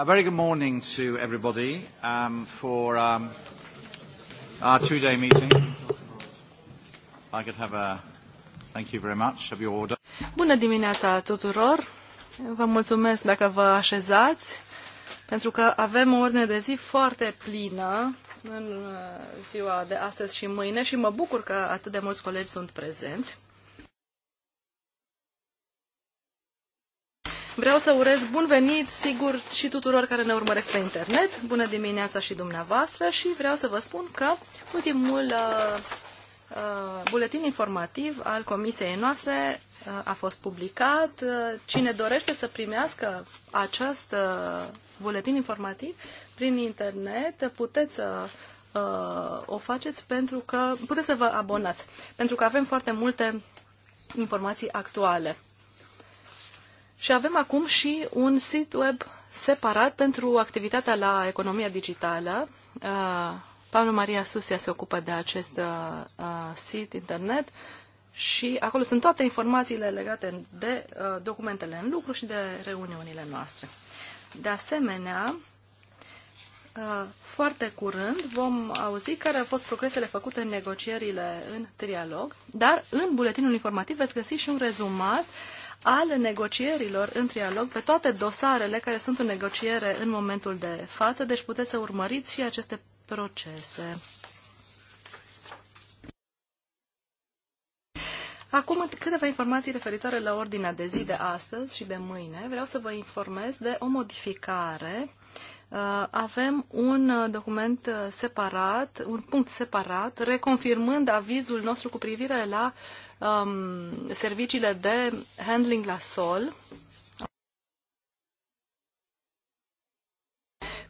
A very good morning to everybody um, for um, our two-day meeting. I could have a thank you very much of your order. Bună dimineața tuturor. Vă mulțumesc dacă vă așezați, pentru că avem o ordine de zi foarte plină în uh, ziua de astăzi și mâine și mă bucur că atât de mulți colegi sunt prezenți. Vreau să urez bun venit, sigur, și tuturor care ne urmăresc pe internet. Bună dimineața și dumneavoastră și vreau să vă spun că ultimul uh, uh, buletin informativ al comisiei noastre uh, a fost publicat. Uh, cine dorește să primească acest uh, buletin informativ prin internet, puteți să uh, o faceți pentru că puteți să vă abonați, pentru că avem foarte multe informații actuale. Și avem acum și un sit web separat pentru activitatea la economia digitală. Uh, Maria Susia se ocupă de acest uh, uh, sit internet și acolo sunt toate informațiile legate de uh, documentele în lucru și de reuniunile noastre. De asemenea, uh, foarte curând vom auzi care au fost progresele făcute în negocierile în trialog, dar în buletinul informativ veți găsi și un rezumat uh, ale negocierilor în trialog pe toate dosarele care sunt în negociere în momentul de față, deci puteți să urmăriți și aceste procese. Acum câteva informații referitoare la ordinea de zi de astăzi și de mâine. Vreau să vă informez de o modificare. Uh, avem un uh, document uh, separat, un punct separat, reconfirmând avizul nostru cu privire la uh, um, serviciile de handling la sol.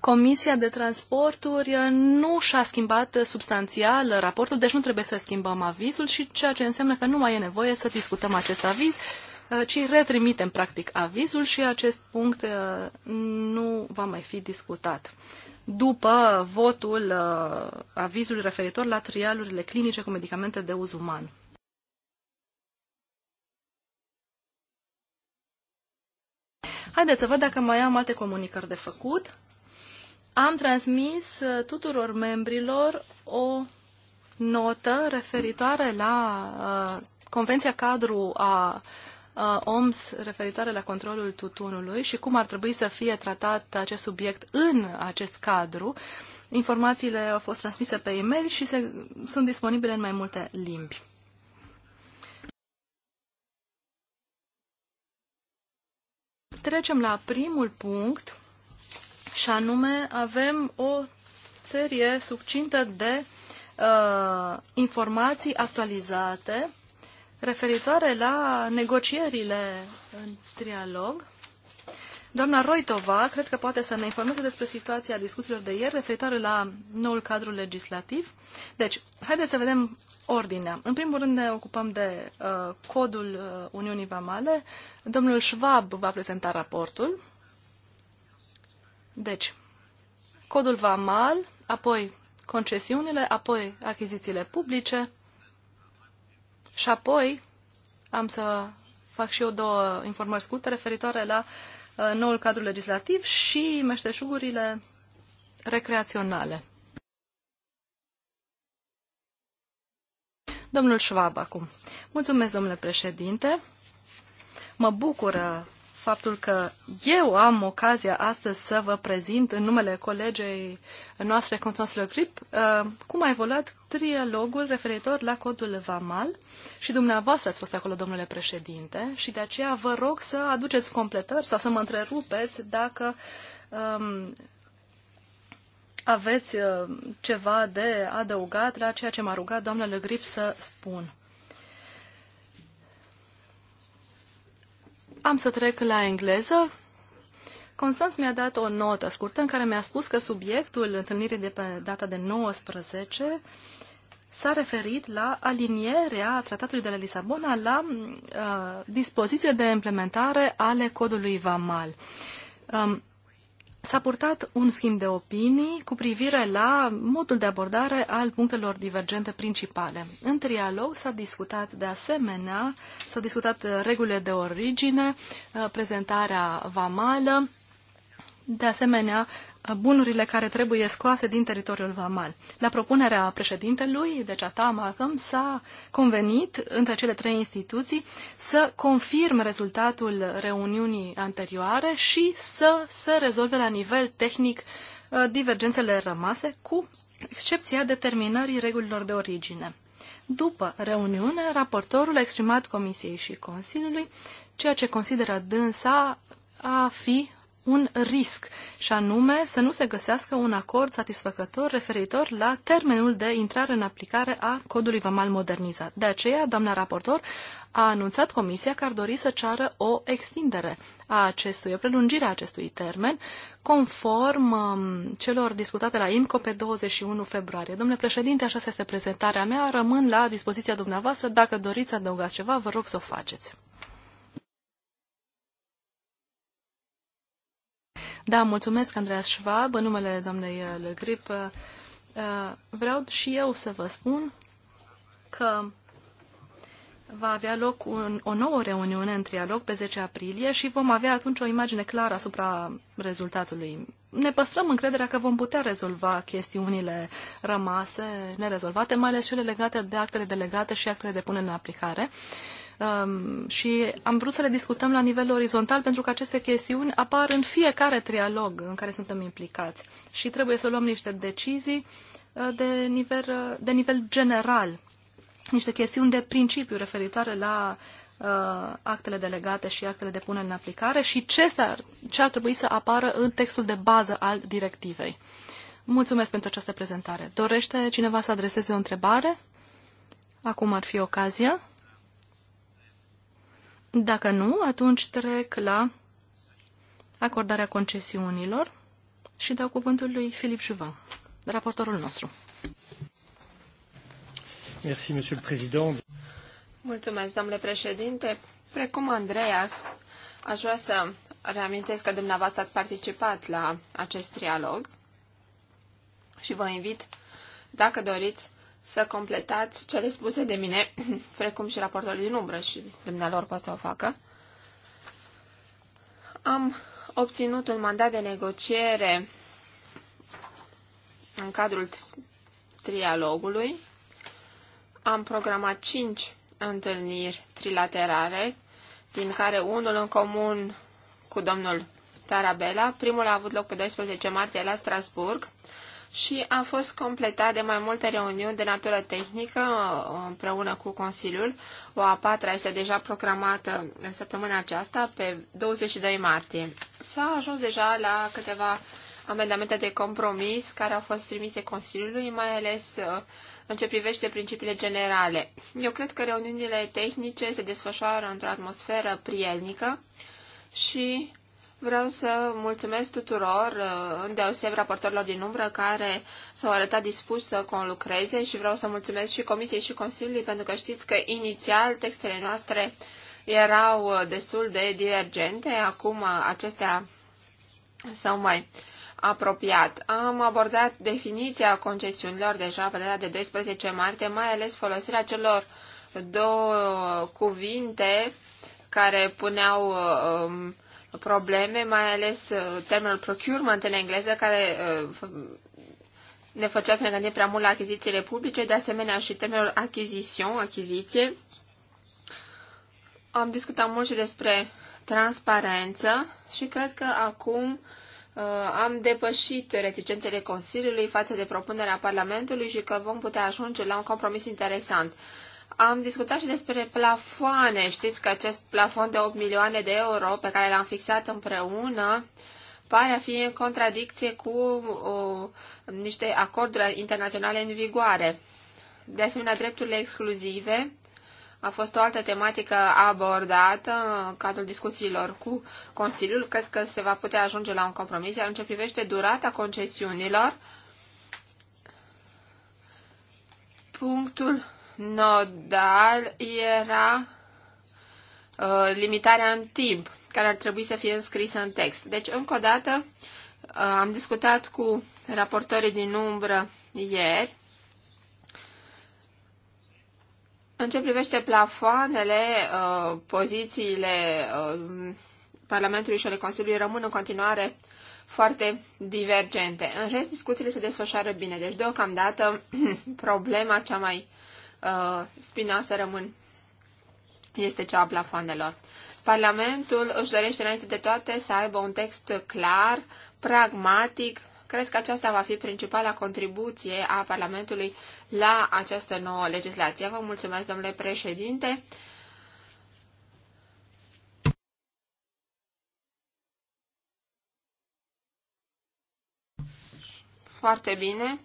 Comisia de Transporturi nu și-a schimbat substanțial raportul, deci nu trebuie să schimbăm avizul și ceea ce înseamnă că nu mai e nevoie să discutăm acest aviz, uh, ci retrimitem practic avizul și acest punct uh, nu va mai fi discutat după votul uh, avizului referitor la trialurile clinice cu medicamente de uz uman. Haideți să văd dacă mai am alte comunicări de făcut. Am transmis uh, tuturor membrilor o notă referitoare la uh, Convenția cadru a uh, OMS referitoare la controlul tutunului și cum ar trebui să fie tratat acest subiect în acest cadru. Informațiile au fost transmise pe e-mail și se, sunt disponibile în mai multe limbi. trecem la primul punct și anume avem o serie subcintă de uh, informații actualizate referitoare la negocierile în trialog. Doamna Roitova, cred că poate să ne informeze despre situația discuțiilor de ieri referitoare la noul cadru legislativ. Deci, haideți să vedem ordinea. În primul rând ne ocupăm de uh, codul uh, Uniunii Vamale. Domnul Schwab va prezenta raportul. Deci, codul Vamal, apoi concesiunile, apoi achizițiile publice și apoi am să fac și eu două informări scurte referitoare la uh, noul cadru legislativ și meșteșugurile recreaționale. Domnul Schwab acum. Mulțumesc, domnule președinte. Mă bucură faptul că eu am ocazia astăzi să vă prezint în numele colegei noastre, Constanților Grip, uh, cum a evoluat trialogul referitor la codul VAMAL și dumneavoastră ați fost acolo, domnule președinte, și de aceea vă rog să aduceți completări sau să mă întrerupeți dacă um, aveți uh, ceva de adăugat la ceea ce m-a rugat doamna Le Grip să spun. Am să trec la engleză. Constanț mi-a dat o notă scurtă în care mi-a spus că subiectul întâlnirii de pe data de 19 s-a referit la alinierea Tratatului de la Lisabona la uh, dispoziție de implementare ale codului VAMAL. Um, s-a purtat un schimb de opinii cu privire la modul de abordare al punctelor divergente principale. În trialog s-a discutat de asemenea, s-au discutat uh, regulile de origine, uh, prezentarea vamală, de asemenea bunurile care trebuie scoase din teritoriul vamal. La propunerea președintelui, deci a TAMACM, s-a convenit între cele trei instituții să confirm rezultatul reuniunii anterioare și să se rezolve la nivel tehnic uh, divergențele rămase, cu excepția determinării regulilor de origine. După reuniune, raportorul a exprimat Comisiei și Consiliului ceea ce consideră dânsa a fi un risc, și anume să nu se găsească un acord satisfăcător referitor la termenul de intrare în aplicare a codului vamal modernizat. De aceea, doamna raportor a anunțat Comisia că ar dori să ceară o extindere a acestui, o prelungire a acestui termen, conform um, celor discutate la IMCO pe 21 februarie. Domnule președinte, așa este prezentarea mea, rămân la dispoziția dumneavoastră. Dacă doriți să adăugați ceva, vă rog să o faceți. Da, mulțumesc, Andreas Schwab, în numele doamnei uh, Le Grip. Uh, vreau și eu să vă spun că va avea loc un, o nouă reuniune în trialog pe 10 aprilie și vom avea atunci o imagine clară asupra rezultatului. Ne păstrăm încrederea că vom putea rezolva chestiunile rămase nerezolvate, mai ales cele legate de actele delegate și actele de punere în aplicare. Um, și am vrut să le discutăm la nivel orizontal pentru că aceste chestiuni apar în fiecare trialog în care suntem implicați și trebuie să luăm niște decizii uh, de nivel, uh, de nivel general, niște chestiuni de principiu referitoare la uh, actele delegate și actele de punere în aplicare și ce, ar ce ar trebui să apară în textul de bază al directivei. Mulțumesc pentru această prezentare. Dorește cineva să adreseze o întrebare? Acum ar fi ocazia. Dacă nu, atunci trec la acordarea concesiunilor și dau cuvântul lui Filip Juvan, raportorul nostru. Merci, monsieur le président. Mulțumesc, domnule președinte. Precum Andreas, aș vrea să reamintesc că dumneavoastră ați participat la acest trialog și vă invit, dacă doriți, să completați cele spuse de mine, precum și raportorii din umbră și dumnealor poate să o facă. Am obținut un mandat de negociere în cadrul trialogului. Am programat cinci întâlniri trilaterale, din care unul în comun cu domnul Tarabella. Primul a avut loc pe 12 martie la Strasburg și a fost completat de mai multe reuniuni de natură tehnică împreună cu Consiliul. O a patra este deja programată în săptămâna aceasta, pe 22 martie. S-a ajuns deja la câteva amendamente de compromis care au fost trimise Consiliului, mai ales uh, în ce privește principiile generale. Eu cred că reuniunile tehnice se desfășoară într-o atmosferă prielnică și Vreau să mulțumesc tuturor, uh, îndeoseb raportorilor din umbră, care s-au arătat dispuși să conlucreze și vreau să mulțumesc și Comisiei și Consiliului, pentru că știți că inițial textele noastre erau uh, destul de divergente, acum uh, acestea s-au mai apropiat. Am abordat definiția concesiunilor deja pe data de 12 martie, mai ales folosirea celor două cuvinte care puneau um, probleme, mai ales uh, termenul procurement în engleză, care uh, ne făcea să ne gândim prea mult la achizițiile publice, de asemenea și termenul achizition, achiziție. Am discutat mult și despre transparență și cred că acum uh, am depășit reticențele Consiliului față de propunerea Parlamentului și că vom putea ajunge la un compromis interesant am discutat și despre plafoane. Știți că acest plafon de 8 milioane de euro pe care l-am fixat împreună pare a fi în contradicție cu uh, niște acorduri internaționale în vigoare. De asemenea, drepturile exclusive a fost o altă tematică abordată în cadrul discuțiilor cu Consiliul. Cred că se va putea ajunge la un compromis, iar în ce privește durata concesiunilor, punctul nodal era uh, limitarea în timp, care ar trebui să fie înscrisă în text. Deci, încă o dată, uh, am discutat cu raportorii din umbră ieri. În ce privește plafoanele, uh, pozițiile uh, Parlamentului și ale Consiliului rămân în continuare foarte divergente. În rest, discuțiile se desfășoară bine, deci deocamdată problema cea mai uh, să rămân este cea a plafoanelor. Parlamentul își dorește înainte de toate să aibă un text clar, pragmatic. Cred că aceasta va fi principala contribuție a Parlamentului la această nouă legislație. Vă mulțumesc, domnule președinte. Foarte bine.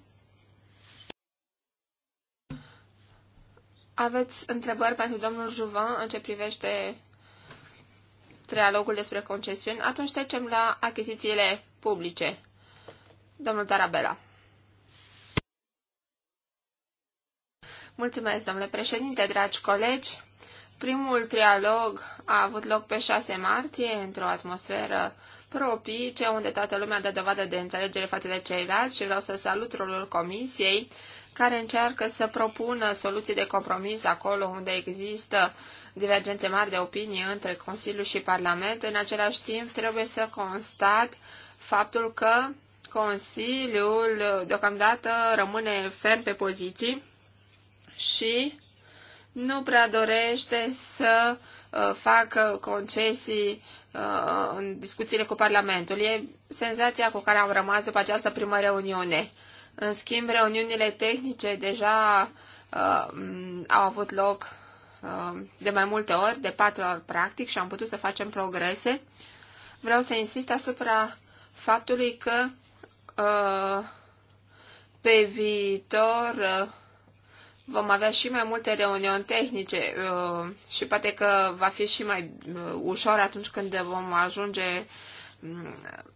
Aveți întrebări pentru domnul Juvan în ce privește trialogul despre concesiuni? Atunci trecem la achizițiile publice. Domnul Tarabela. Mulțumesc, domnule președinte, dragi colegi. Primul trialog a avut loc pe 6 martie, într-o atmosferă propice, unde toată lumea dă dovadă de înțelegere față de ceilalți și vreau să salut rolul comisiei care încearcă să propună soluții de compromis acolo unde există divergențe mari de opinie între Consiliu și Parlament. În același timp, trebuie să constat faptul că Consiliul deocamdată rămâne ferm pe poziții și nu prea dorește să uh, facă concesii uh, în discuțiile cu Parlamentul. E senzația cu care am rămas după această primă reuniune. În schimb, reuniunile tehnice deja uh, au avut loc uh, de mai multe ori, de patru ori practic, și am putut să facem progrese. Vreau să insist asupra faptului că uh, pe viitor uh, vom avea și mai multe reuniuni tehnice uh, și poate că va fi și mai uh, ușor atunci când vom ajunge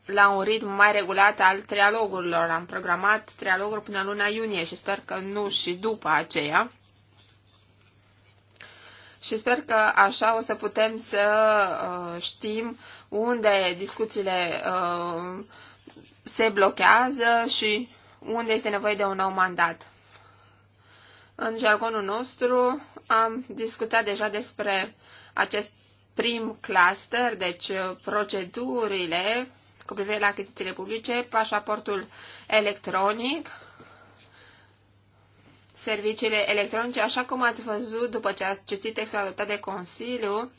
la un ritm mai regulat al trialogurilor. Am programat trialoguri până luna iunie și sper că nu și după aceea. Și sper că așa o să putem să uh, știm unde discuțiile uh, se blochează și unde este nevoie de un nou mandat. În jargonul nostru am discutat deja despre acest prim cluster, deci uh, procedurile cu privire la achizițiile publice, pașaportul electronic, serviciile electronice, așa cum ați văzut după ce ați citit textul adoptat de Consiliu,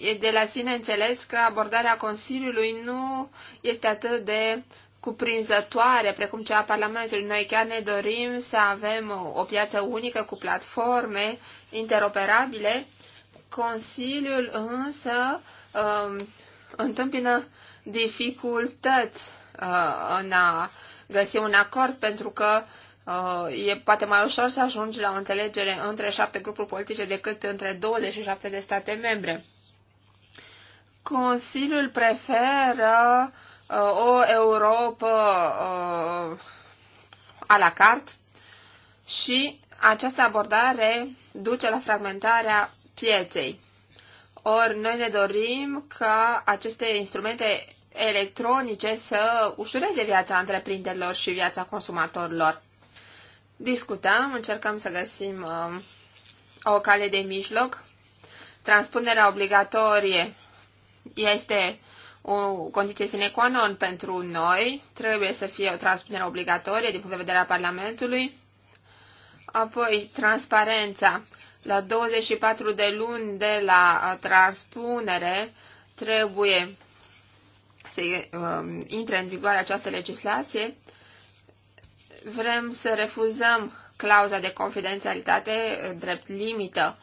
e de la sine înțeles că abordarea Consiliului nu este atât de cuprinzătoare precum cea a Parlamentului. Noi chiar ne dorim să avem o piață unică cu platforme interoperabile Consiliul însă um, întâmpină dificultăți uh, în a găsi un acord pentru că uh, e poate mai ușor să ajungi la o înțelegere între șapte grupuri politice decât între 27 de state membre. Consiliul preferă uh, o Europa a la carte și această abordare duce la fragmentarea pieței. Ori noi ne dorim ca aceste instrumente electronice să ușureze viața întreprinderilor și viața consumatorilor. Discutăm, încercăm să găsim uh, o cale de mijloc. Transpunerea obligatorie este o condiție sine qua non pentru noi. Trebuie să fie o transpunere obligatorie din punct de vedere a Parlamentului. Apoi, transparența la 24 de luni de la transpunere trebuie să um, intre în vigoare această legislație. Vrem să refuzăm clauza de confidențialitate drept limită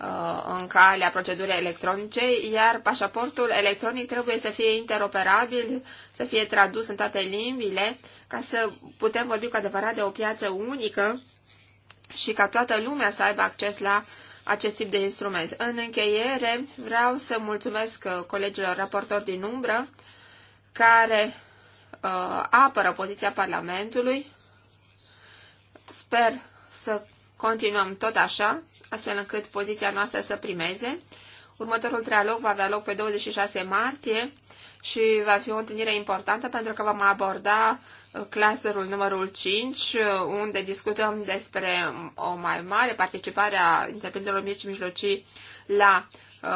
uh, în calea procedurii electronice, iar pașaportul electronic trebuie să fie interoperabil, să fie tradus în toate limbile, ca să putem vorbi cu adevărat de o piață unică și ca toată lumea să aibă acces la acest tip de instrument. În încheiere, vreau să mulțumesc uh, colegilor raportori din umbră care uh, apără poziția Parlamentului. Sper să continuăm tot așa, astfel încât poziția noastră să primeze. Următorul trialog va avea loc pe 26 martie și va fi o întâlnire importantă pentru că vom aborda clusterul numărul 5, unde discutăm despre o mai mare participare a întreprinderilor mici și mijlocii la uh,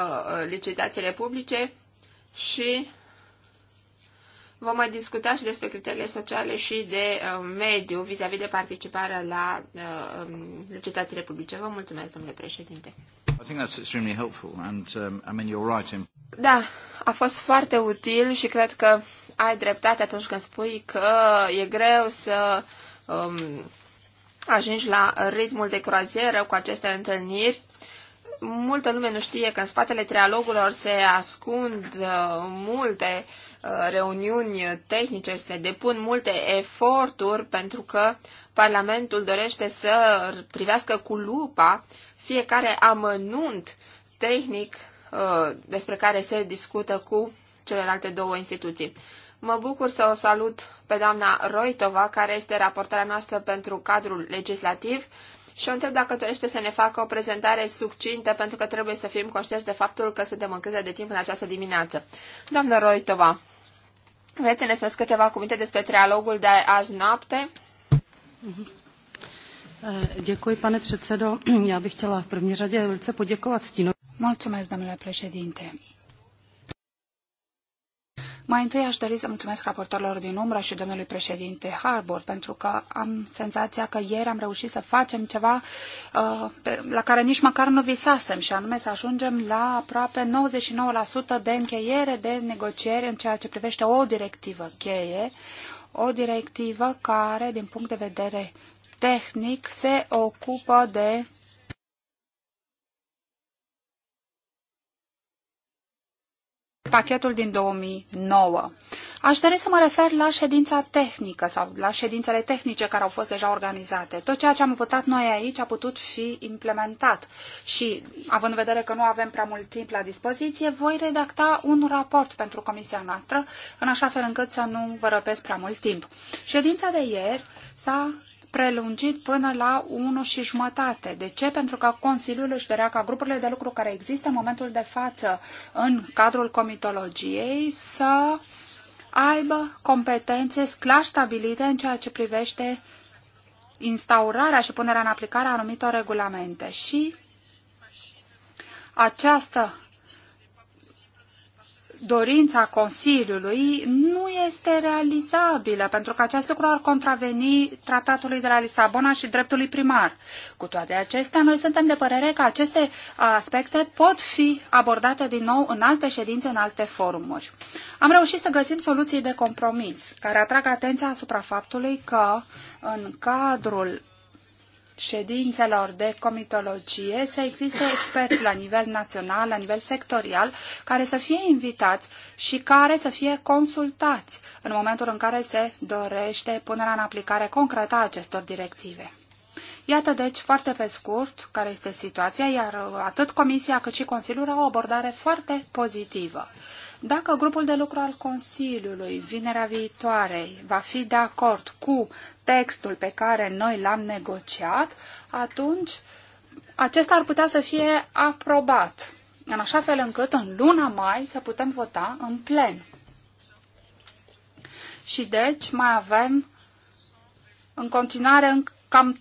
licitațiile publice și vom mai discuta și despre criteriile sociale și de uh, mediu vis-a-vis -vis de participarea la uh, um, licitațiile publice. Vă mulțumesc, domnule președinte. Da, a fost foarte util și cred că ai dreptate atunci când spui că e greu să um, ajungi la ritmul de croazieră cu aceste întâlniri. Multă lume nu știe că în spatele trialogurilor se ascund uh, multe uh, reuniuni tehnice, se depun multe eforturi pentru că Parlamentul dorește să privească cu lupa fiecare amănunt tehnic uh, despre care se discută cu celelalte două instituții. Mă bucur să o salut pe doamna Roitova, care este raportarea noastră pentru cadrul legislativ, și o întreb dacă dorește să ne facă o prezentare succintă, pentru că trebuie să fim conștienți de faptul că suntem în criză de timp în această dimineață. Doamna Roitova, vreți să ne spuneți câteva cuvinte despre trialogul de azi noapte? Eh, děkuji, pane předsedo. Já bych chtěla v první řadě velice poděkovat Mulțumesc, domnule președinte. Mai întâi aș dori să mulțumesc raportorilor din umbră și domnului președinte Harbour, pentru că am senzația că ieri am reușit să facem ceva uh, pe, la care nici măcar nu visasem, și anume să ajungem la aproape 99% de încheiere de negocieri în ceea ce privește o directivă cheie, o directivă care, din punct de vedere tehnic, se ocupă de pachetul din 2009. Aș dori să mă refer la ședința tehnică sau la ședințele tehnice care au fost deja organizate. Tot ceea ce am votat noi aici a putut fi implementat și, având în vedere că nu avem prea mult timp la dispoziție, voi redacta un raport pentru comisia noastră, în așa fel încât să nu vă răpesc prea mult timp. Ședința de ieri s-a prelungit până la 1 și jumătate. De ce? Pentru că Consiliul își dorea ca grupurile de lucru care există în momentul de față în cadrul comitologiei să aibă competențe clar stabilite în ceea ce privește instaurarea și punerea în aplicare a anumitor regulamente. Și această dorința Consiliului nu este realizabilă, pentru că acest lucru ar contraveni tratatului de la Lisabona și dreptului primar. Cu toate acestea, noi suntem de părere că aceste aspecte pot fi abordate din nou în alte ședințe, în alte forumuri. Am reușit să găsim soluții de compromis, care atrag atenția asupra faptului că în cadrul ședințelor de comitologie să existe experți la nivel național, la nivel sectorial, care să fie invitați și care să fie consultați în momentul în care se dorește punerea în aplicare concretă a acestor directive. Iată deci foarte pe scurt care este situația, iar atât Comisia cât și Consiliul au o abordare foarte pozitivă. Dacă grupul de lucru al Consiliului vinerea viitoare va fi de acord cu textul pe care noi l-am negociat, atunci acesta ar putea să fie aprobat, în așa fel încât în luna mai să putem vota în plen. Și deci mai avem în continuare în cam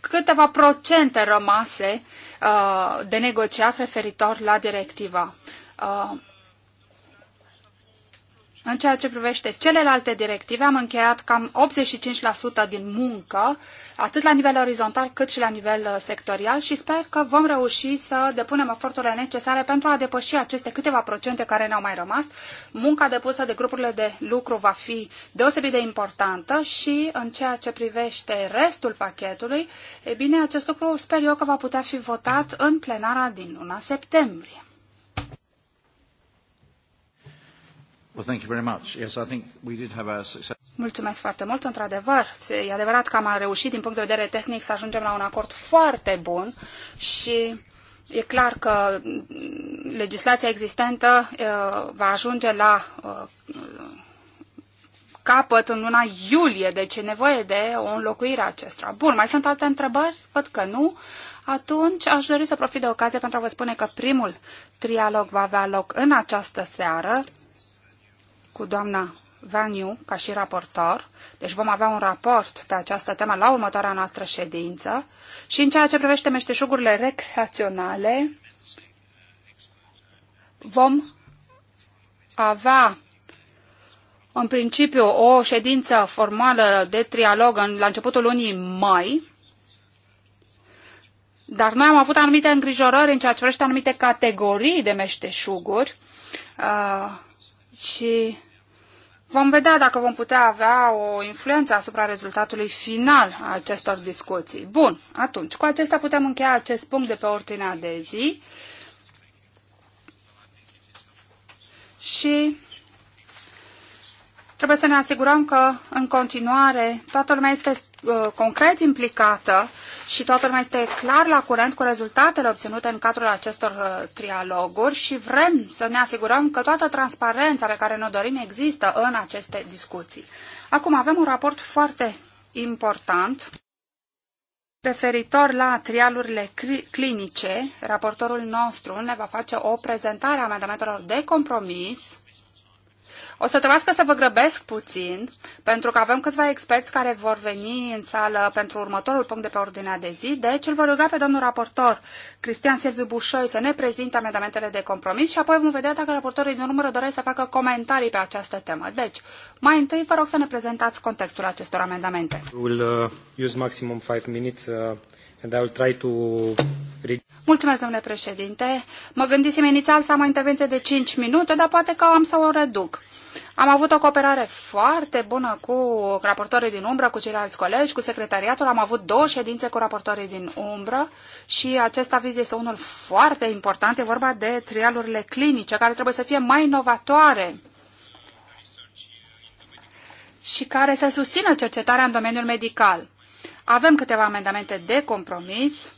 câteva procente rămase uh, de negociat referitor la directiva. Uh, în ceea ce privește celelalte directive, am încheiat cam 85% din muncă, atât la nivel orizontal cât și la nivel uh, sectorial și sper că vom reuși să depunem eforturile necesare pentru a depăși aceste câteva procente care ne-au mai rămas. Munca depusă de grupurile de lucru va fi deosebit de importantă și în ceea ce privește restul pachetului, e bine, acest lucru sper eu că va putea fi votat în plenara din luna septembrie. Mulțumesc foarte mult, într-adevăr. E adevărat că am reușit din punct de vedere tehnic să ajungem la un acord foarte bun și E clar că mm, legislația existentă va ajunge la capăt în luna iulie, deci e nevoie de o înlocuire acestora. Bun, mai sunt alte întrebări? Văd că nu. Atunci aș dori să profit de ocazie pentru a vă spune că primul trialog va avea loc în această seară, cu doamna Vaniu ca și raportor, deci vom avea un raport pe această temă la următoarea noastră ședință și în ceea ce privește meșteșugurile recreaționale vom avea în principiu o ședință formală de trialog în, la începutul lunii mai, dar noi am avut anumite îngrijorări în ceea ce privește anumite categorii de meșteșuguri uh, și Vom vedea dacă vom putea avea o influență asupra rezultatului final a acestor discuții. Bun, atunci, cu acesta putem încheia acest punct de pe ordinea de zi și trebuie să ne asigurăm că în continuare toată lumea este Uh, concret implicată și toată lumea este clar la curent cu rezultatele obținute în cadrul acestor uh, trialoguri și vrem să ne asigurăm că toată transparența pe care ne-o dorim există în aceste discuții. Acum avem un raport foarte important referitor la trialurile clinice. Raportorul nostru ne va face o prezentare a amendamentelor de compromis o să trebuiască să vă grăbesc puțin, pentru că avem câțiva experți care vor veni în sală pentru următorul punct de pe ordinea de zi, deci îl vor ruga pe domnul raportor Cristian Silviu Bușoi să ne prezinte amendamentele de compromis și apoi vom vedea dacă raportorii din urmă doresc să facă comentarii pe această temă. Deci, mai întâi vă rog să ne prezentați contextul acestor amendamente. We'll, uh, use maximum five minutes, uh... Mulțumesc, domnule președinte. Mă gândisem inițial să am o intervenție de 5 minute, dar poate că am să o reduc. Am avut o cooperare foarte bună cu raportorii din umbră, cu ceilalți colegi, cu secretariatul. Am avut două ședințe cu raportorii din umbră și acest aviz este unul foarte important. E vorba de trialurile clinice, care trebuie să fie mai inovatoare și care să susțină cercetarea în domeniul medical. Avem câteva amendamente de compromis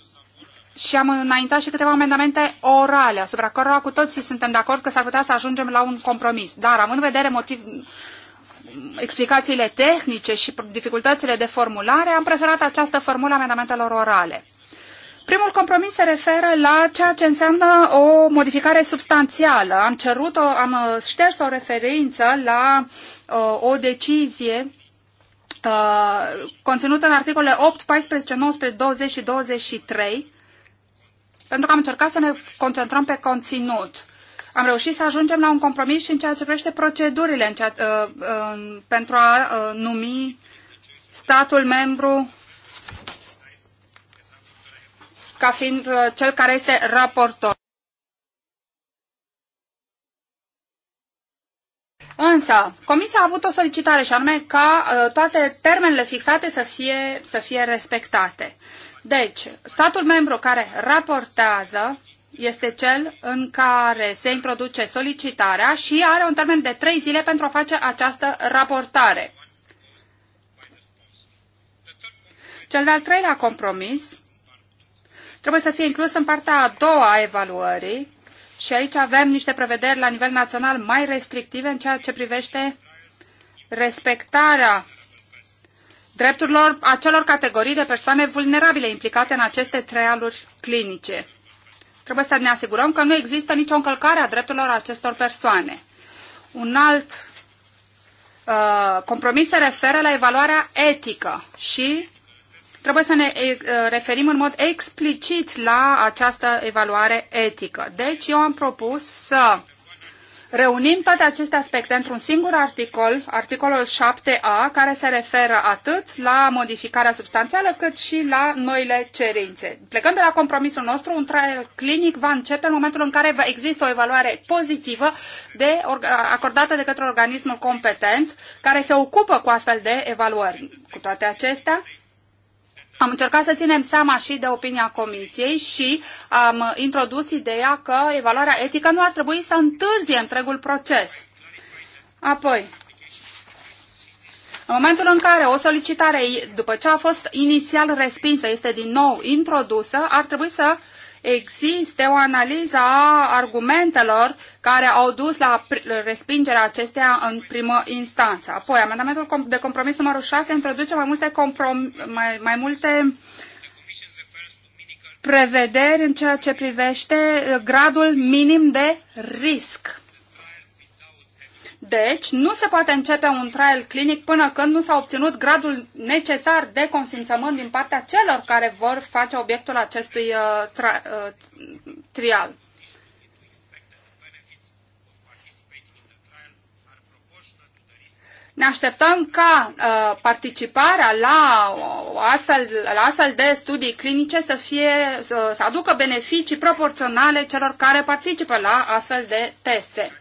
și am înaintat și câteva amendamente orale, asupra cărora cu toții suntem de acord că s-ar putea să ajungem la un compromis. Dar am în vedere motiv, explicațiile tehnice și dificultățile de formulare, am preferat această formulă amendamentelor orale. Primul compromis se referă la ceea ce înseamnă o modificare substanțială. Am cerut, o, am șters o referință la uh, o decizie uh, conținut în articolele 8, 14, 19, 20 și 23, pentru că am încercat să ne concentrăm pe conținut. Am reușit să ajungem la un compromis și în ceea ce privește procedurile în ceea, uh, uh, pentru a uh, numi statul membru ca fiind uh, cel care este raportor. Însă, Comisia a avut o solicitare și anume ca uh, toate termenele fixate să fie, să fie respectate. Deci, statul membru care raportează este cel în care se introduce solicitarea și are un termen de trei zile pentru a face această raportare. Cel de-al treilea compromis trebuie să fie inclus în partea a doua a evaluării și aici avem niște prevederi la nivel național mai restrictive în ceea ce privește respectarea drepturilor acelor categorii de persoane vulnerabile implicate în aceste trealuri clinice. Trebuie să ne asigurăm că nu există nicio încălcare a drepturilor acestor persoane. Un alt uh, compromis se referă la evaluarea etică și trebuie să ne eh, referim în mod explicit la această evaluare etică. Deci eu am propus să reunim toate aceste aspecte într-un singur articol, articolul 7a, care se referă atât la modificarea substanțială cât și la noile cerințe. Plecând de la compromisul nostru, un trial clinic va începe în momentul în care va există o evaluare pozitivă de, acordată de către organismul competent care se ocupă cu astfel de evaluări. Cu toate acestea, am încercat să ținem seama și de opinia comisiei și am introdus ideea că evaluarea etică nu ar trebui să întârzie întregul proces. Apoi, în momentul în care o solicitare, după ce a fost inițial respinsă, este din nou introdusă, ar trebui să uh, existe o analiză a argumentelor care au dus la respingerea acesteia în primă instanță. Apoi, amendamentul de compromis numărul 6 introduce mai multe, mai, mai multe prevederi în ceea ce privește uh, gradul minim de risc. Deci, nu se poate începe un trial clinic până când nu s-a obținut gradul necesar de consimțământ din partea celor care vor face obiectul acestui uh, tra, uh, trial. Ne așteptăm ca uh, participarea la, uh, astfel, la astfel de studii clinice să, fie, să, să aducă beneficii proporționale celor care participă la astfel de teste.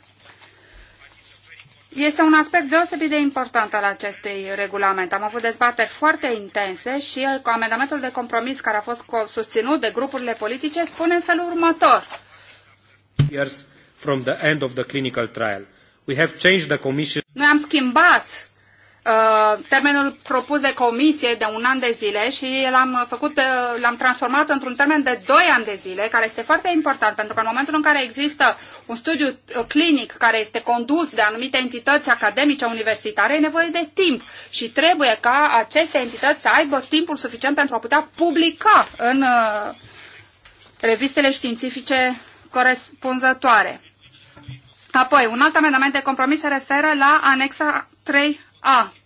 Este un aspect deosebit de important al acestui regulament. Am avut dezbateri foarte intense și uh, cu amendamentul de compromis care a fost susținut de grupurile politice spune în felul următor. Years from the end of the clinical trial. We have changed the commission. Noi am schimbat Uh, termenul propus de comisie de un an de zile și l-am făcut, uh, l-am transformat într-un termen de 2 ani de zile, care este foarte important, pentru că în momentul în care există un studiu uh, clinic care este condus de anumite entități academice universitare, e nevoie de timp și trebuie ca aceste entități să aibă timpul suficient pentru a putea publica în revistele științifice corespunzătoare. Apoi, un alt amendament de compromis se referă la anexa 3A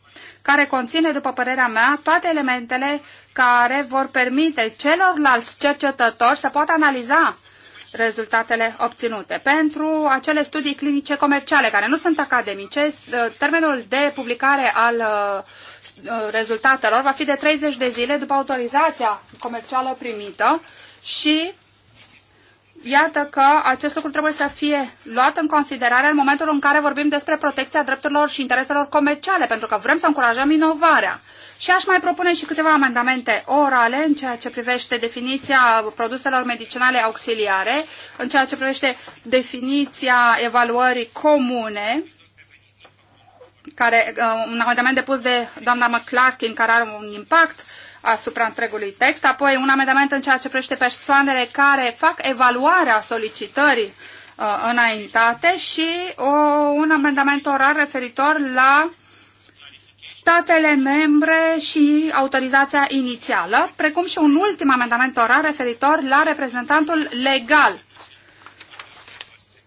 care conține, după părerea mea, toate elementele care vor permite celorlalți cercetători să poată analiza rezultatele obținute. Pentru acele studii clinice comerciale care nu sunt academice, ă, termenul de publicare al ă, rezultatelor va fi de 30 de zile după autorizația comercială primită și iată că acest lucru trebuie să fie luat în considerare în momentul în care vorbim despre protecția drepturilor și intereselor comerciale, pentru că vrem să încurajăm inovarea. Și aș mai propune și câteva amendamente orale în ceea ce privește definiția produselor medicinale auxiliare, în ceea ce privește definiția evaluării comune, care, uh, un amendament depus de doamna McClarkin, care are un impact asupra întregului text, apoi un amendament în ceea ce prește persoanele care fac evaluarea solicitării uh, înaintate și o, un amendament oral referitor la statele membre și autorizația inițială, precum și un ultim amendament oral referitor la reprezentantul legal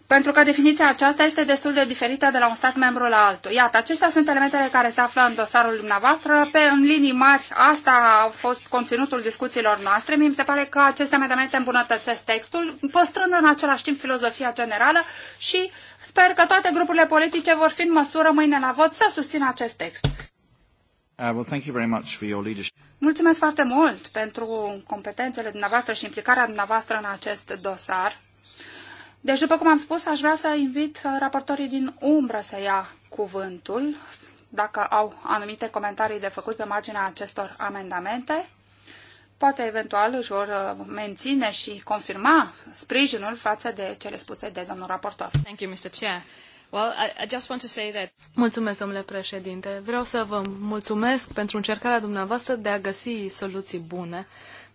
pentru că definiția aceasta este destul de diferită de la un stat membru la altul. Iată, acestea sunt elementele care se află în dosarul dumneavoastră. Pe, în linii mari, asta a fost conținutul discuțiilor noastre. Mi se pare că aceste amendamente îmbunătățesc textul, păstrând în același timp filozofia generală și sper că toate grupurile politice vor fi în măsură mâine la vot să susțină acest text. Uh, well, thank you very much for your leadership. Mulțumesc foarte mult pentru competențele dumneavoastră și implicarea dumneavoastră în acest dosar. Deci, după cum am spus, aș vrea să invit uh, raportorii din umbră să ia cuvântul, dacă au anumite comentarii de făcut pe marginea acestor amendamente. Poate eventual își vor uh, menține și confirma sprijinul față de cele spuse de domnul raportor. Thank you, Mr. Chair. Well, I just want to say that... Mulțumesc, domnule președinte. Vreau să vă mulțumesc pentru încercarea dumneavoastră de a găsi soluții bune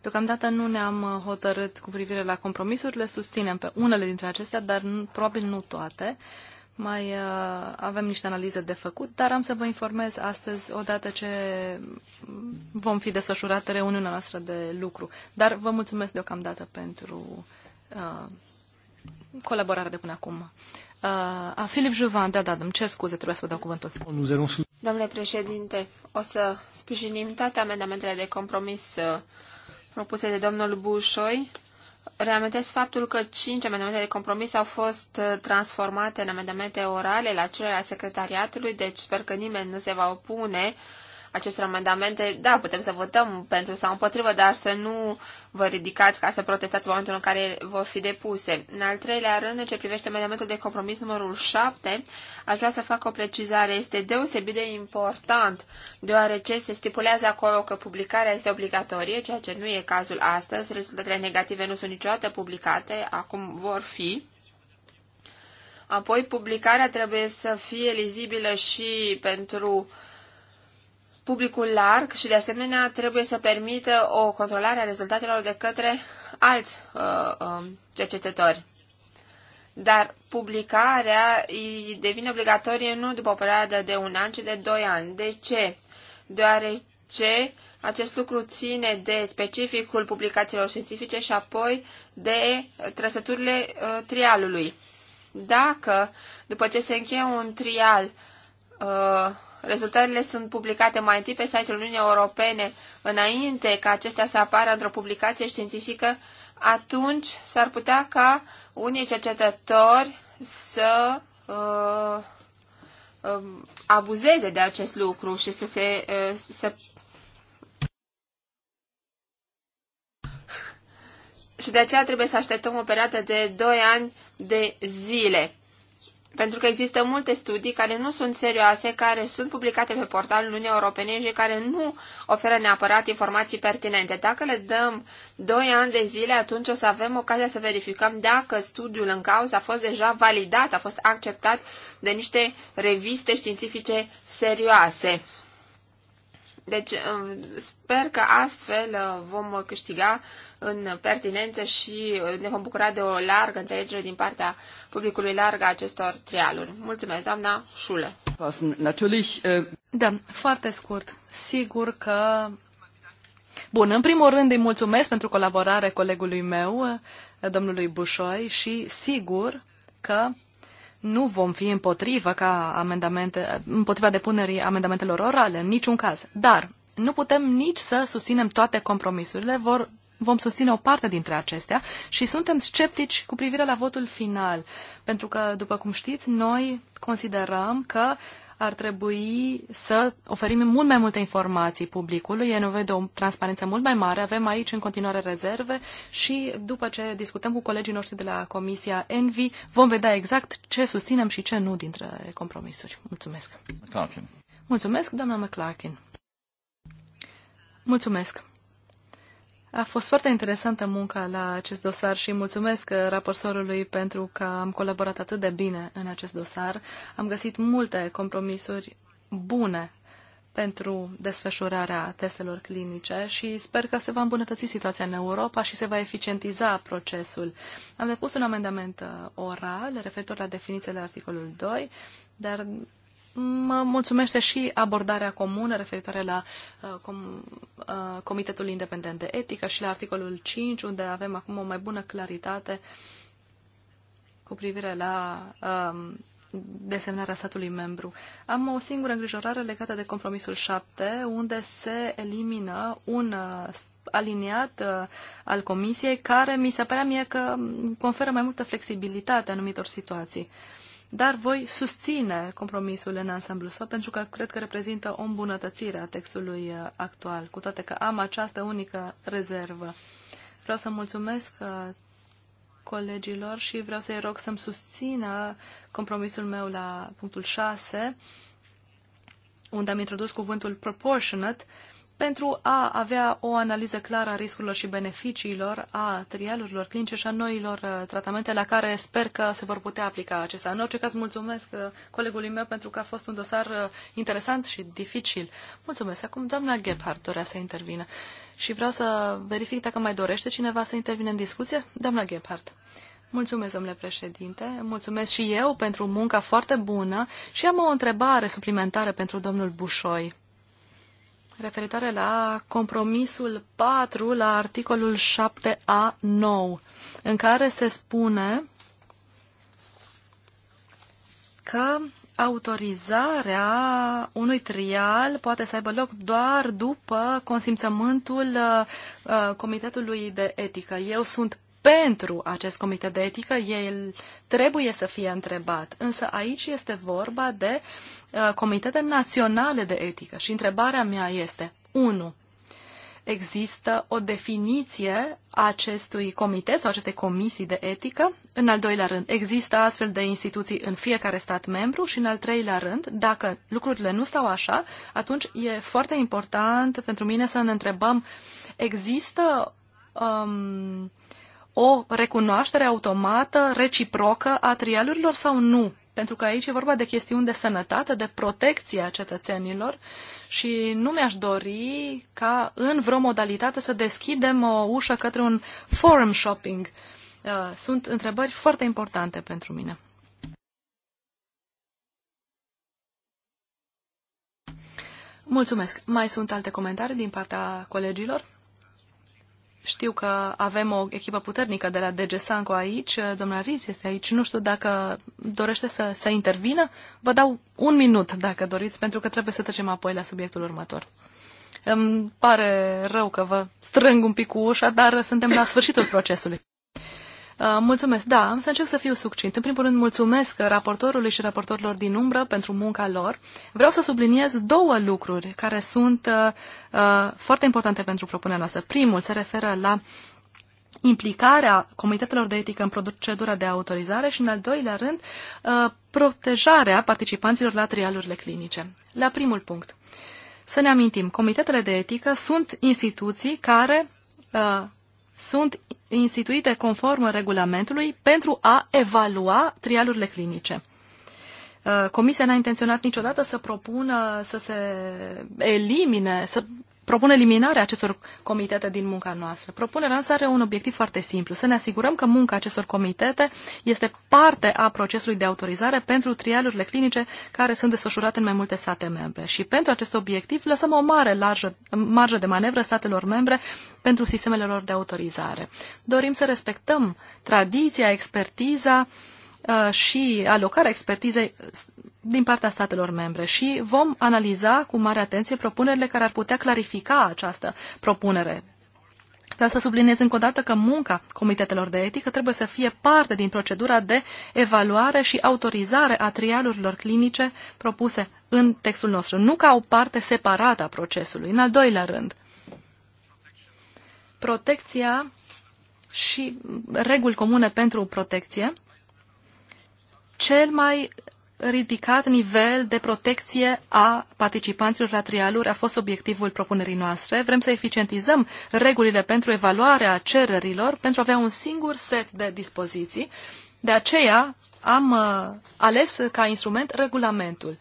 Deocamdată nu ne-am uh, hotărât cu privire la compromisuri, le susținem pe unele dintre acestea, dar probabil nu toate. Mai uh, avem niște analize de făcut, dar am să vă informez astăzi, odată ce vom fi desfășurate reuniunea noastră de lucru. Dar vă mulțumesc deocamdată pentru uh, colaborarea de până acum. Uh, a, Filip Juvan, da, da, îmi cer scuze, trebuie să vă dau cuvântul. Domnule președinte, o să sprijinim toate amendamentele de compromis uh, propuse de domnul Bușoi. Reamintesc faptul că cinci amendamente de compromis au fost uh, transformate în amendamente orale la cele ale secretariatului, deci sper că nimeni nu se va opune uh, acestor amendamente, da, putem să votăm pentru sau împotrivă, dar să nu vă ridicați ca să protestați în momentul în care vor fi depuse. În al treilea rând, în ce privește amendamentul de compromis numărul 7, aș vrea să fac o precizare. Este deosebit de important, deoarece se stipulează acolo că publicarea este obligatorie, ceea ce nu e cazul astăzi. Rezultatele negative nu sunt niciodată publicate, acum vor fi. Apoi, publicarea trebuie să fie lizibilă și pentru uh, publicul larg și, de asemenea, trebuie să permită o controlare a rezultatelor de către alți uh, uh, cercetători. Dar publicarea devine obligatorie nu după o perioadă de un an, ci de doi ani. De ce? Deoarece acest lucru ține de specificul publicațiilor științifice și apoi de trăsăturile uh, trialului. Dacă, după ce se încheie un trial, uh, Rezultatele sunt publicate mai întâi pe site-ul Uniunii Europene, înainte ca acestea să apară într-o publicație științifică, atunci s-ar putea ca unii cercetători să uh, um, abuzeze de acest lucru și să se uh, să și de aceea trebuie să așteptăm o perioadă de 2 ani de zile. Pentru că există multe studii care nu sunt serioase, care sunt publicate pe portalul Uniunii Europene și care nu oferă neapărat informații pertinente. Dacă le dăm 2 ani de zile, atunci o să avem ocazia să verificăm dacă studiul în cauză a fost deja validat, a fost acceptat de niște reviste științifice serioase. Deci uh, sper că astfel uh, vom câștiga în pertinență și uh, ne vom bucura de o largă înțelegere din partea publicului larg a acestor trialuri. Mulțumesc, doamna Șule. Da, foarte scurt. Sigur că... Bun, în primul rând îi mulțumesc pentru colaborare colegului meu, domnului Bușoi, și sigur că nu vom fi împotriva ca amendamente, împotriva depunerii amendamentelor orale, în niciun caz. Dar nu putem nici să susținem toate compromisurile, vor, vom susține o parte dintre acestea și suntem sceptici cu privire la votul final, pentru că, după cum știți, noi considerăm că uh, ar trebui să oferim mult mai multe informații publicului, e nevoie de o transparență mult mai mare, avem aici în continuare rezerve și după ce discutăm cu colegii noștri de la Comisia Envi, vom vedea exact ce susținem și ce nu dintre compromisuri. Mulțumesc! McClarkin. Mulțumesc, doamna McClarkin. Mulțumesc! A fost foarte interesantă munca la acest dosar și mulțumesc uh, raportorului pentru că am colaborat atât de bine în acest dosar. Am găsit multe compromisuri bune pentru desfășurarea testelor clinice și sper că se va îmbunătăți situația în Europa și se va eficientiza procesul. Am depus un amendament uh, oral referitor la definițiile articolul 2, dar mă mulțumește și abordarea comună referitoare la uh, com, uh, Comitetul Independent de Etică și la articolul 5, unde avem acum o mai bună claritate cu privire la uh, desemnarea statului membru. Am o singură îngrijorare legată de compromisul 7, unde se elimină un uh, aliniat uh, al comisiei care mi se părea mie că conferă mai multă flexibilitate anumitor situații. Uh, dar voi susține compromisul în ansamblu său pentru că cred că reprezintă o îmbunătățire a textului uh, actual, cu toate că am această unică rezervă. Vreau să mulțumesc uh, colegilor și vreau să-i rog să-mi susțină compromisul meu la punctul 6, unde am introdus cuvântul proportionate, pentru a avea o analiză clară a riscurilor și beneficiilor a trialurilor clinice și a noilor uh, tratamente la care sper că se vor putea aplica acestea. În orice caz, mulțumesc uh, colegului meu pentru că a fost un dosar uh, interesant și dificil. Mulțumesc. Acum, doamna Gebhardt dorea să intervină și vreau să verific dacă mai dorește cineva să intervine în discuție. Doamna Gebhardt. Mulțumesc, domnule președinte. Mulțumesc și eu pentru munca foarte bună și am o întrebare suplimentară pentru domnul Bușoi referitoare la compromisul 4 la articolul 7A9, în care se spune că autorizarea unui trial poate să aibă loc doar după consimțământul uh, uh, Comitetului de Etică. Eu sunt pentru acest comitet de etică, el trebuie să fie întrebat. Însă aici este vorba de uh, comitete naționale de etică și întrebarea mea este 1. Există o definiție acestui comitet sau acestei comisii de etică? În al doilea rând, există astfel de instituții în fiecare stat membru? Și în al treilea rând, dacă lucrurile nu stau așa, atunci e foarte important pentru mine să ne întrebăm, există um, o recunoaștere automată, reciprocă a trialurilor sau nu? Pentru că aici e vorba de chestiuni de sănătate, de protecție a cetățenilor și nu mi-aș dori ca în vreo modalitate să deschidem o ușă către un forum shopping. Uh, sunt întrebări foarte importante pentru mine. Mulțumesc. Mai sunt alte comentarii din partea colegilor? Știu că avem o echipă puternică de la DG Sanco aici. Doamna Riz este aici. Nu știu dacă dorește să, să intervină. Vă dau un minut, dacă doriți, pentru că trebuie să trecem apoi la subiectul următor. Îmi pare rău că vă strâng un pic cu ușa, dar suntem la sfârșitul procesului. Uh, mulțumesc, da, am să încerc să fiu succint. În primul rând, mulțumesc raportorului și raportorilor din umbră pentru munca lor. Vreau să subliniez două lucruri care sunt uh, uh, foarte importante pentru propunerea noastră. Primul se referă la implicarea comitetelor de etică în procedura de autorizare și, în al doilea rând, uh, protejarea participanților la trialurile clinice. La primul punct, să ne amintim, comitetele de etică sunt instituții care uh, sunt instituite conform regulamentului pentru a evalua trialurile clinice. Uh, comisia n-a intenționat niciodată să propună să se elimine, să Propun eliminarea acestor comitete din munca noastră. Propunerea noastră are un obiectiv foarte simplu, să ne asigurăm că munca acestor comitete este parte a procesului de autorizare pentru trialurile clinice care sunt desfășurate în mai multe state membre. Și pentru acest obiectiv lăsăm o mare largă, marjă de manevră statelor membre pentru sistemele lor de autorizare. Dorim să respectăm tradiția, expertiza, uh, și alocarea expertizei din partea statelor membre și vom analiza cu mare atenție propunerile care ar putea clarifica această propunere. Vreau să subliniez încă o dată că munca comitetelor de etică trebuie să fie parte din procedura de evaluare și autorizare a trialurilor clinice propuse în textul nostru, nu ca o parte separată a procesului. În al doilea rând, protecția și reguli comune pentru protecție cel mai ridicat nivel de protecție a participanților la trialuri a fost obiectivul propunerii noastre. Vrem să eficientizăm regulile pentru evaluarea cererilor, pentru a avea un singur set de dispoziții. De aceea am uh, ales ca instrument regulamentul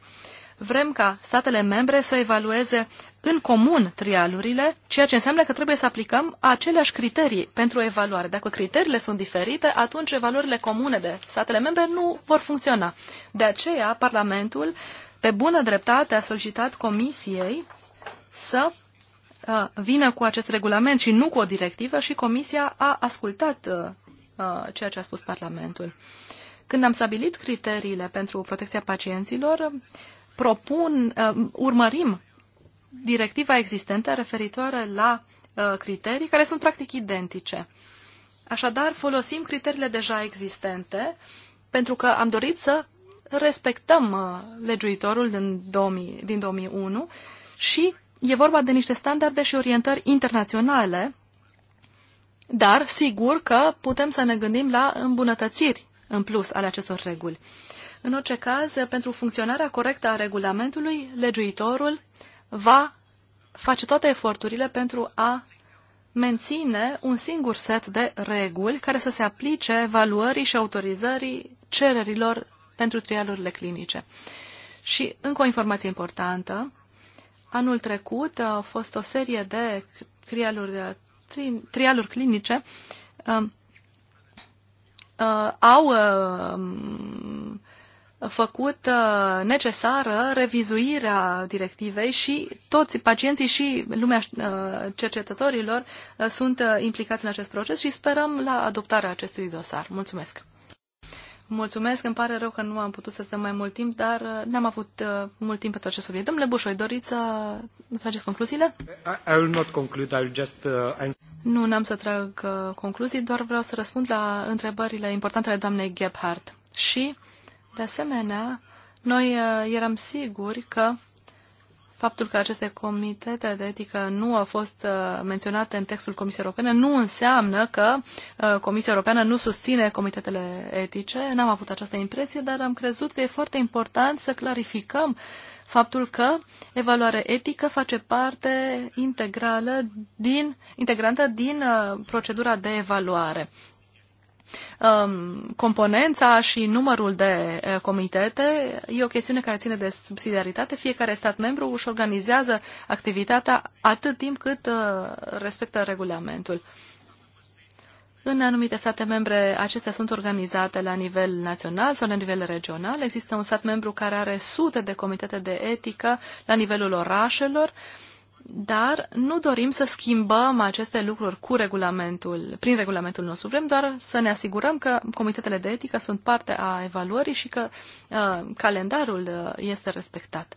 vrem ca statele membre să evalueze în comun trialurile, ceea ce înseamnă că trebuie să aplicăm aceleași criterii pentru evaluare. Dacă criteriile sunt diferite, atunci evaluările comune de statele membre nu vor funcționa. De aceea, Parlamentul, pe bună dreptate, a solicitat Comisiei să vină cu acest regulament și nu cu o directivă și Comisia a ascultat ceea ce a spus Parlamentul. Când am stabilit criteriile pentru protecția pacienților, propun, uh, urmărim directiva existentă referitoare la uh, criterii care sunt practic identice. Așadar, folosim criteriile deja existente pentru că am dorit să respectăm uh, legiuitorul din, 2000, din 2001 și e vorba de niște standarde și orientări internaționale, dar sigur că putem să ne gândim la îmbunătățiri în plus ale acestor reguli. În orice caz, pentru funcționarea corectă a regulamentului, legiuitorul va face toate eforturile pentru a menține un singur set de reguli care să se aplice evaluării și autorizării cererilor pentru trialurile clinice. Și încă o informație importantă. Anul trecut a fost o serie de trialuri, tri, trialuri clinice uh, uh, au uh, făcut uh, necesară revizuirea directivei și toți pacienții și lumea uh, cercetătorilor uh, sunt implicați în acest proces și sperăm la adoptarea acestui dosar. Mulțumesc! Mulțumesc, îmi pare rău că nu am putut să stăm mai mult timp, dar n-am avut mult timp pentru acest subiect. Domnule Bușoi, doriți să trageți concluziile? I, I will not conclude, I will just, uh, nu, n-am să trag concluzii, doar vreau să răspund la întrebările importante ale doamnei Gebhardt. Și uh, de asemenea, noi uh, eram siguri că faptul că aceste comitete de etică nu au fost uh, menționate în textul Comisiei Europene nu înseamnă că uh, Comisia Europeană nu susține comitetele etice. N-am avut această impresie, dar am crezut că e foarte important să clarificăm faptul că evaluarea etică face parte integrală din, integrantă din procedura de evaluare um, componența și numărul de uh, comitete e o chestiune care ține de subsidiaritate. Fiecare stat membru își organizează activitatea atât timp cât uh, respectă regulamentul. În anumite state membre, acestea sunt organizate la nivel național sau la nivel regional. Există un stat membru care are sute de comitete de etică la nivelul orașelor. Uh, dar nu dorim să schimbăm aceste lucruri cu regulamentul, prin regulamentul nostru. Vrem doar să ne asigurăm că comitetele de etică sunt parte a evaluării și că uh, calendarul uh, este respectat.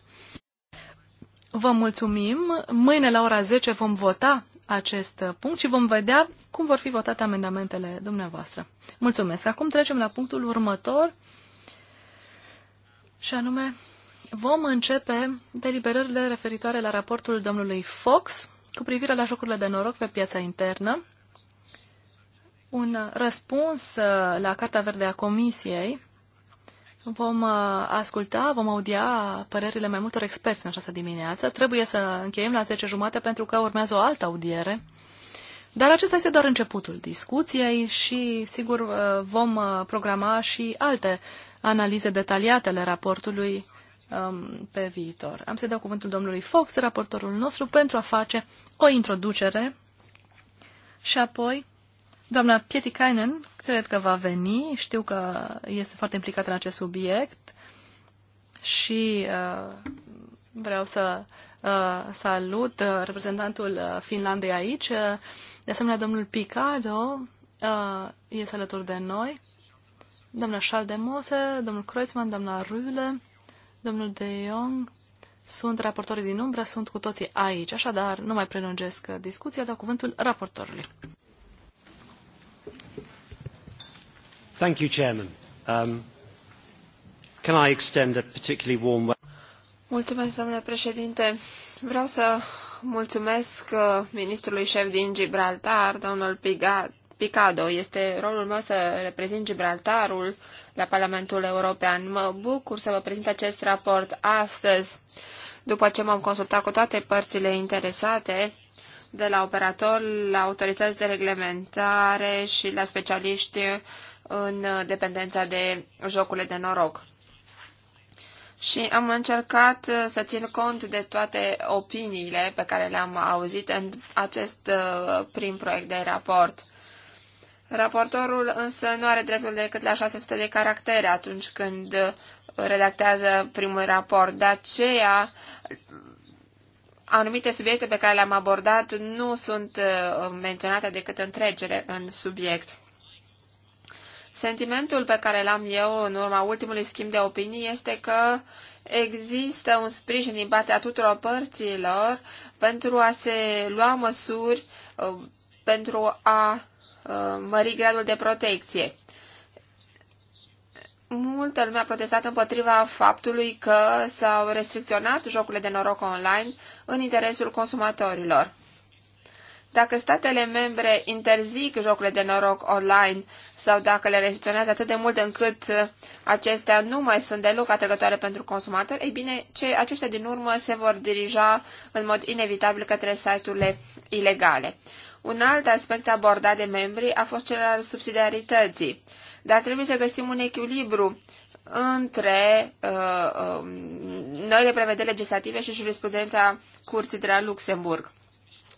Vă mulțumim. Mâine la ora 10 vom vota acest uh, punct și vom vedea cum vor fi votate amendamentele dumneavoastră. Mulțumesc. Acum trecem la punctul următor și anume vom începe deliberările referitoare la raportul domnului Fox cu privire la jocurile de noroc pe piața internă, un răspuns uh, la Carta Verde a Comisiei. Vom uh, asculta, vom audia părerile mai multor experți în această dimineață. Trebuie să încheiem la 10 jumate pentru că urmează o altă audiere. Dar acesta este doar începutul discuției și, sigur, uh, vom programa și alte analize detaliate ale raportului um, pe viitor. Am să dau cuvântul domnului Fox, raportorul nostru, pentru a face o introducere și apoi doamna Pietikainen cred că va veni, știu că este foarte implicată în acest subiect și uh, vreau să uh, salut uh, reprezentantul uh, Finlandei aici, uh, de asemenea domnul Picado uh, este alături de noi, doamna Schaldemose, domnul Kreuzmann, doamna Rühle, domnul De Jong, sunt raportorii din umbră, sunt cu toții aici, așadar nu mai prelungesc discuția, dau cuvântul raportorului. Thank you, Chairman. Um, can I extend a particularly warm welcome? Mulțumesc, domnule președinte. Vreau să mulțumesc uh, ministrului șef din Gibraltar, domnul Pigat, Picado. Este rolul meu să reprezint Gibraltarul la Parlamentul European. Mă bucur să vă prezint acest raport astăzi, după ce m-am consultat cu toate părțile interesate, de la operatori, la autorități de reglementare și la specialiști în dependența de jocurile de noroc. Și am încercat să țin cont de toate opiniile pe care le-am auzit în acest uh, prim proiect de raport. Raportorul însă nu are dreptul decât la 600 de caractere atunci când uh, redactează primul raport. De aceea, anumite subiecte pe care le-am abordat nu sunt uh, menționate decât în trecere în subiect. Sentimentul pe care l-am eu în urma ultimului schimb de opinii este că există un sprijin din partea tuturor părților pentru a se lua măsuri uh, pentru a Uh, mări gradul de protecție. Multă lume a protestat împotriva faptului că s-au restricționat jocurile de noroc online în interesul consumatorilor. Dacă statele membre interzic jocurile de noroc online sau dacă le restricționează atât de mult încât acestea nu mai sunt deloc atrăgătoare pentru consumatori, ei bine, ce, aceștia din urmă se vor dirija în mod inevitabil către site-urile ilegale. Un alt aspect abordat de membri a fost cel al subsidiarității, dar trebuie să găsim un echilibru între uh, uh, noile prevederi legislative și jurisprudența Curții de la Luxemburg.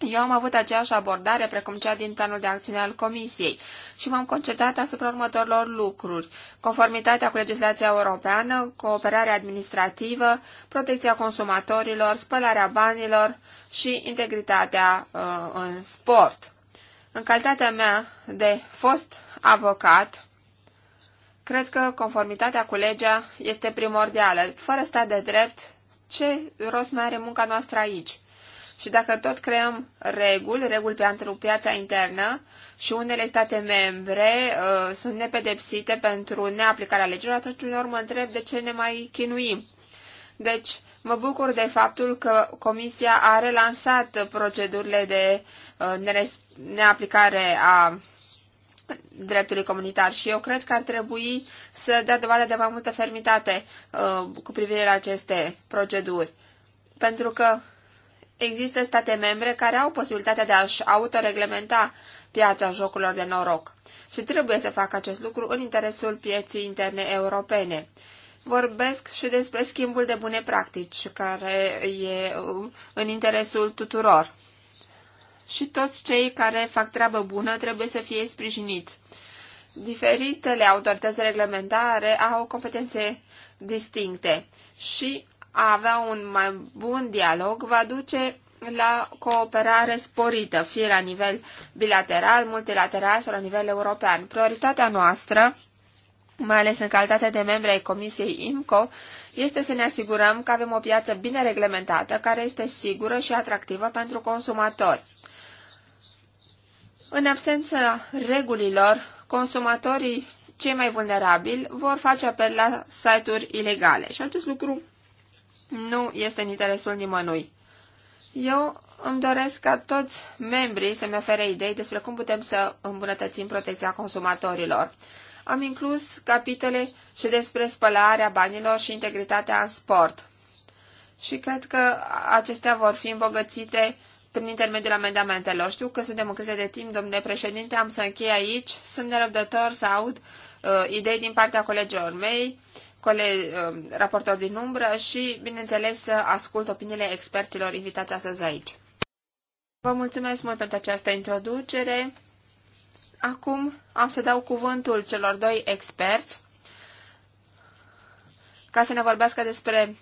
Eu am avut aceeași abordare precum cea din planul de acțiune al Comisiei și m-am concentrat asupra următorilor lucruri. Conformitatea cu legislația europeană, cooperarea administrativă, protecția consumatorilor, spălarea banilor, și integritatea uh, în sport. În calitatea mea de fost avocat, cred că conformitatea cu legea este primordială. Fără stat de drept, ce rost mai are munca noastră aici? Și dacă tot creăm reguli, reguli pentru piața internă și unele state membre uh, sunt nepedepsite pentru neaplicarea legilor, atunci în urmă întreb de ce ne mai chinuim. Deci, Mă bucur de faptul că Comisia a relansat procedurile de uh, neaplicare a dreptului comunitar și eu cred că ar trebui să dea dovadă de mai multă fermitate uh, cu privire la aceste proceduri. Pentru că există state membre care au posibilitatea de a-și autoreglementa piața jocurilor de noroc și trebuie să facă acest lucru în interesul pieții interne europene vorbesc și despre schimbul de bune practici, care e um, în interesul tuturor. Și toți cei care fac treabă bună trebuie să fie sprijiniți. Diferitele autorități reglementare au competențe distincte și a avea un mai bun dialog va duce la cooperare sporită, fie la nivel bilateral, multilateral sau la nivel european. Prioritatea noastră mai ales în calitate de membri ai Comisiei IMCO, este să ne asigurăm că avem o piață bine reglementată, care este sigură și atractivă pentru consumatori. În absența regulilor, consumatorii cei mai vulnerabili vor face apel la site-uri ilegale și acest lucru nu este în interesul nimănui. Eu îmi doresc ca toți membrii să-mi ofere idei despre cum putem să îmbunătățim protecția consumatorilor am inclus capitole și despre spălarea banilor și integritatea în sport. Și cred că acestea vor fi îmbogățite prin intermediul amendamentelor. Știu că suntem în de timp, domnule președinte, am să închei aici. Sunt nerăbdător să aud uh, idei din partea colegilor mei, colegi, uh, raportori din umbră și, bineînțeles, să ascult opiniile experților invitați astăzi aici. Vă mulțumesc mult pentru această introducere. Acum am să dau cuvântul celor doi experți ca să ne vorbească despre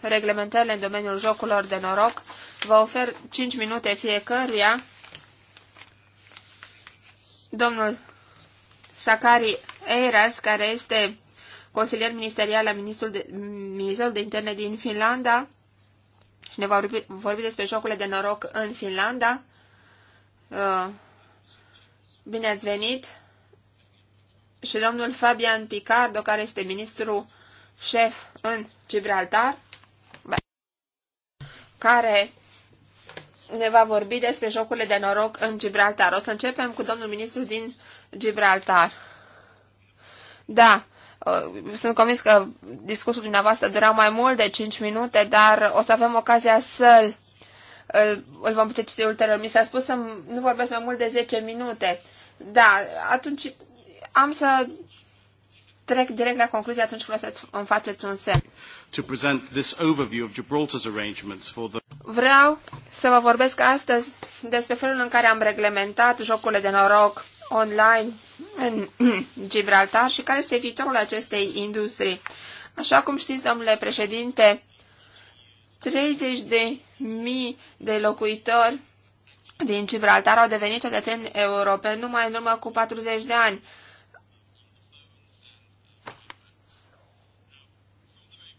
reglementările în domeniul jocurilor de noroc. Vă ofer 5 minute fiecăruia. Domnul Sakari Eiras, care este consilier ministerial la Ministerul de, Ministerul de Interne din Finlanda și ne va vorbi, vorbi despre jocurile de noroc în Finlanda. Uh, Bine ați venit! Și domnul Fabian Picardo, care este ministru șef în Gibraltar, care ne va vorbi despre jocurile de noroc în Gibraltar. O să începem cu domnul ministru din Gibraltar. Da, uh, sunt convins că discursul dumneavoastră dura mai mult de 5 minute, dar o să avem ocazia să-l îl vom putea citi ulterior. Mi s-a spus să nu vorbesc mai mult de 10 minute, da, atunci am să trec direct la concluzie atunci când o să îmi faceți un semn. To present this overview of Gibraltar's arrangements for the... Vreau să vă vorbesc astăzi despre felul în care am reglementat jocurile de noroc online în Gibraltar și care este viitorul acestei industrii. Așa cum știți, domnule președinte, 30 de mii de locuitori din Gibraltar au devenit cetățeni europeni numai în urmă cu 40 de ani.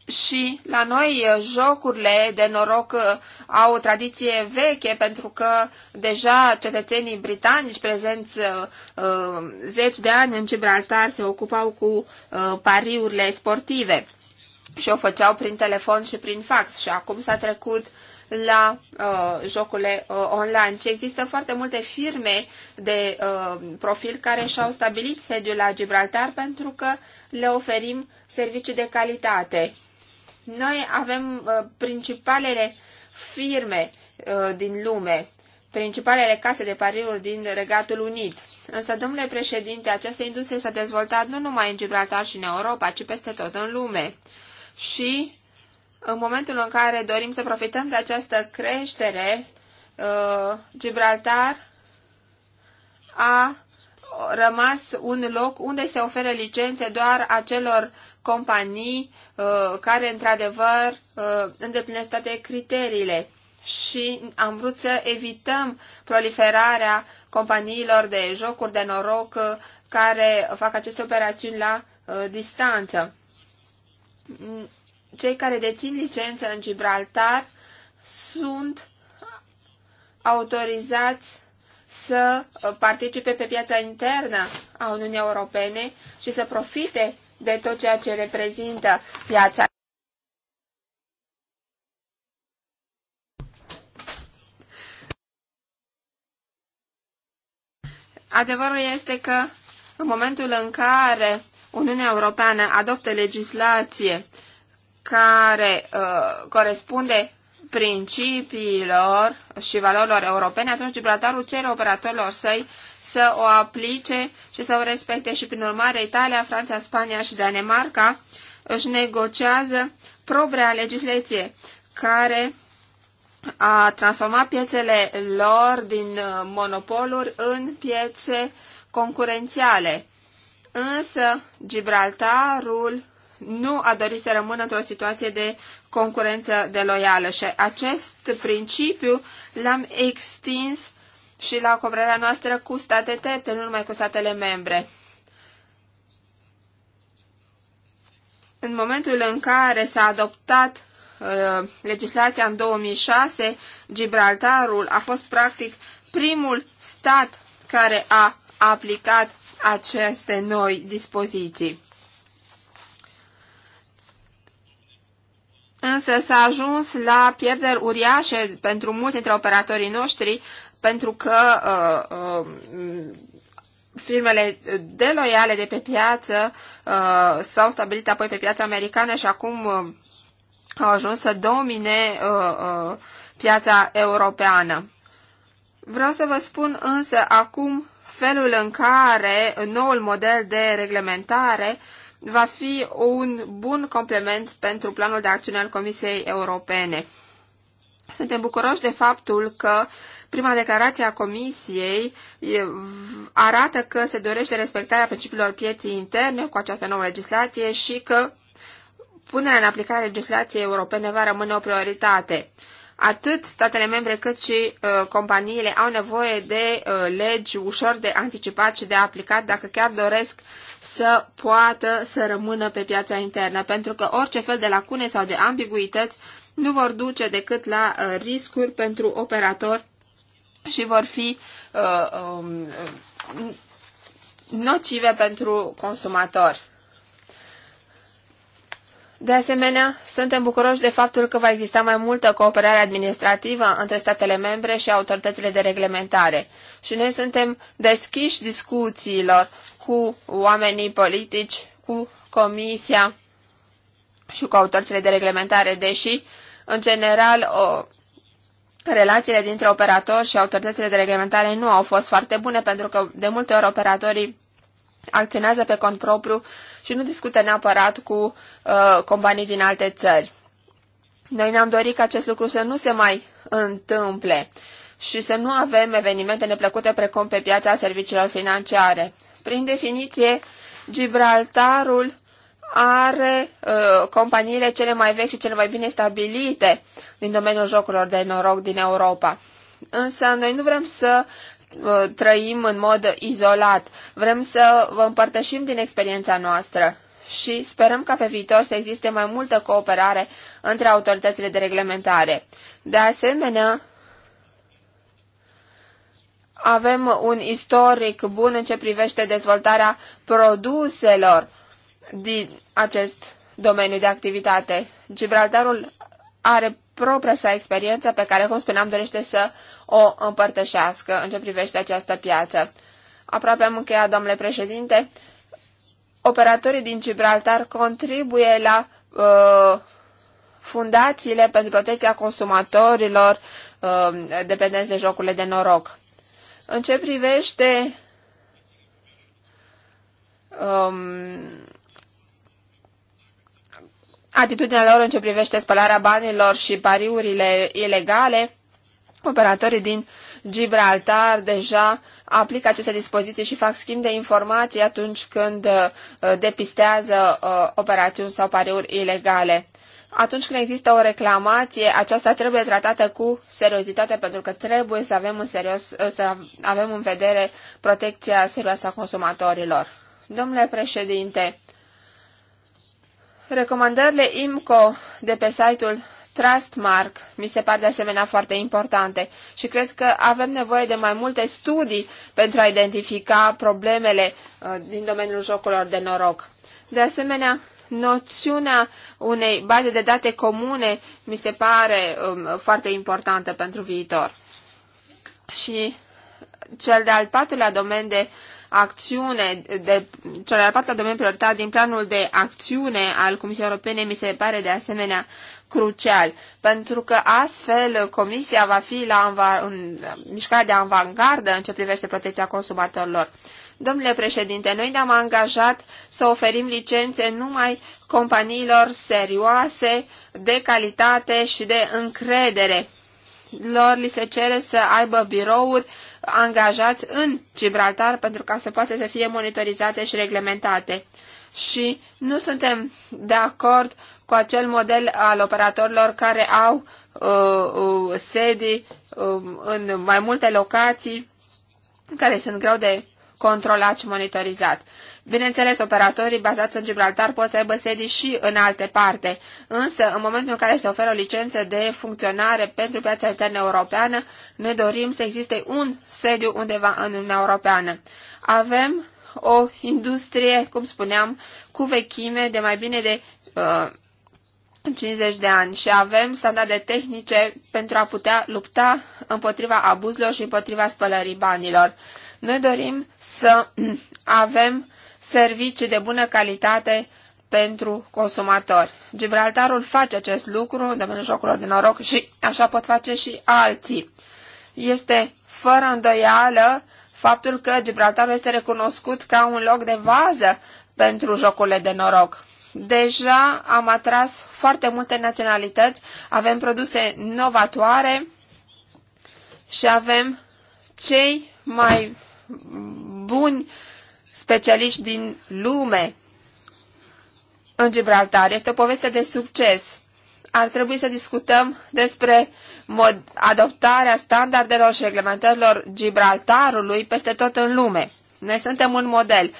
Și la noi eh, jocurile de noroc eh, au o tradiție veche pentru că deja cetățenii britanici prezenți uh, zeci de ani în Gibraltar se ocupau cu uh, pariurile sportive și o făceau prin telefon și prin fax și acum s-a trecut uh, la uh, jocurile uh, online, Și există foarte multe firme de uh, profil care și-au stabilit sediul la Gibraltar pentru că le oferim servicii de calitate. Noi avem uh, principalele firme uh, din lume, principalele case de pariuri din Regatul Unit. Însă, domnule președinte, această industrie s-a dezvoltat nu numai în Gibraltar și în Europa, ci peste tot în lume. Și în momentul în care dorim să profităm de această creștere, uh, Gibraltar a rămas un loc unde se oferă licențe doar acelor companii uh, care, într-adevăr, uh, îndeplinesc toate criteriile și am vrut să evităm proliferarea companiilor de jocuri de noroc care fac aceste operațiuni la distanță cei care dețin licență în Gibraltar sunt autorizați să participe pe piața internă a Uniunii Europene și să profite de tot ceea ce reprezintă piața. Adevărul este că în momentul în care Uniunea Europeană adoptă legislație care uh, corespunde principiilor și valorilor europene, atunci Gibraltarul cere operatorilor săi să o aplice și să o respecte și prin urmare Italia, Franța, Spania și Danemarca își negociază propria legislație care a transformat piețele lor din uh, monopoluri în piețe concurențiale. Însă Gibraltarul nu a dorit să rămână într-o situație de concurență deloială și acest principiu l-am extins și la cooperarea noastră cu state terțe, nu numai cu statele membre. În momentul în care s-a adoptat uh, legislația în 2006, Gibraltarul a fost practic primul stat care a aplicat aceste noi dispoziții. Însă s-a ajuns la pierderi uriașe pentru mulți dintre operatorii noștri, pentru că uh, uh, firmele deloiale de pe piață uh, s-au stabilit apoi pe piața americană și acum uh, au ajuns să domine uh, uh, piața europeană. Vreau să vă spun însă acum felul în care noul model de reglementare uh, va fi un bun complement pentru planul de acțiune al Comisiei Europene. Suntem bucuroși de faptul că prima declarație a Comisiei arată că se dorește respectarea principiilor pieții interne cu această nouă legislație și că punerea în aplicare a legislației europene va rămâne o prioritate atât statele membre cât și uh, companiile au nevoie de uh, legi ușor de anticipat și de aplicat dacă chiar doresc să poată să rămână pe piața internă, pentru că orice fel de lacune sau de ambiguități nu vor duce decât la uh, riscuri pentru operator și vor fi uh, um, nocive pentru consumatori. De asemenea, suntem bucuroși de faptul că va exista mai multă cooperare administrativă între statele membre și autoritățile de reglementare și noi suntem deschiși discuțiilor cu oamenii politici, cu Comisia și cu autoritățile de reglementare, deși, în general, o, relațiile dintre operatori și autoritățile de reglementare nu au fost foarte bune pentru că, de multe ori, operatorii acționează pe cont propriu și nu discută neapărat cu uh, companii din alte țări. Noi ne-am dorit ca acest lucru să nu se mai întâmple și să nu avem evenimente neplăcute precum pe piața serviciilor financiare. Prin definiție, Gibraltarul are uh, companiile cele mai vechi și cele mai bine stabilite din domeniul jocurilor de noroc din Europa. Însă noi nu vrem să Uh, trăim în mod izolat. Vrem să vă împărtășim din experiența noastră și sperăm ca pe viitor să existe mai multă cooperare între autoritățile de reglementare. De asemenea, avem un istoric bun în ce privește dezvoltarea produselor din acest domeniu de activitate. Gibraltarul are propria sa experiență pe care, cum spuneam, dorește să o împărtășească în ce privește această piață. Aproape am încheiat, domnule președinte. Operatorii din Gibraltar contribuie la uh, fundațiile pentru protecția consumatorilor uh, dependenți de jocurile de noroc. În ce privește um, atitudinea lor în ce privește spălarea banilor și pariurile ilegale, Operatorii din Gibraltar deja aplică aceste dispoziții și fac schimb de informații atunci când uh, depistează uh, operațiuni sau pariuri ilegale. Atunci când există o reclamație, aceasta trebuie tratată cu seriozitate pentru că trebuie să avem în, serios, uh, să avem în vedere protecția serioasă a consumatorilor. Domnule președinte, recomandările IMCO de pe site-ul Trustmark mi se par de asemenea foarte importante și cred că avem nevoie de mai multe studii pentru a identifica problemele uh, din domeniul jocurilor de noroc. De asemenea, noțiunea unei baze de date comune mi se pare um, foarte importantă pentru viitor. Și cel de-al patrulea domeniu de acțiune, de, cel de-al patrulea domeniu prioritar din planul de acțiune al Comisiei Europene mi se pare de asemenea crucial, pentru că astfel Comisia va fi la în mișcarea de avangardă în ce privește protecția consumatorilor. Domnule președinte, noi ne-am angajat să oferim licențe numai companiilor serioase, de calitate și de încredere. Lor li se cere să aibă birouri angajați în Gibraltar pentru ca să poată să fie monitorizate și reglementate. Și nu suntem de acord cu acel model al operatorilor care au uh, uh, sedii uh, în mai multe locații care sunt greu de controlat și monitorizat. Bineînțeles, operatorii bazați în Gibraltar pot să aibă sedii și în alte parte, însă în momentul în care se oferă o licență de funcționare pentru piața internă europeană, ne dorim să existe un sediu undeva în Uniunea Europeană. Avem o industrie, cum spuneam, cu vechime de mai bine de uh, 50 de ani și avem standarde tehnice pentru a putea lupta împotriva abuzurilor și împotriva spălării banilor. Noi dorim să avem servicii de bună calitate pentru consumatori. Gibraltarul face acest lucru în domeniul jocurilor de noroc și așa pot face și alții. Este fără îndoială faptul că Gibraltarul este recunoscut ca un loc de vază pentru jocurile de noroc. Deja am atras foarte multe naționalități, avem produse novatoare și avem cei mai buni specialiști din lume în Gibraltar. Este o poveste de succes. Ar trebui să discutăm despre mod, adoptarea standardelor și reglementărilor Gibraltarului peste tot în lume. Noi suntem un model.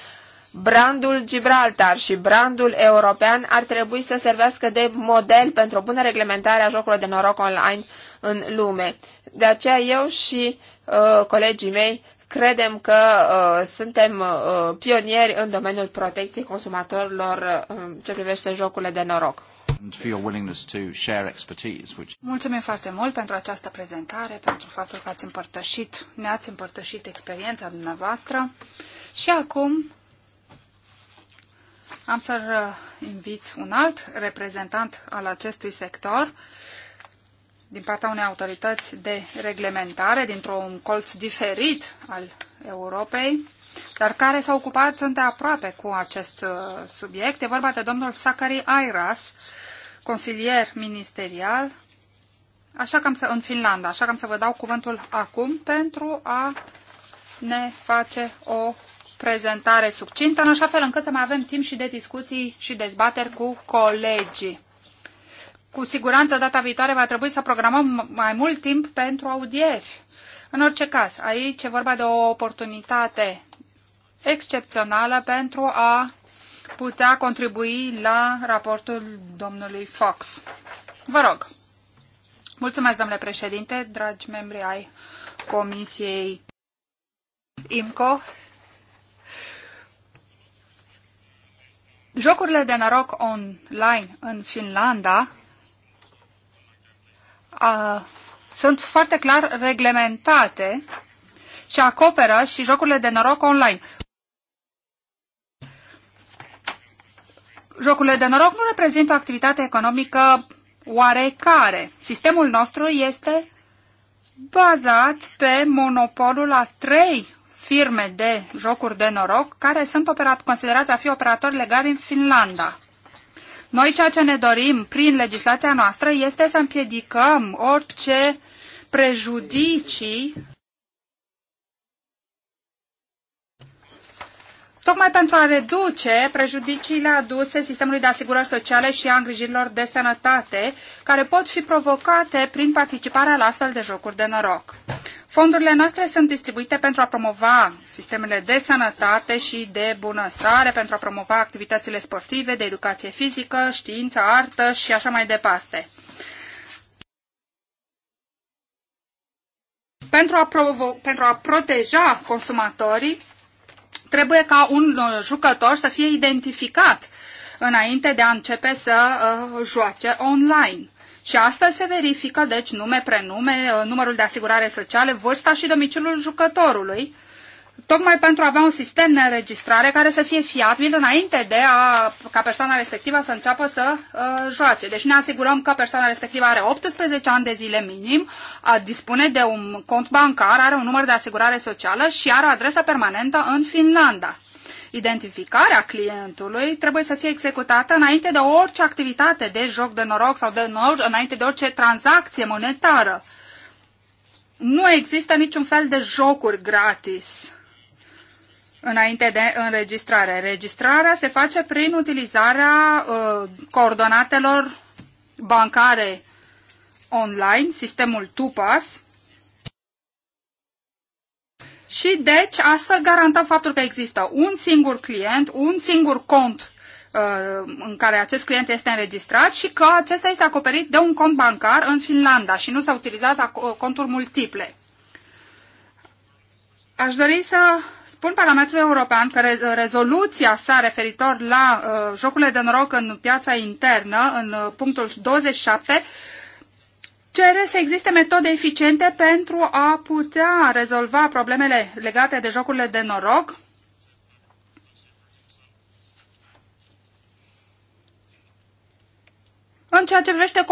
Brandul Gibraltar și brandul european ar trebui să servească de model pentru o bună reglementare a jocurilor de noroc online în lume. De aceea eu și uh, colegii mei credem că uh, suntem uh, pionieri în domeniul protecției consumatorilor uh, ce privește jocurile de noroc. Mulțumim foarte mult pentru această prezentare, pentru faptul că ați împărtășit, ne-ați împărtășit experiența dumneavoastră și acum am să-l uh, invit un alt reprezentant al acestui sector din partea unei autorități de reglementare dintr-un colț diferit al Europei, dar care s-a ocupat îndeaproape cu acest uh, subiect. E vorba de domnul Sakari Airas, consilier ministerial, așa că am să, în Finlanda, așa că am să vă dau cuvântul acum pentru a ne face o prezentare succintă, în așa fel încât să mai avem timp și de discuții și dezbateri cu colegii. Cu siguranță data viitoare va trebui să programăm mai mult timp pentru audieri. În orice caz, aici e vorba de o oportunitate excepțională pentru a putea contribui la raportul domnului Fox. Vă rog. Mulțumesc, domnule președinte, dragi membri ai Comisiei IMCO. Jocurile de noroc online în Finlanda a, sunt foarte clar reglementate și acoperă și jocurile de noroc online. Jocurile de noroc nu reprezintă o activitate economică oarecare. Sistemul nostru este bazat pe monopolul a trei firme de jocuri de noroc care sunt operat, considerați a fi operatori legali în Finlanda. Noi ceea ce ne dorim prin legislația noastră este să împiedicăm orice prejudicii tocmai pentru a reduce prejudiciile aduse sistemului de asigurări sociale și a îngrijirilor de sănătate, care pot fi provocate prin participarea la astfel de jocuri de noroc. Fondurile noastre sunt distribuite pentru a promova sistemele de sănătate și de bunăstare, pentru a promova activitățile sportive, de educație fizică, știință, artă și așa mai departe. Pentru a, provo- pentru a proteja consumatorii, trebuie ca un uh, jucător să fie identificat înainte de a începe să uh, joace online. Și astfel se verifică, deci, nume, prenume, uh, numărul de asigurare sociale, vârsta și domiciliul jucătorului, tocmai pentru a avea un sistem de înregistrare care să fie fiabil înainte de a, ca persoana respectivă să înceapă să uh, joace. Deci ne asigurăm că persoana respectivă are 18 ani de zile minim, uh, dispune de un cont bancar, are un număr de asigurare socială și are o adresă permanentă în Finlanda. Identificarea clientului trebuie să fie executată înainte de orice activitate de joc de noroc sau de nor, înainte de orice tranzacție monetară. Nu există niciun fel de jocuri gratis înainte de înregistrare. Registrarea se face prin utilizarea uh, coordonatelor bancare online, sistemul TUPAS, și deci astfel garanta faptul că există un singur client, un singur cont uh, în care acest client este înregistrat și că acesta este acoperit de un cont bancar în Finlanda și nu s-au utilizat conturi multiple. Aș dori să spun Parlamentului European că rezoluția sa referitor la uh, jocurile de noroc în piața internă, în uh, punctul 27, cere să existe metode eficiente pentru a putea rezolva problemele legate de jocurile de noroc. În ceea ce privește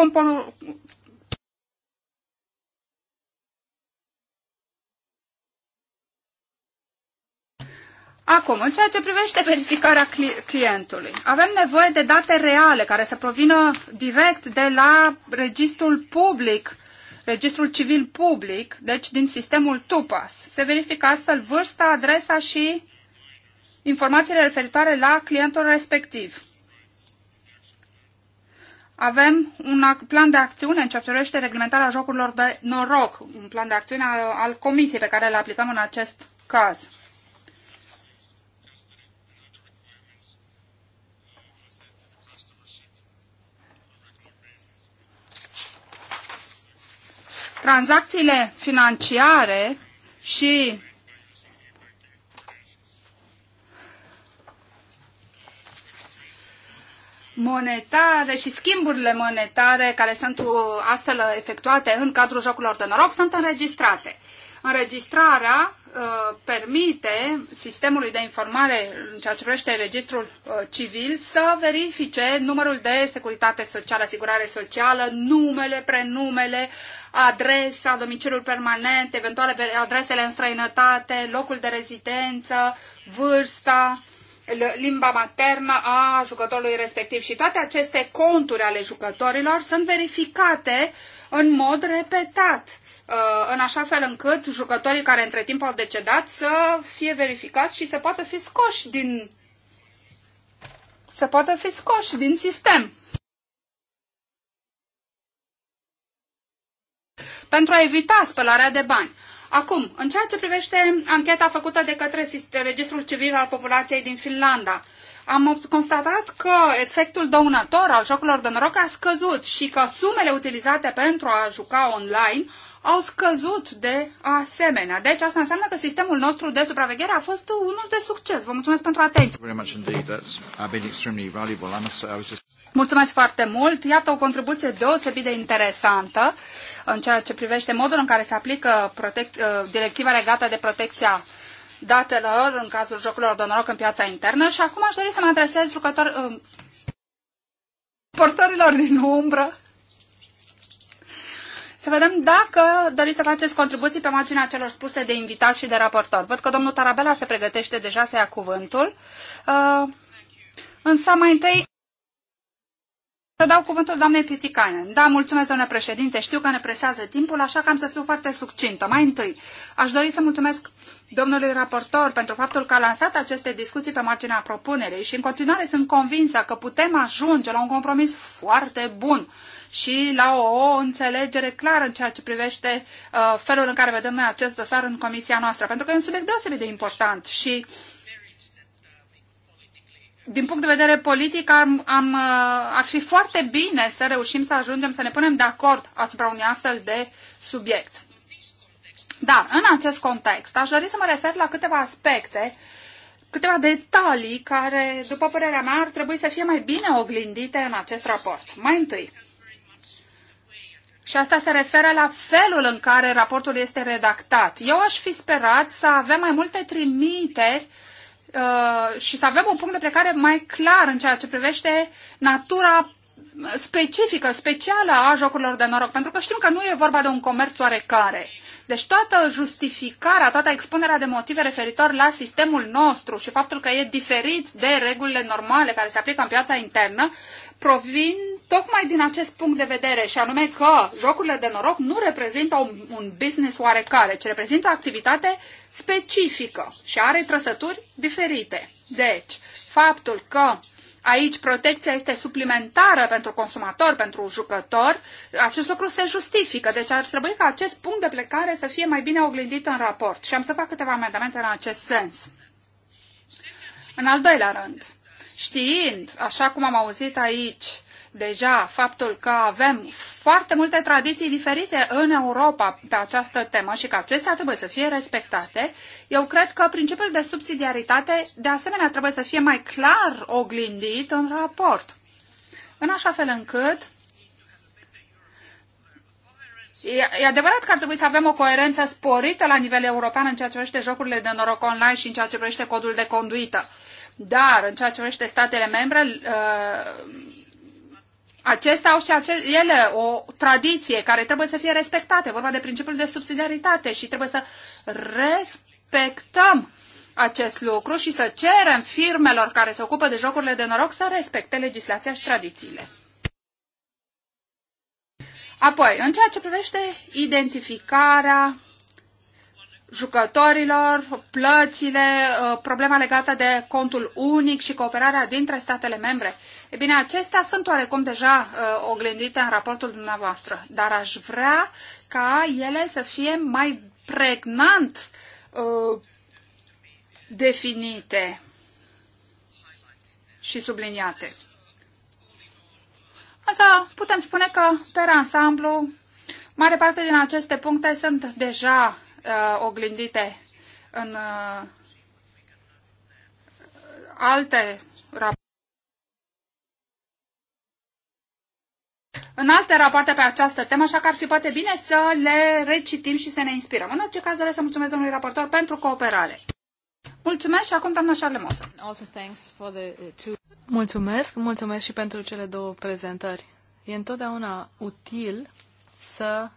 Acum, în ceea ce privește verificarea clientului, avem nevoie de date reale care să provină direct de la registrul public, registrul civil public, deci din sistemul TUPAS. Se verifică astfel vârsta, adresa și informațiile referitoare la clientul respectiv. Avem un plan de acțiune în ce privește reglementarea jocurilor de noroc, un plan de acțiune al Comisiei pe care îl aplicăm în acest caz. tranzacțiile financiare și monetare și schimburile monetare care sunt uh, astfel efectuate în cadrul jocurilor de noroc sunt înregistrate. Înregistrarea Uh, permite sistemului de informare în ceea ce privește registrul uh, civil să verifice numărul de securitate socială, asigurare socială, numele, prenumele, adresa, domiciliul permanent, eventuale adresele în străinătate, locul de rezidență, vârsta, limba maternă a jucătorului respectiv și toate aceste conturi ale jucătorilor sunt verificate în mod repetat Uh, în așa fel încât jucătorii care între timp au decedat să fie verificați și să poată fi scoși din să poată fi scoși din sistem. Pentru a evita spălarea de bani. Acum, în ceea ce privește ancheta făcută de către Registrul Civil al Populației din Finlanda, am constatat că efectul dăunător al jocurilor de noroc a scăzut și că sumele utilizate pentru a juca online au scăzut de asemenea. Deci asta înseamnă că sistemul nostru de supraveghere a fost unul de succes. Vă mulțumesc pentru atenție. Mulțumesc foarte mult. Iată o contribuție deosebit de interesantă în ceea ce privește modul în care se aplică protec- uh, directiva legată de protecția datelor în cazul jocurilor de noroc în piața internă și acum aș dori să mă adresez jucător, uh, portorilor din umbră să vedem dacă doriți să faceți contribuții pe marginea celor spuse de invitați și de raportor. Văd că domnul Tarabela se pregătește deja să ia cuvântul. Uh, însă mai întâi să dau cuvântul doamnei Pieticainen. Da, mulțumesc, domnule președinte. Știu că ne presează timpul, așa că am să fiu foarte succintă. Mai întâi, aș dori să mulțumesc domnului raportor pentru faptul că a lansat aceste discuții pe marginea propunerii și în continuare sunt convinsă că putem ajunge la un compromis foarte bun și la o înțelegere clară în ceea ce privește uh, felul în care vedem noi acest dosar în comisia noastră, pentru că e un subiect deosebit de important și din punct de vedere politic am, am, uh, ar fi foarte bine să reușim să ajungem să ne punem de acord asupra unui astfel de subiect. Dar, în acest context, aș dori să mă refer la câteva aspecte, câteva detalii care, după părerea mea, ar trebui să fie mai bine oglindite în acest raport. Mai întâi, și asta se referă la felul în care raportul este redactat. Eu aș fi sperat să avem mai multe trimiteri uh, și să avem un punct de plecare mai clar în ceea ce privește natura specifică, specială a jocurilor de noroc, pentru că știm că nu e vorba de un comerț oarecare. Deci toată justificarea, toată expunerea de motive referitor la sistemul nostru și faptul că e diferit de regulile normale care se aplică în piața internă, provin tocmai din acest punct de vedere, și anume că jocurile de noroc nu reprezintă un, un business oarecare, ci reprezintă o activitate specifică și are trăsături diferite. Deci, faptul că aici protecția este suplimentară pentru consumator, pentru jucător, acest lucru se justifică. Deci ar trebui ca acest punct de plecare să fie mai bine oglindit în raport. Și am să fac câteva amendamente în acest sens. În al doilea rând, știind, așa cum am auzit aici, deja faptul că avem foarte multe tradiții diferite în Europa pe această temă și că acestea trebuie să fie respectate, eu cred că principiul de subsidiaritate de asemenea trebuie să fie mai clar oglindit în raport. În așa fel încât E, adevărat că ar trebui să avem o coerență sporită la nivel european în ceea ce privește jocurile de noroc online și în ceea ce privește codul de conduită. Dar, în ceea ce privește statele membre, uh, acestea au și acest, ele o tradiție care trebuie să fie respectată. Vorba de principiul de subsidiaritate și trebuie să respectăm acest lucru și să cerem firmelor care se ocupă de jocurile de noroc să respecte legislația și tradițiile. Apoi, în ceea ce privește identificarea jucătorilor, plățile, uh, problema legată de contul unic și cooperarea dintre statele membre. E bine, acestea sunt oarecum deja uh, oglindite în raportul dumneavoastră, dar aș vrea ca ele să fie mai pregnant uh, definite și subliniate. Asta putem spune că, pe ansamblu, mare parte din aceste puncte sunt deja uh, oglindite în uh, alte în alte rapoarte pe această temă, așa că ar fi poate bine să le recitim și să ne inspirăm. În orice caz, doresc să mulțumesc domnului raportor pentru cooperare. Mulțumesc și acum doamna Moza. Uh, mulțumesc, mulțumesc și pentru cele două prezentări. E întotdeauna util să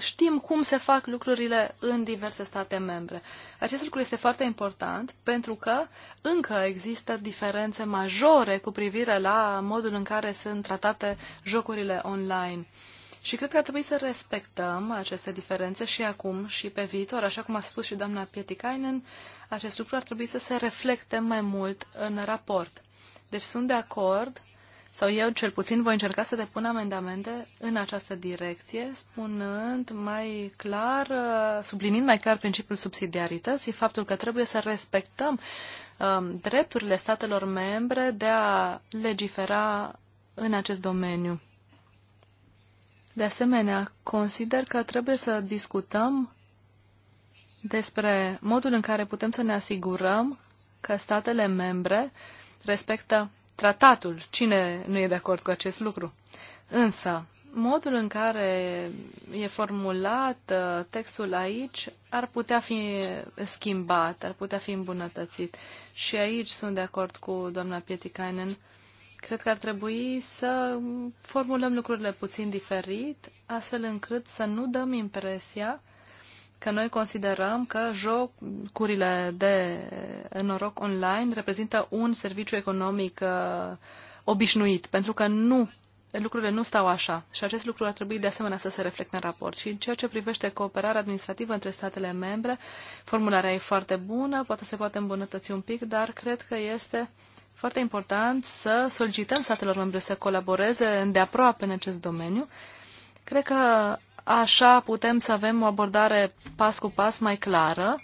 știm cum se fac lucrurile în diverse state membre. Acest lucru este foarte important pentru că încă există diferențe majore cu privire la modul în care sunt tratate jocurile online. Și cred că ar trebui să respectăm aceste diferențe și acum și pe viitor. Așa cum a spus și doamna Pietikainen, acest lucru ar trebui să se reflecte mai mult în raport. Deci sunt de acord sau eu cel puțin voi încerca să depun amendamente în această direcție, spunând mai clar, uh, sublinind mai clar principiul subsidiarității, faptul că trebuie să respectăm um, drepturile statelor membre de a legifera în acest domeniu. De asemenea, consider că trebuie să discutăm despre modul în care putem să ne asigurăm că statele membre respectă tratatul. Cine nu e de acord cu acest lucru? Însă, modul în care e formulat uh, textul aici ar putea fi schimbat, ar putea fi îmbunătățit. Și aici sunt de acord cu doamna Pietikainen. Cred că ar trebui să formulăm lucrurile puțin diferit, astfel încât să nu dăm impresia că noi considerăm că jocurile de noroc online reprezintă un serviciu economic uh, obișnuit, pentru că nu lucrurile nu stau așa și acest lucru ar trebui de asemenea să se reflecte în raport. Și în ceea ce privește cooperarea administrativă între statele membre, formularea e foarte bună, poate se poate îmbunătăți un pic, dar cred că este foarte important să solicităm statelor membre să colaboreze îndeaproape în acest domeniu. Cred că Așa putem să avem o abordare pas cu pas mai clară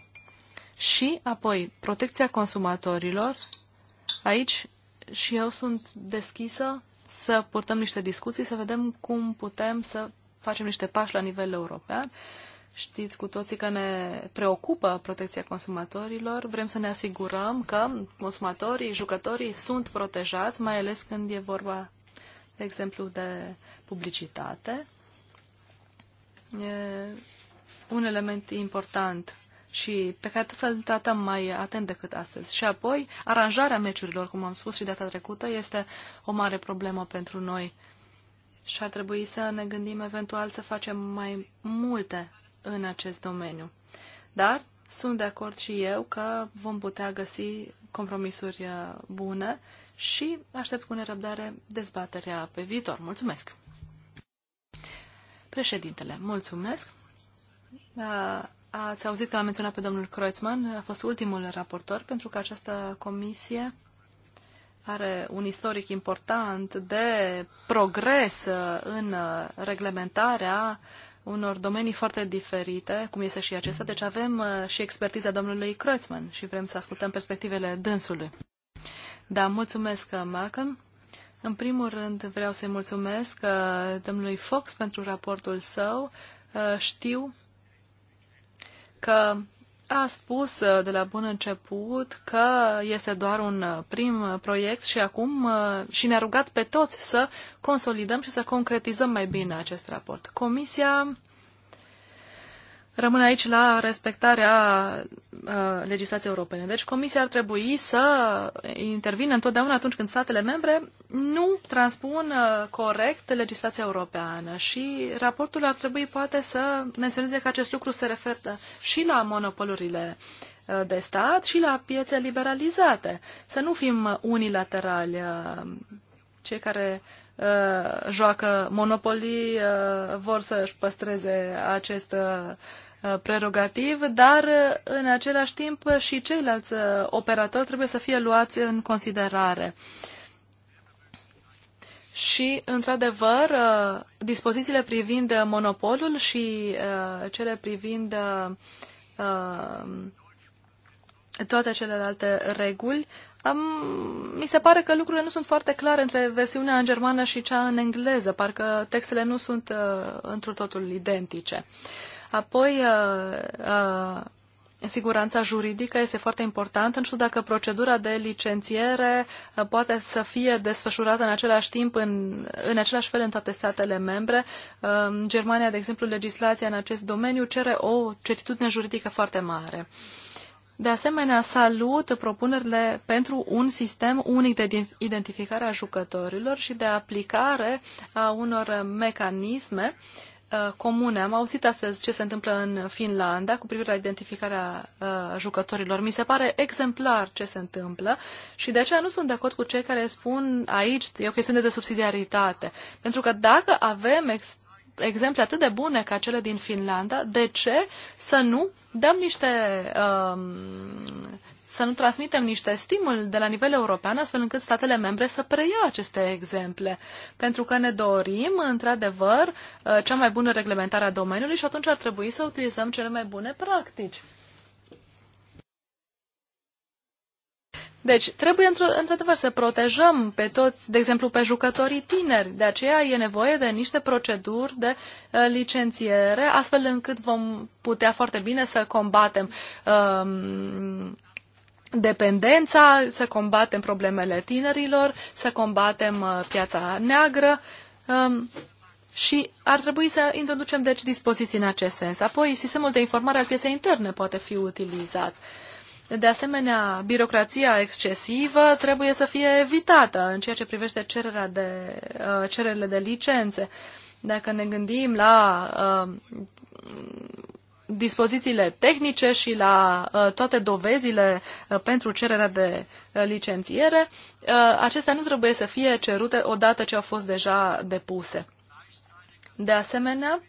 și apoi protecția consumatorilor. Aici și eu sunt deschisă să purtăm niște discuții, să vedem cum putem să facem niște pași la nivel european. Știți cu toții că ne preocupă protecția consumatorilor. Vrem să ne asigurăm că consumatorii, jucătorii sunt protejați, mai ales când e vorba, de exemplu, de publicitate un element important și pe care trebuie să-l tratăm mai atent decât astăzi. Și apoi, aranjarea meciurilor, cum am spus și data trecută, este o mare problemă pentru noi. Și ar trebui să ne gândim eventual să facem mai multe în acest domeniu. Dar sunt de acord și eu că vom putea găsi compromisuri bune și aștept cu nerăbdare dezbaterea pe viitor. Mulțumesc! Președintele, mulțumesc. Da, ați auzit că l-a menționat pe domnul Kreutzmann, a fost ultimul raportor, pentru că această comisie are un istoric important de progres în reglementarea unor domenii foarte diferite, cum este și acesta, deci avem uh, și expertiza domnului Kreutzmann și vrem să ascultăm perspectivele dânsului. Da, mulțumesc, uh, Malcolm. În primul rând vreau să-i mulțumesc uh, domnului Fox pentru raportul său. Uh, știu că a spus uh, de la bun început că este doar un prim proiect și acum și ne-a rugat pe toți să consolidăm și să concretizăm mai bine acest raport. Comisia rămâne aici la respectarea uh, legislației europene. Deci Comisia ar trebui să intervină întotdeauna atunci când statele membre nu transpun uh, corect legislația europeană și raportul ar trebui poate să menționeze că acest lucru se referă și la monopolurile uh, de stat și la piețe liberalizate. Să nu fim unilaterali cei care joacă monopolii vor să-și păstreze acest Uh, prerogativ, dar uh, în același timp uh, și ceilalți operatori trebuie să fie luați în considerare. Și, într-adevăr, dispozițiile privind monopolul și cele privind toate celelalte reguli, am, mi se pare că lucrurile nu sunt foarte clare între versiunea în germană și cea în engleză, parcă textele nu sunt uh, într totul identice. Uh, Apoi, uh, uh, siguranța juridică este foarte importantă. Nu știu dacă procedura de licențiere uh, poate să fie desfășurată în același timp, în, în același fel în toate statele membre. Uh, Germania, de exemplu, legislația în acest domeniu cere o certitudine juridică foarte mare. De asemenea, salut propunerile pentru un sistem unic de identificare a jucătorilor și de aplicare a unor mecanisme Uh, comune. Am auzit astăzi ce se întâmplă în Finlanda cu privire la identificarea uh, jucătorilor. Mi se pare exemplar ce se întâmplă și de aceea nu sunt de acord cu cei care spun aici e o chestiune de subsidiaritate. Pentru că dacă avem ex- exemple atât de bune ca cele din Finlanda, de ce să nu dăm niște um, să nu transmitem niște stimul de la nivel european, astfel încât statele membre să preia aceste exemple. Pentru că ne dorim, într-adevăr, uh, cea mai bună reglementare a domeniului și atunci ar trebui să utilizăm cele mai bune practici. Deci, trebuie într-adevăr să protejăm pe toți, de exemplu, pe jucătorii tineri. De aceea e nevoie de niște proceduri de uh, licențiere, astfel încât vom putea foarte bine să combatem uh, dependența, să combatem problemele tinerilor, să combatem uh, piața neagră um, și ar trebui să introducem deci dispoziții în acest sens. Apoi, sistemul de informare al pieței interne poate fi utilizat. De asemenea, birocrația excesivă trebuie să fie evitată în ceea ce privește cererea de, uh, cererile de licențe. Dacă ne gândim la uh, dispozițiile tehnice și la uh, toate dovezile uh, pentru cererea de uh, licențiere, acestea nu trebuie să fie cerute odată ce au fost deja depuse. De asemenea,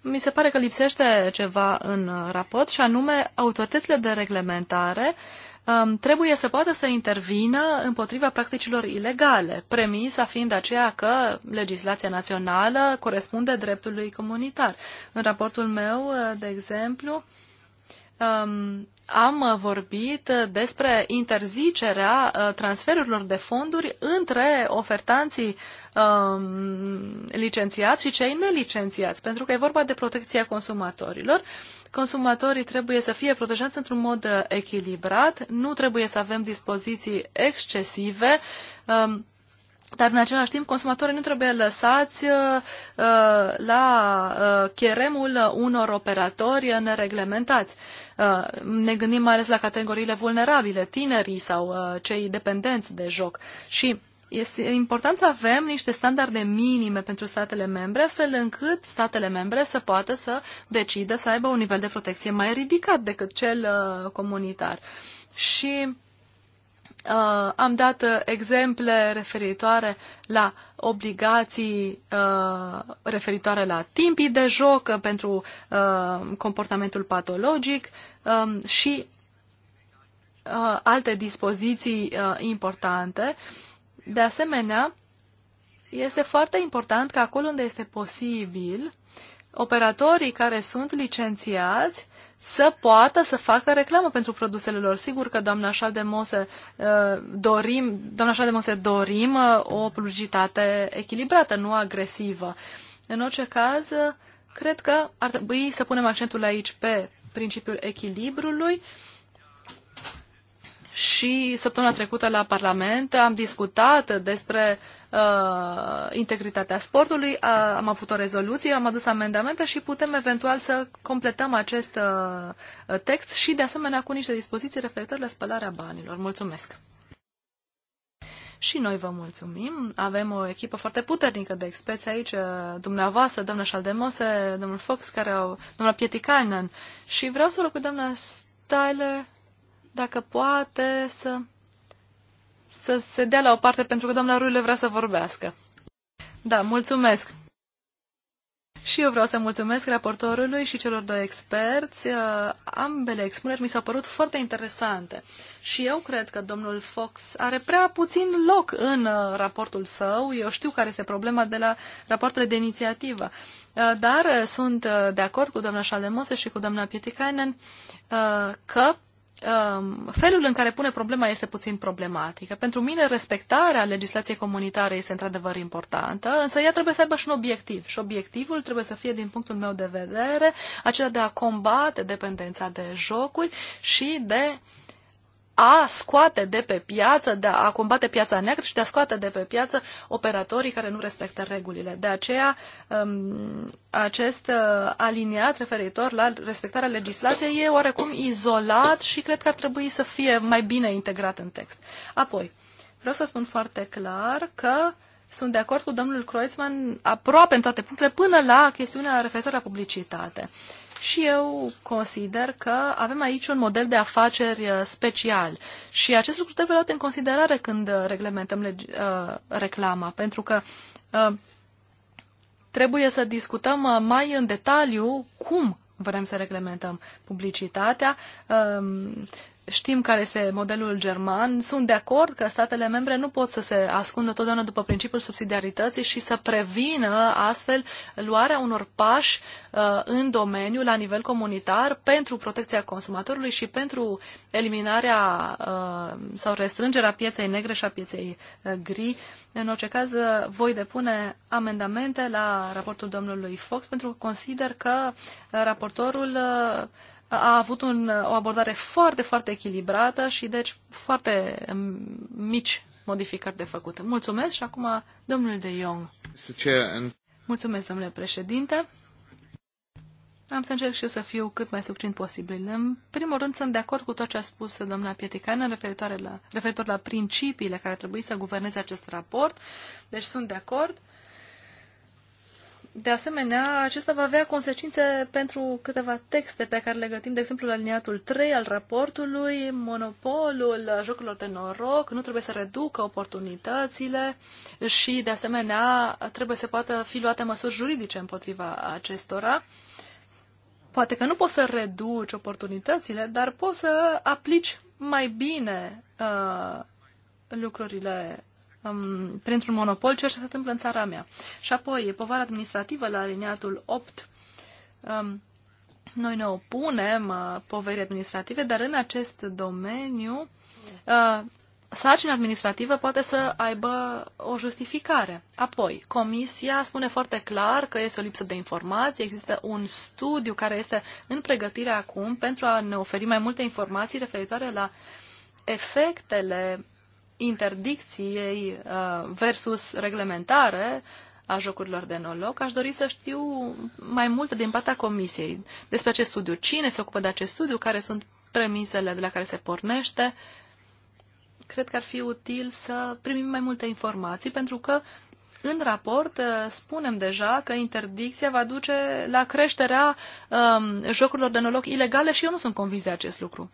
mi se pare că lipsește ceva în raport și anume autoritățile de reglementare uh, Um, trebuie să poată să intervină împotriva practicilor ilegale, premisa fiind aceea că legislația națională corespunde dreptului comunitar. În raportul meu, uh, de exemplu, um, am vorbit despre interzicerea uh, transferurilor de fonduri între ofertanții um, licențiați și cei nelicențiați, pentru că e vorba de protecția consumatorilor. Consumatorii trebuie să fie protejați într-un mod uh, echilibrat, nu trebuie să avem dispoziții excesive. Um, dar în același timp consumatorii nu trebuie lăsați uh, uh la uh, cheremul unor operatori nereglementați. Uh, ne gândim mai ales la categoriile vulnerabile, tinerii sau uh, cei dependenți de joc. Și este important să avem niște standarde minime pentru statele membre, astfel încât statele membre să poată să decidă să aibă un nivel de protecție mai ridicat decât cel uh, comunitar. Și Uh, am dat uh, exemple referitoare la obligații uh, referitoare la timpii de joc uh, pentru uh, comportamentul patologic um, și uh, alte dispoziții importante. De asemenea, este foarte important că acolo unde este posibil, operatorii care sunt licențiați să poată să facă reclamă pentru produsele lor. Sigur că doamna Mose uh, dorim, doamna Mose dorim uh, o publicitate echilibrată, nu agresivă. În orice caz, uh, cred că ar trebui să punem accentul aici pe principiul echilibrului și săptămâna trecută la Parlament am discutat despre uh, integritatea sportului. A, am avut o rezoluție, am adus amendamente și putem eventual să completăm acest uh, text și, de asemenea, cu niște dispoziții referitoare la spălarea banilor. Mulțumesc! Și noi vă mulțumim. Avem o echipă foarte puternică de experți aici, uh, dumneavoastră, doamna Șaldemose, domnul Fox, care au, domnul Pietikainen. Și vreau să rog cu doamna Styler dacă poate să să se dea la o parte pentru că doamna Ruile vrea să vorbească. Da, mulțumesc! Și eu vreau să mulțumesc raportorului și celor doi experți. Uh, ambele expuneri mi s-au părut foarte interesante. Și eu cred că domnul Fox are prea puțin loc în uh, raportul său. Eu știu care este problema de la rapoartele de inițiativă. Uh, dar sunt de acord cu doamna Șalemose și cu doamna Pietikainen că Um, felul în care pune problema este puțin problematică. Pentru mine, respectarea legislației comunitare este într-adevăr importantă, însă ea trebuie să aibă și un obiectiv. Și obiectivul trebuie să fie, din punctul meu de vedere, acela de a combate dependența de jocuri și de a scoate de pe piață, de a combate piața neagră și de a scoate de pe piață operatorii care nu respectă regulile. De aceea, um, acest uh, aliniat referitor la respectarea legislației e oarecum izolat și cred că ar trebui să fie mai bine integrat în text. Apoi, vreau să spun foarte clar că sunt de acord cu domnul Kreutzmann aproape în toate punctele, până la chestiunea referitoare la publicitate. Și eu consider că avem aici un model de afaceri uh, special și acest lucru trebuie luat în considerare când uh, reglementăm uh, reclama, pentru că uh, trebuie să discutăm uh, mai în detaliu cum vrem să reglementăm publicitatea, um, știm care este modelul german, sunt de acord că statele membre nu pot să se ascundă totdeauna după principiul subsidiarității și să prevină astfel luarea unor pași uh, în domeniu la nivel comunitar pentru protecția consumatorului și pentru eliminarea uh, sau restrângerea pieței negre și a pieței uh, gri. În orice caz, voi depune amendamente la raportul domnului Fox pentru că consider că raportorul a avut un, o abordare foarte, foarte echilibrată și deci foarte mm, mici modificări de făcut. Mulțumesc și acum domnul de Jong. Mulțumesc, domnule președinte. Am să încerc și eu să fiu cât mai subțin posibil. În primul rând, sunt de acord cu tot ce a spus doamna Pieticană referitor la, referitor la principiile care trebuie să guverneze acest raport. Deci sunt de acord. De asemenea, acesta va avea consecințe pentru câteva texte pe care le gătim, de exemplu, la liniatul 3 al raportului, monopolul jocurilor de noroc, nu trebuie să reducă oportunitățile și, de asemenea, trebuie să poată fi luate măsuri juridice împotriva acestora. Poate că nu poți să reduci oportunitățile, dar poți să aplici mai bine uh, lucrurile um, printr-un monopol, ceea ce se întâmplă în țara mea. Și apoi, povara administrativă la aliniatul 8. Um, noi ne opunem uh, poverii administrative, dar în acest domeniu uh, sarcina administrativă poate să aibă o justificare. Apoi, comisia spune foarte clar că este o lipsă de informații, există un studiu care este în pregătire acum pentru a ne oferi mai multe informații referitoare la efectele interdicției uh, versus reglementare a jocurilor de noroc, aș dori să știu mai multe din partea comisiei despre acest studiu. Cine se ocupă de acest studiu? Care sunt premisele de la care se pornește? Cred că ar fi util să primim mai multe informații, pentru că în raport uh, spunem deja că interdicția va duce la creșterea um, jocurilor de noroc ilegale și eu nu sunt convins de acest lucru.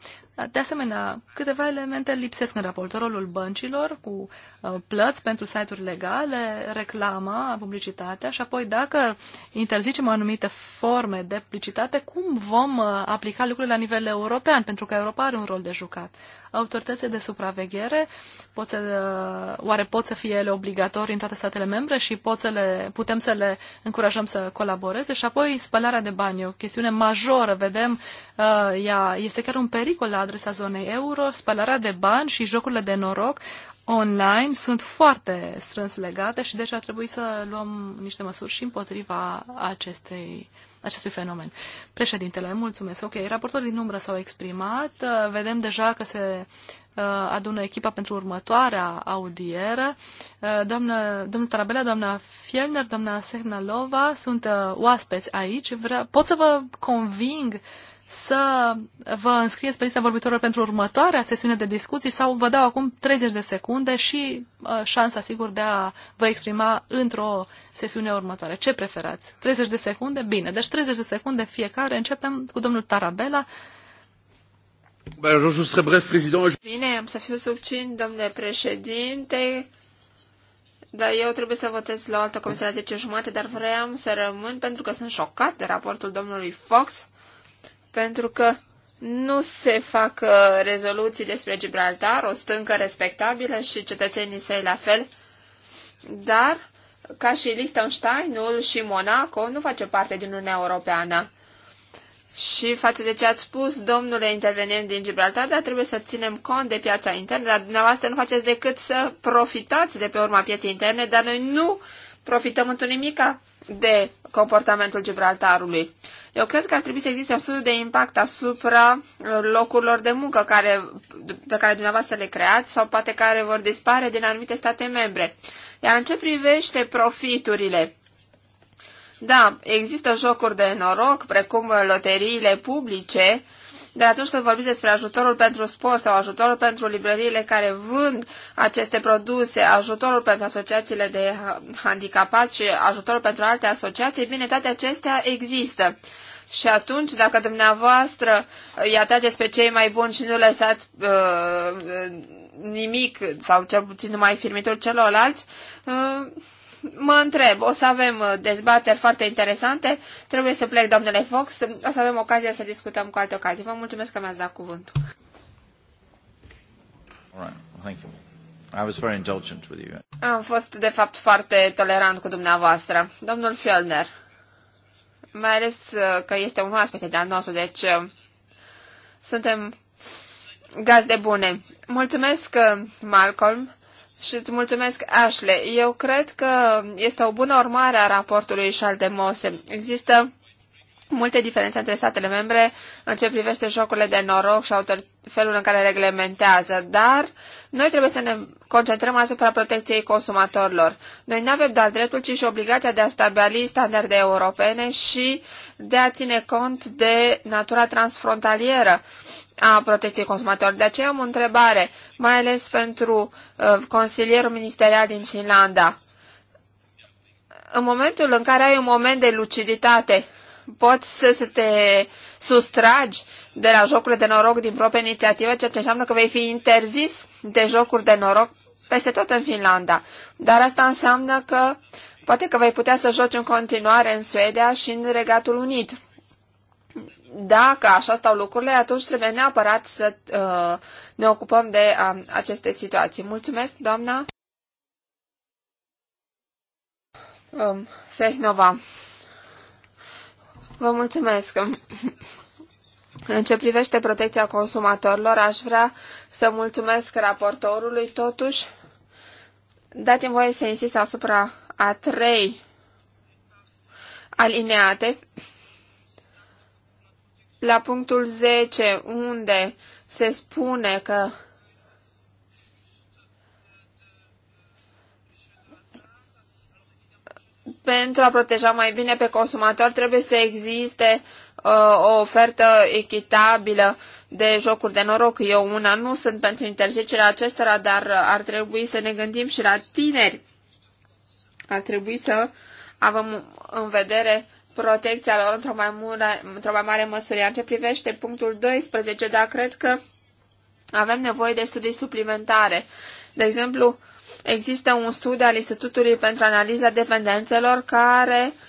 De asemenea, câteva elemente lipsesc în raport. Rolul băncilor cu uh, plăți pentru site-uri legale, reclama, publicitatea și apoi dacă interzicem anumite forme de publicitate, cum vom uh, aplica lucrurile la nivel european? Pentru că Europa are un rol de jucat. Autoritățile de supraveghere pot să, uh, oare pot să fie ele obligatorii în toate statele membre? membre și pot să le, putem să le încurajăm să colaboreze. Și apoi spălarea de bani, o chestiune majoră, vedem, uh, ea este chiar un pericol la adresa zonei euro, spălarea de bani și jocurile de noroc online sunt foarte strâns legate și deci ar trebui să luăm niște măsuri și împotriva acestei uh, acestui fenomen. Președintele, mulțumesc. Ok, raportorii din umbră s-au exprimat. Uh, vedem deja că se uh, adună echipa pentru următoarea audieră. Uh, doamnă, domnul Tarabela, doamna Fielner, doamna Sehnalova sunt oaspeți aici. Vre- pot să vă conving să vă înscrieți pe lista vorbitorilor pentru următoarea sesiune de discuții sau vă dau acum 30 de secunde și uh, șansa, sigur, de a vă exprima într-o sesiune următoare. Ce preferați? 30 de secunde? Bine, deci 30 de secunde fiecare. Începem cu domnul Tarabela. Bine, am să fiu succint, domnule președinte. Dar eu trebuie să votez la o altă comisie la 10 jumate, dar vreau să rămân pentru că sunt șocat de raportul domnului Fox pentru că nu se fac uh, rezoluții despre Gibraltar, o stâncă respectabilă și cetățenii săi la fel, dar ca și Liechtensteinul și Monaco nu face parte din Uniunea Europeană. Și față de ce ați spus, domnule intervenient din Gibraltar, dar trebuie să ținem cont de piața internă, dar dumneavoastră nu faceți decât să profitați de pe urma pieței interne, dar noi nu profităm într nimica de comportamentul Gibraltarului. Eu cred că ar trebui să existe un studiu de impact asupra uh, locurilor de muncă care, pe care dumneavoastră le creați sau poate care vor dispare din anumite state membre. Iar în ce privește profiturile, da, există jocuri de noroc, precum uh, loteriile publice, dar atunci când vorbiți despre ajutorul pentru sport sau ajutorul pentru librăriile care vând aceste produse, ajutorul pentru asociațiile de handicapați și ajutorul pentru alte asociații, bine, toate acestea există. Și atunci, dacă dumneavoastră uh, îi atrageți pe cei mai buni și nu lăsați uh, uh nimic, sau cel puțin numai firmituri celorlalți, uh, mă întreb, o să avem uh, dezbateri foarte interesante, trebuie să plec, domnule Fox, o să avem ocazia să discutăm cu alte ocazii. Vă mulțumesc că mi-ați dat cuvântul. Am fost, de fapt, foarte tolerant cu dumneavoastră. Domnul Fjellner mai ales uh, că este un oaspete de-al nostru, deci uh, suntem gazde bune. Mulțumesc, uh, Malcolm, și îți mulțumesc, Ashley. Eu cred că este o bună urmare a raportului mose Există multe diferențe între statele membre în ce privește jocurile de noroc și felul în care reglementează, dar noi trebuie să ne concentrăm asupra protecției consumatorilor. Noi nu avem doar dreptul, ci și obligația de a stabili standarde europene și de a ține cont de natura transfrontalieră a protecției consumatorilor. De aceea am o întrebare, mai ales pentru uh, consilierul ministerial din Finlanda. În momentul în care ai un moment de luciditate, poți să te sustragi de la jocurile de noroc din propria inițiativă, ceea ce înseamnă că vei fi interzis de jocuri de noroc peste tot în Finlanda. Dar asta înseamnă că poate că vei putea să joci în continuare în Suedia și în Regatul Unit. Dacă așa stau lucrurile, atunci trebuie neapărat să uh, ne ocupăm de uh, aceste situații. Mulțumesc, doamna um, Sehnova. Vă mulțumesc. În ce privește protecția consumatorilor, aș vrea să mulțumesc raportorului totuși. Dați-mi voie să insist asupra a trei alineate. La punctul 10, unde se spune că pentru a proteja mai bine pe consumator trebuie să existe uh, Uh, o ofertă echitabilă de jocuri de noroc. Eu una nu sunt pentru interzicerea acestora, dar ar trebui să ne gândim și la tineri. Ar trebui să avem în vedere protecția lor într-o mai, mare, într mai mare măsură. În ce privește punctul 12, dar cred că avem nevoie de studii suplimentare. De exemplu, există un studiu al Institutului pentru Analiza Dependențelor care uh,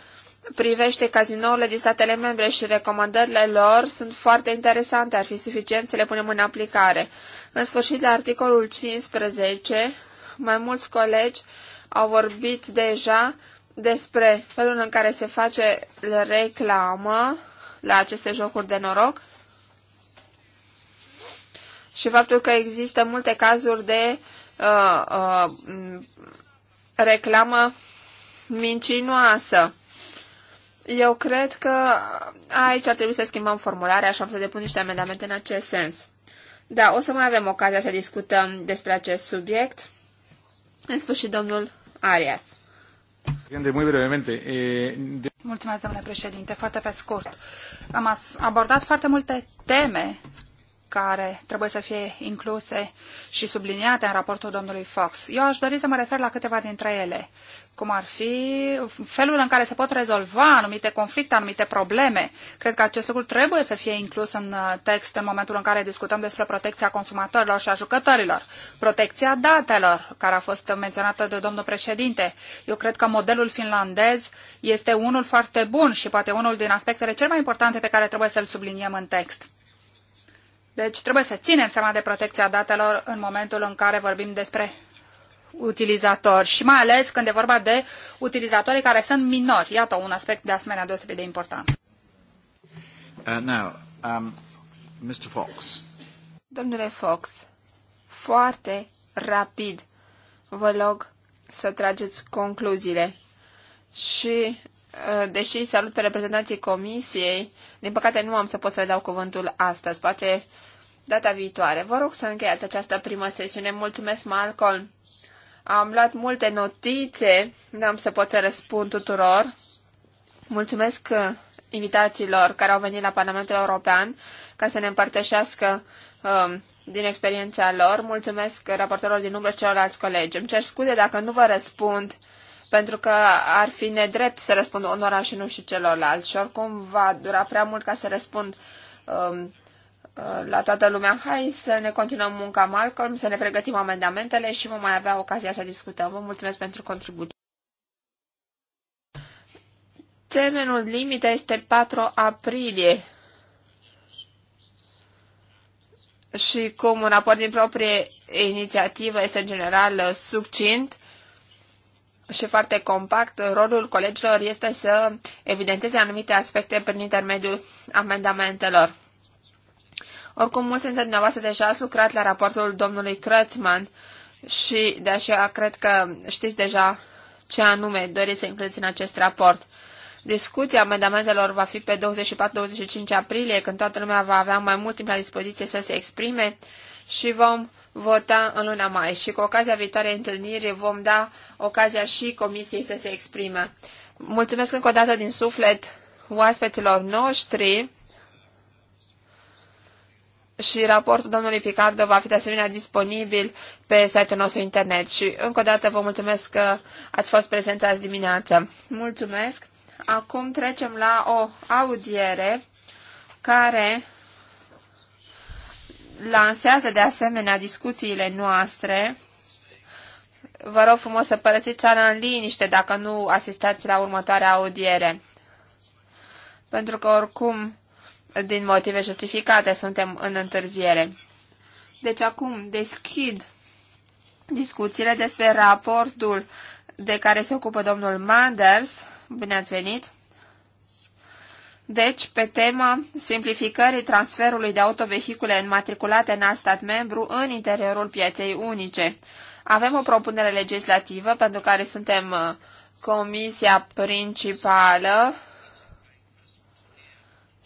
privește cazinourile din statele membre și recomandările lor sunt foarte interesante, ar fi suficient să le punem în aplicare. În sfârșit, la articolul 15, mai mulți colegi au vorbit deja despre felul în care se face reclamă la aceste jocuri de noroc și faptul că există multe cazuri de uh, uh, reclamă mincinoasă. Eu cred că aici ar trebui să schimbăm formularea și am să depun niște amendamente în acest sens. Da, o să mai avem ocazia să discutăm despre acest subiect. În sfârșit, domnul Arias. Eh, Mulțumesc, domnule președinte. Foarte pe scurt. Am abordat foarte multe teme care trebuie să fie incluse și subliniate în raportul domnului Fox. Eu aș dori să mă refer la câteva dintre ele, cum ar fi felul în care se pot rezolva anumite conflicte, anumite probleme. Cred că acest lucru trebuie să fie inclus în uh, text în momentul în care discutăm despre protecția consumatorilor și a jucătorilor, protecția datelor, care a fost menționată de domnul președinte. Eu cred că modelul finlandez este unul foarte bun și poate unul din aspectele cel mai importante pe care trebuie să-l subliniem în text. Deci trebuie să ținem seama de protecția datelor în momentul în care vorbim despre utilizatori și mai ales când e vorba de utilizatorii care sunt minori. Iată un aspect de asemenea deosebit de important. Uh, now, um, Mr. Fox. Domnule Fox, foarte rapid vă rog să trageți concluziile. Și, uh, deși salut pe reprezentanții comisiei, din păcate nu am să pot să le dau cuvântul astăzi. Poate data viitoare. Vă rog să încheiați această primă sesiune. Mulțumesc, Malcolm. Am luat multe notițe, n-am să pot să răspund tuturor. Mulțumesc uh, invitațiilor care au venit la Parlamentul European ca să ne împărtășească um, din experiența lor. Mulțumesc raportorilor din umbră celorlalți colegi. Îmi cer scuze dacă nu vă răspund pentru că ar fi nedrept să răspund unora și nu și celorlalți și oricum va dura prea mult ca să răspund um, Uh, la toată lumea, hai să ne continuăm munca Malcolm, să ne pregătim amendamentele și vom mai avea ocazia să discutăm. Vă mulțumesc pentru contribuție. Termenul limită este 4 aprilie. Și cum un raport din proprie inițiativă este în general uh, succint și foarte compact, rolul colegilor este să evidențeze anumite aspecte prin intermediul amendamentelor. Oricum, mulți dintre dumneavoastră deja ați lucrat la raportul domnului Crățman și de aceea cred că știți deja ce anume doriți să includeți în acest raport. Discuția amendamentelor va fi pe 24-25 aprilie, când toată lumea va avea mai mult timp la dispoziție să se exprime și vom vota în luna mai și cu ocazia viitoarei întâlniri vom da ocazia și comisiei să se exprime. Mulțumesc încă o dată din suflet oaspeților noștri și raportul domnului Picardo va fi de asemenea disponibil pe site-ul nostru internet. Și încă o dată vă mulțumesc că ați fost prezenți azi dimineață. Mulțumesc! Acum trecem la o audiere care lansează de asemenea discuțiile noastre. Vă rog frumos să părăsiți țara în liniște dacă nu asistați la următoarea audiere. Pentru că oricum din motive justificate suntem în întârziere. Deci acum deschid discuțiile despre raportul de care se ocupă domnul Manders. Bine ați venit! Deci, pe tema simplificării transferului de autovehicule înmatriculate în alt stat membru în interiorul pieței unice. Avem o propunere legislativă pentru care suntem uh, comisia principală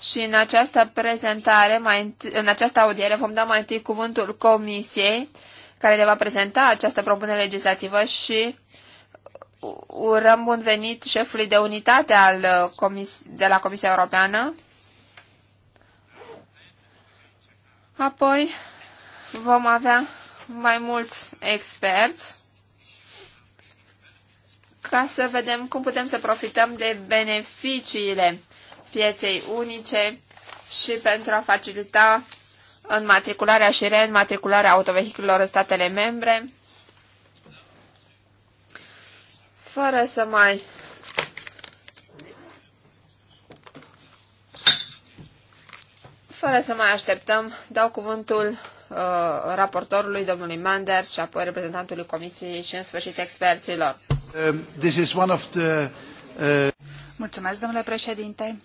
și în această prezentare, mai în această audiere, vom da mai întâi cuvântul comisiei care le va prezenta această propunere legislativă și urăm bun venit șefului de unitate al uh, comis de la Comisia Europeană. Apoi vom avea mai mulți experți ca să vedem cum putem să profităm de beneficiile pieței unice și pentru a facilita înmatricularea și reînmatricularea autovehiculelor în statele membre, fără să mai fără să mai așteptăm, dau cuvântul uh, raportorului domnului Mander și apoi reprezentantului Comisiei și în sfârșit experților. Uh, this is one of the, uh... Mulțumesc, domnule președinte.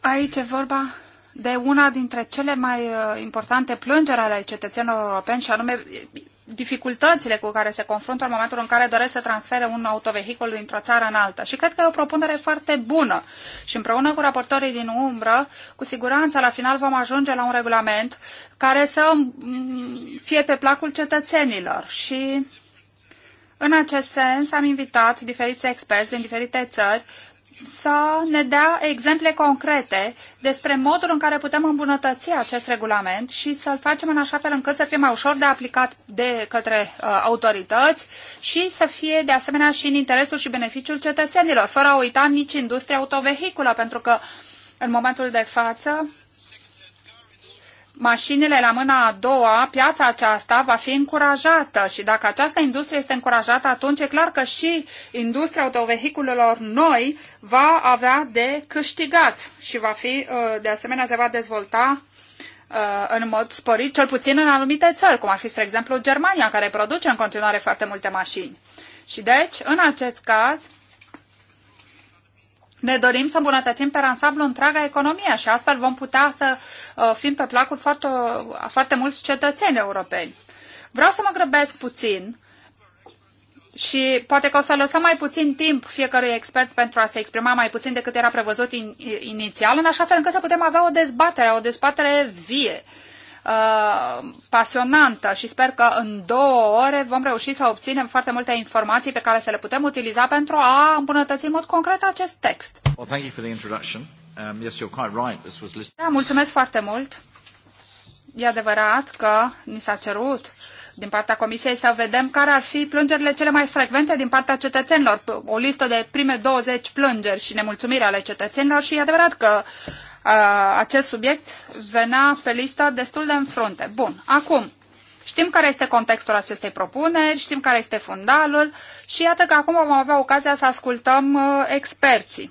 Aici e vorba de una dintre cele mai uh, importante plângeri ale cetățenilor europeni și anume eh, dificultățile cu care se confruntă în momentul în care doresc să transfere un autovehicul dintr-o țară în alta. Și cred că e o propunere foarte bună. Și împreună cu raportorii din umbră, cu siguranță la final vom ajunge la un regulament care să mm, fie pe placul cetățenilor. Și în acest sens am invitat diferiți experți din diferite țări să ne dea exemple concrete despre modul în care putem îmbunătăți acest regulament și să-l facem în așa fel încât să fie mai ușor de aplicat de către uh, autorități și să fie de asemenea și în interesul și beneficiul cetățenilor, fără a uita nici industria autovehiculă, pentru că în momentul de față mașinile la mâna a doua, piața aceasta va fi încurajată și dacă această industrie este încurajată, atunci e clar că și industria autovehiculelor noi va avea de câștigat și va fi, uh, de asemenea, se va dezvolta uh, în mod sporit, cel puțin în anumite țări, cum ar fi, spre exemplu, Germania, care produce în continuare foarte multe mașini. Și deci, în acest caz, ne dorim să îmbunătățim pe ansamblu întreaga economie și astfel vom putea să uh, fim pe placul foarte, foarte mulți cetățeni europeni. Vreau să mă grăbesc puțin și poate că o să lăsăm mai puțin timp fiecărui expert pentru a se exprima mai puțin decât era prevăzut in, inițial, în așa fel încât să putem avea o dezbatere, o dezbatere vie. Uh, Uh, pasionantă și sper că în două ore vom reuși să obținem foarte multe informații pe care să le putem utiliza pentru a îmbunătăți în mod concret acest text. Well, thank you for the introduction. Um, yes, you're quite right. This was Da, mulțumesc foarte mult. E adevărat că ni s-a cerut din partea Comisiei să vedem care ar fi plângerile cele mai frecvente din partea cetățenilor. O listă de prime 20 plângeri și nemulțumiri ale cetățenilor și e adevărat că acest subiect venea pe lista destul de în frunte. Bun, acum, Știm care este contextul acestei propuneri, știm care este fundalul și iată că acum vom avea ocazia să ascultăm uh, experții.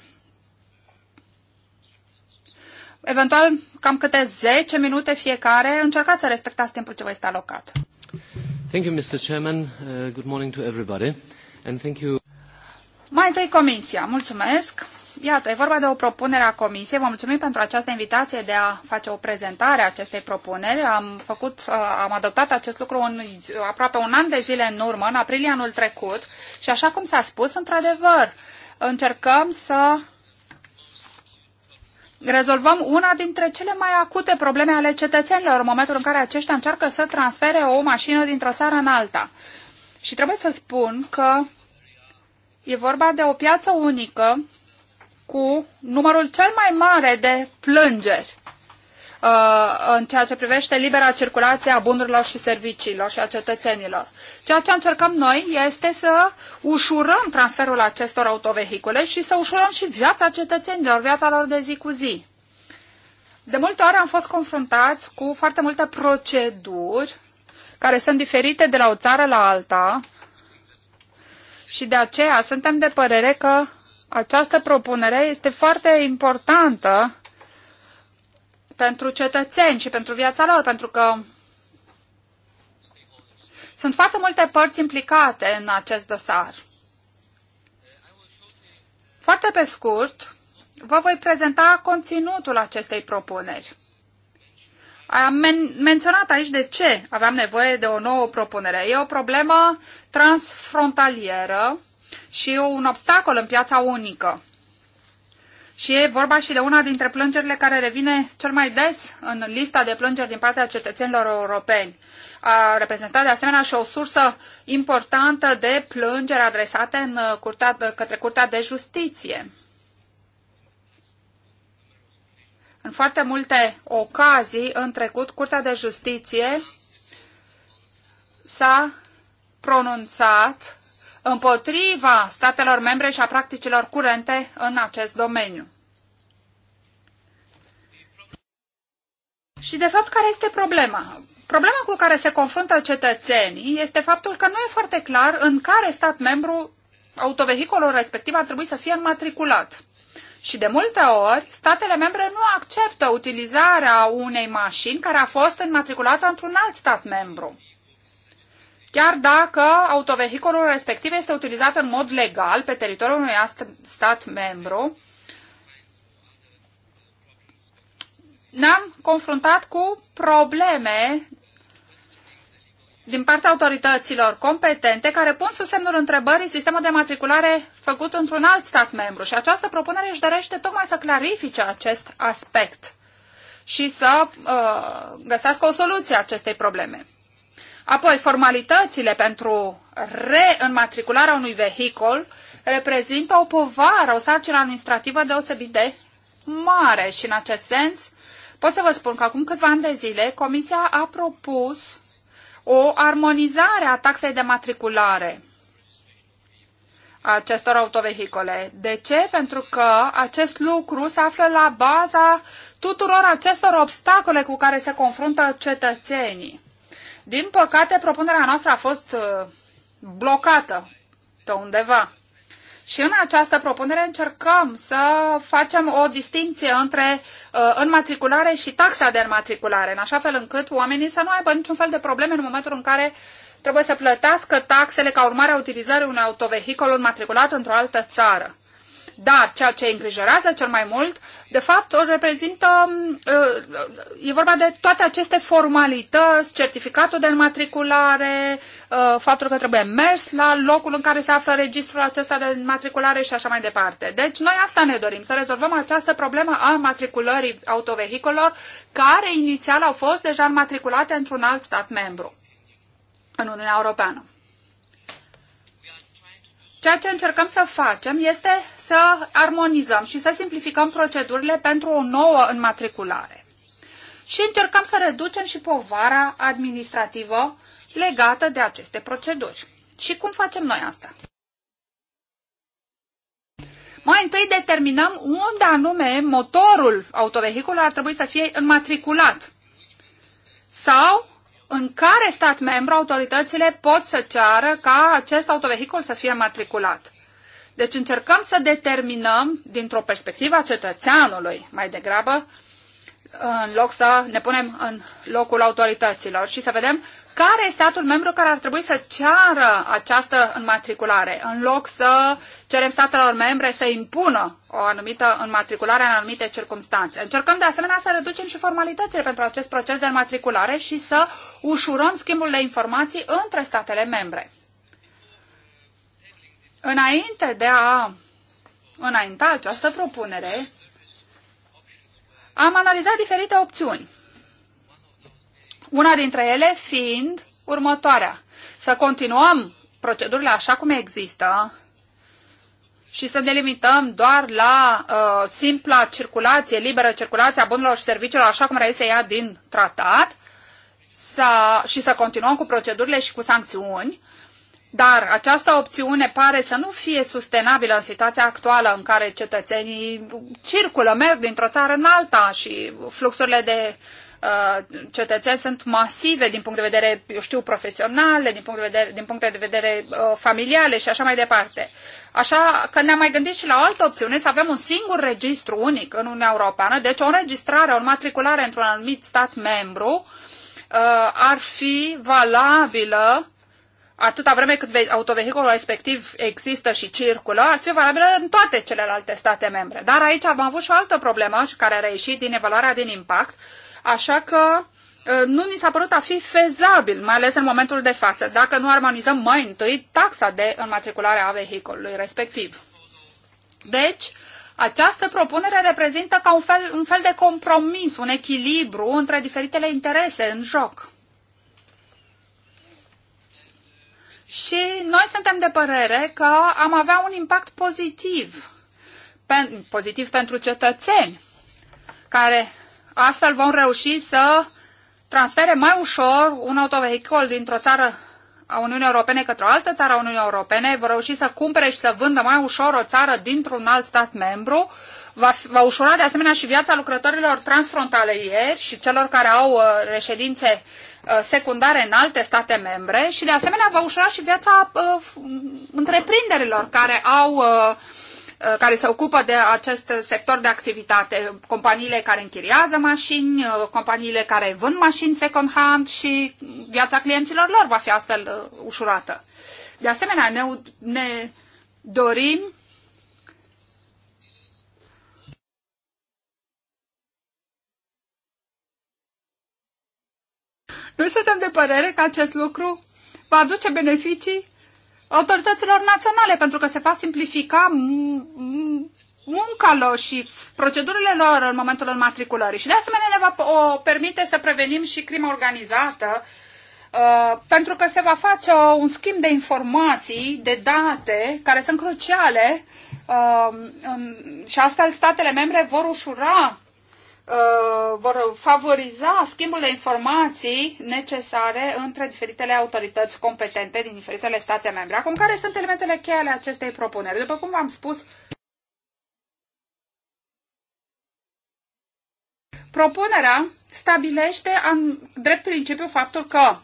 Eventual, cam câte 10 minute fiecare. Încercați să respectați timpul ce vă este alocat. Thank you, Mr. Chairman. Uh, good morning to everybody. And thank you... Mai întâi comisia. Mulțumesc. Iată, e vorba de o propunere a comisiei. Vă mulțumim pentru această invitație de a face o prezentare a acestei propuneri. Am, făcut, uh, am adoptat acest lucru în, aproape un an de zile în urmă, în aprilie anul trecut și așa cum s-a spus, într-adevăr, încercăm să rezolvăm una dintre cele mai acute probleme ale cetățenilor în momentul în care aceștia încearcă să transfere o mașină dintr-o țară în alta. Și trebuie să spun că E vorba de o piață unică cu numărul cel mai mare de plângeri uh, în ceea ce privește libera circulație a bunurilor și serviciilor și a cetățenilor. Ceea ce încercăm noi este să ușurăm transferul acestor autovehicule și să ușurăm și viața cetățenilor, viața lor de zi cu zi. De multe ori am fost confruntați cu foarte multe proceduri care sunt diferite de la o țară la alta și de aceea suntem de părere că această propunere este foarte importantă pentru cetățeni și pentru viața lor, pentru că sunt foarte multe părți implicate în acest dosar. Foarte pe scurt, vă voi prezenta conținutul acestei propuneri. Am men- menționat aici de ce aveam nevoie de o nouă propunere. E o problemă transfrontalieră și e un obstacol în piața unică. Și e vorba și de una dintre plângerile care revine cel mai des în lista de plângeri din partea cetățenilor europeni. A reprezentat de asemenea și o sursă importantă de plângeri adresate în uh, curtea, către Curtea de Justiție. În foarte multe ocazii, în trecut, Curtea de Justiție s-a pronunțat împotriva statelor membre și a practicilor curente în acest domeniu. Și, de fapt, care este problema? Problema cu care se confruntă cetățenii este faptul că nu e foarte clar în care stat membru autovehicolul respectiv ar trebui să fie înmatriculat. Și de multe ori, statele membre nu acceptă utilizarea unei mașini care a fost înmatriculată într-un alt stat membru. Chiar dacă autovehiculul respectiv este utilizat în mod legal pe teritoriul unui stat membru, ne-am confruntat cu probleme din partea autorităților competente care pun sub semnul întrebării sistemul de matriculare făcut într-un alt stat membru. Și această propunere își dorește tocmai să clarifice acest aspect și să uh, găsească o soluție a acestei probleme. Apoi, formalitățile pentru reînmatricularea unui vehicul reprezintă o povară, o sarcină administrativă deosebit de mare și în acest sens pot să vă spun că acum câțiva ani de zile Comisia a propus o armonizare a taxei de matriculare a acestor autovehicole. De ce? Pentru că acest lucru se află la baza tuturor acestor obstacole cu care se confruntă cetățenii. Din păcate, propunerea noastră a fost uh, blocată pe undeva. Și în această propunere încercăm să facem o distinție între uh, înmatriculare și taxa de înmatriculare, în așa fel încât oamenii să nu aibă niciun fel de probleme în momentul în care trebuie să plătească taxele ca urmare a utilizării unui autovehicol înmatriculat într-o altă țară. Dar ceea ce îngrijorează cel mai mult, de fapt, o reprezintă, uh, e vorba de toate aceste formalități, certificatul de înmatriculare, uh, faptul că trebuie mers la locul în care se află registrul acesta de înmatriculare și așa mai departe. Deci noi asta ne dorim, să rezolvăm această problemă a matriculării autovehicolor care inițial au fost deja înmatriculate într-un alt stat membru în Uniunea Europeană. Ceea ce încercăm să facem este să armonizăm și să simplificăm procedurile pentru o nouă înmatriculare. Și încercăm să reducem și povara administrativă legată de aceste proceduri. Și cum facem noi asta? Mai întâi determinăm unde anume motorul autovehiculului ar trebui să fie înmatriculat sau în care stat membru autoritățile pot să ceară ca acest autovehicul să fie matriculat. Deci încercăm să determinăm, dintr-o perspectivă a cetățeanului mai degrabă, în loc să ne punem în locul autorităților și să vedem care este statul membru care ar trebui să ceară această înmatriculare, în loc să cerem statelor membre să impună o anumită înmatriculare în anumite circunstanțe. Încercăm de asemenea să reducem și formalitățile pentru acest proces de înmatriculare și să ușurăm schimbul de informații între statele membre. Înainte de a înainta această propunere, am analizat diferite opțiuni. Una dintre ele fiind următoarea. Să continuăm procedurile așa cum există și să ne limităm doar la uh, simpla circulație, liberă circulație a bunurilor și serviciilor, așa cum reiese ea din tratat, sau, și să continuăm cu procedurile și cu sancțiuni, dar această opțiune pare să nu fie sustenabilă în situația actuală în care cetățenii circulă, merg dintr-o țară în alta și fluxurile de uh, cetățeni sunt masive din punct de vedere, eu știu, profesionale, din punct de vedere, din punct de vedere uh, familiale și așa mai departe. Așa că ne-am mai gândit și la o altă opțiune, să avem un singur registru unic în Uniunea Europeană, deci o înregistrare, o matriculare într-un anumit stat membru uh, ar fi valabilă atâta vreme cât autovehiculul respectiv există și circulă, ar fi valabilă în toate celelalte state membre. Dar aici am avut și o altă problemă care a reieșit din evaluarea din impact, așa că ă, nu ni s-a părut a fi fezabil, mai ales în momentul de față, dacă nu armonizăm mai întâi taxa de înmatriculare a vehicolului respectiv. Deci, această propunere reprezintă ca un fel, un fel de compromis, un echilibru între diferitele interese în joc. Și noi suntem de părere că am avea un impact pozitiv, pen, pozitiv pentru cetățeni, care astfel vom reuși să transfere mai ușor un autovehicol dintr-o țară a Uniunii Europene către o altă țară a Uniunii Europene, vor reuși să cumpere și să vândă mai ușor o țară dintr-un alt stat membru, va, va ușura de asemenea și viața lucrătorilor transfrontalieri și celor care au uh, reședințe Uh, secundare în alte state membre și de asemenea va ușura și viața uh, întreprinderilor care au uh, care se ocupă de acest sector de activitate, companiile care închiriază mașini, companiile care vând mașini second-hand și viața clienților lor va fi astfel ușurată. De asemenea, ne, ne dorim Noi suntem de părere că acest lucru va aduce beneficii autorităților naționale, pentru că se va simplifica munca lor și procedurile lor în momentul înmatriculării. Și de asemenea ne va o permite să prevenim și crima organizată, uh, pentru că se va face o, un schimb de informații, de date, care sunt cruciale uh, în, și astfel statele membre vor ușura Uh, vor favoriza schimbul de informații necesare între diferitele autorități competente din diferitele state membre. Acum, care sunt elementele cheie ale acestei propuneri? După cum v-am spus, propunerea stabilește în drept principiu faptul că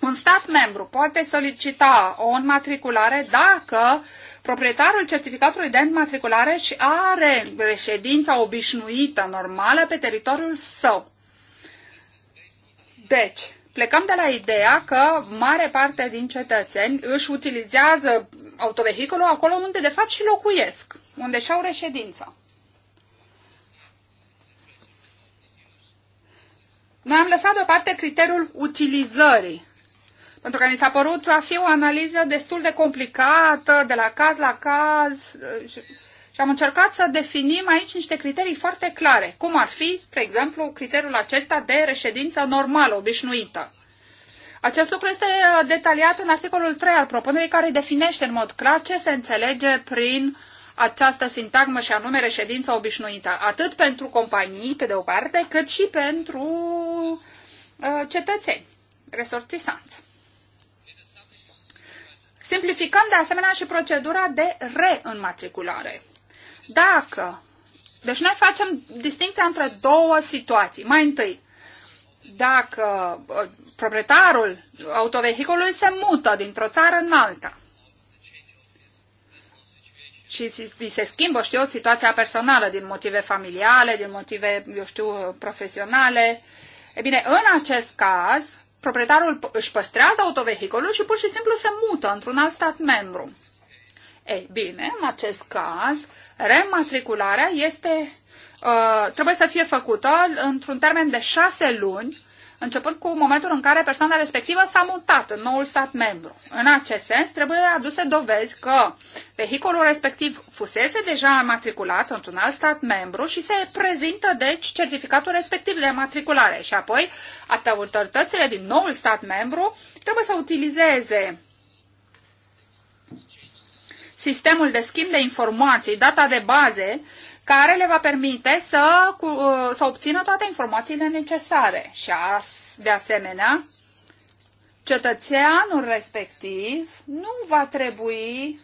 un stat membru poate solicita o înmatriculare dacă proprietarul certificatului de înmatriculare și are reședința obișnuită, normală, pe teritoriul său. Deci, plecăm de la ideea că mare parte din cetățeni își utilizează autovehiculul acolo unde de fapt și locuiesc, unde și-au reședința. Noi am lăsat deoparte criteriul utilizării pentru că mi s-a părut a fi o analiză destul de complicată, de la caz la caz. Uh, și am încercat să definim aici niște criterii foarte clare, cum ar fi, spre exemplu, criteriul acesta de reședință normală, obișnuită. Acest lucru este detaliat în articolul 3 al propunerii care definește în mod clar ce se înțelege prin această sintagmă și anume reședința obișnuită, atât pentru companii, pe de o parte, cât și pentru uh, cetățeni, resortisanți. Simplificăm de asemenea și procedura de reînmatriculare. Dacă, deci noi facem distinția între două situații. Mai întâi, dacă uh, proprietarul autovehiculului se mută dintr-o țară în alta și îi se schimbă, știu, situația personală din motive familiale, din motive, eu știu, uh, profesionale, e bine, în acest caz, proprietarul își păstrează autovehiculul și pur și simplu se mută într-un alt stat membru. Ei bine, în acest caz, rematricularea este, uh, trebuie să fie făcută într-un termen de șase luni începând cu momentul în care persoana respectivă s-a mutat în noul stat membru. În acest sens, trebuie aduse dovezi că vehiculul respectiv fusese deja matriculat într-un alt stat membru și se prezintă, deci, certificatul respectiv de matriculare. Și apoi, autoritățile din noul stat membru trebuie să utilizeze sistemul de schimb de informații, data de baze care le va permite să, uh, să obțină toate informațiile necesare. Și de asemenea, cetățeanul respectiv nu va trebui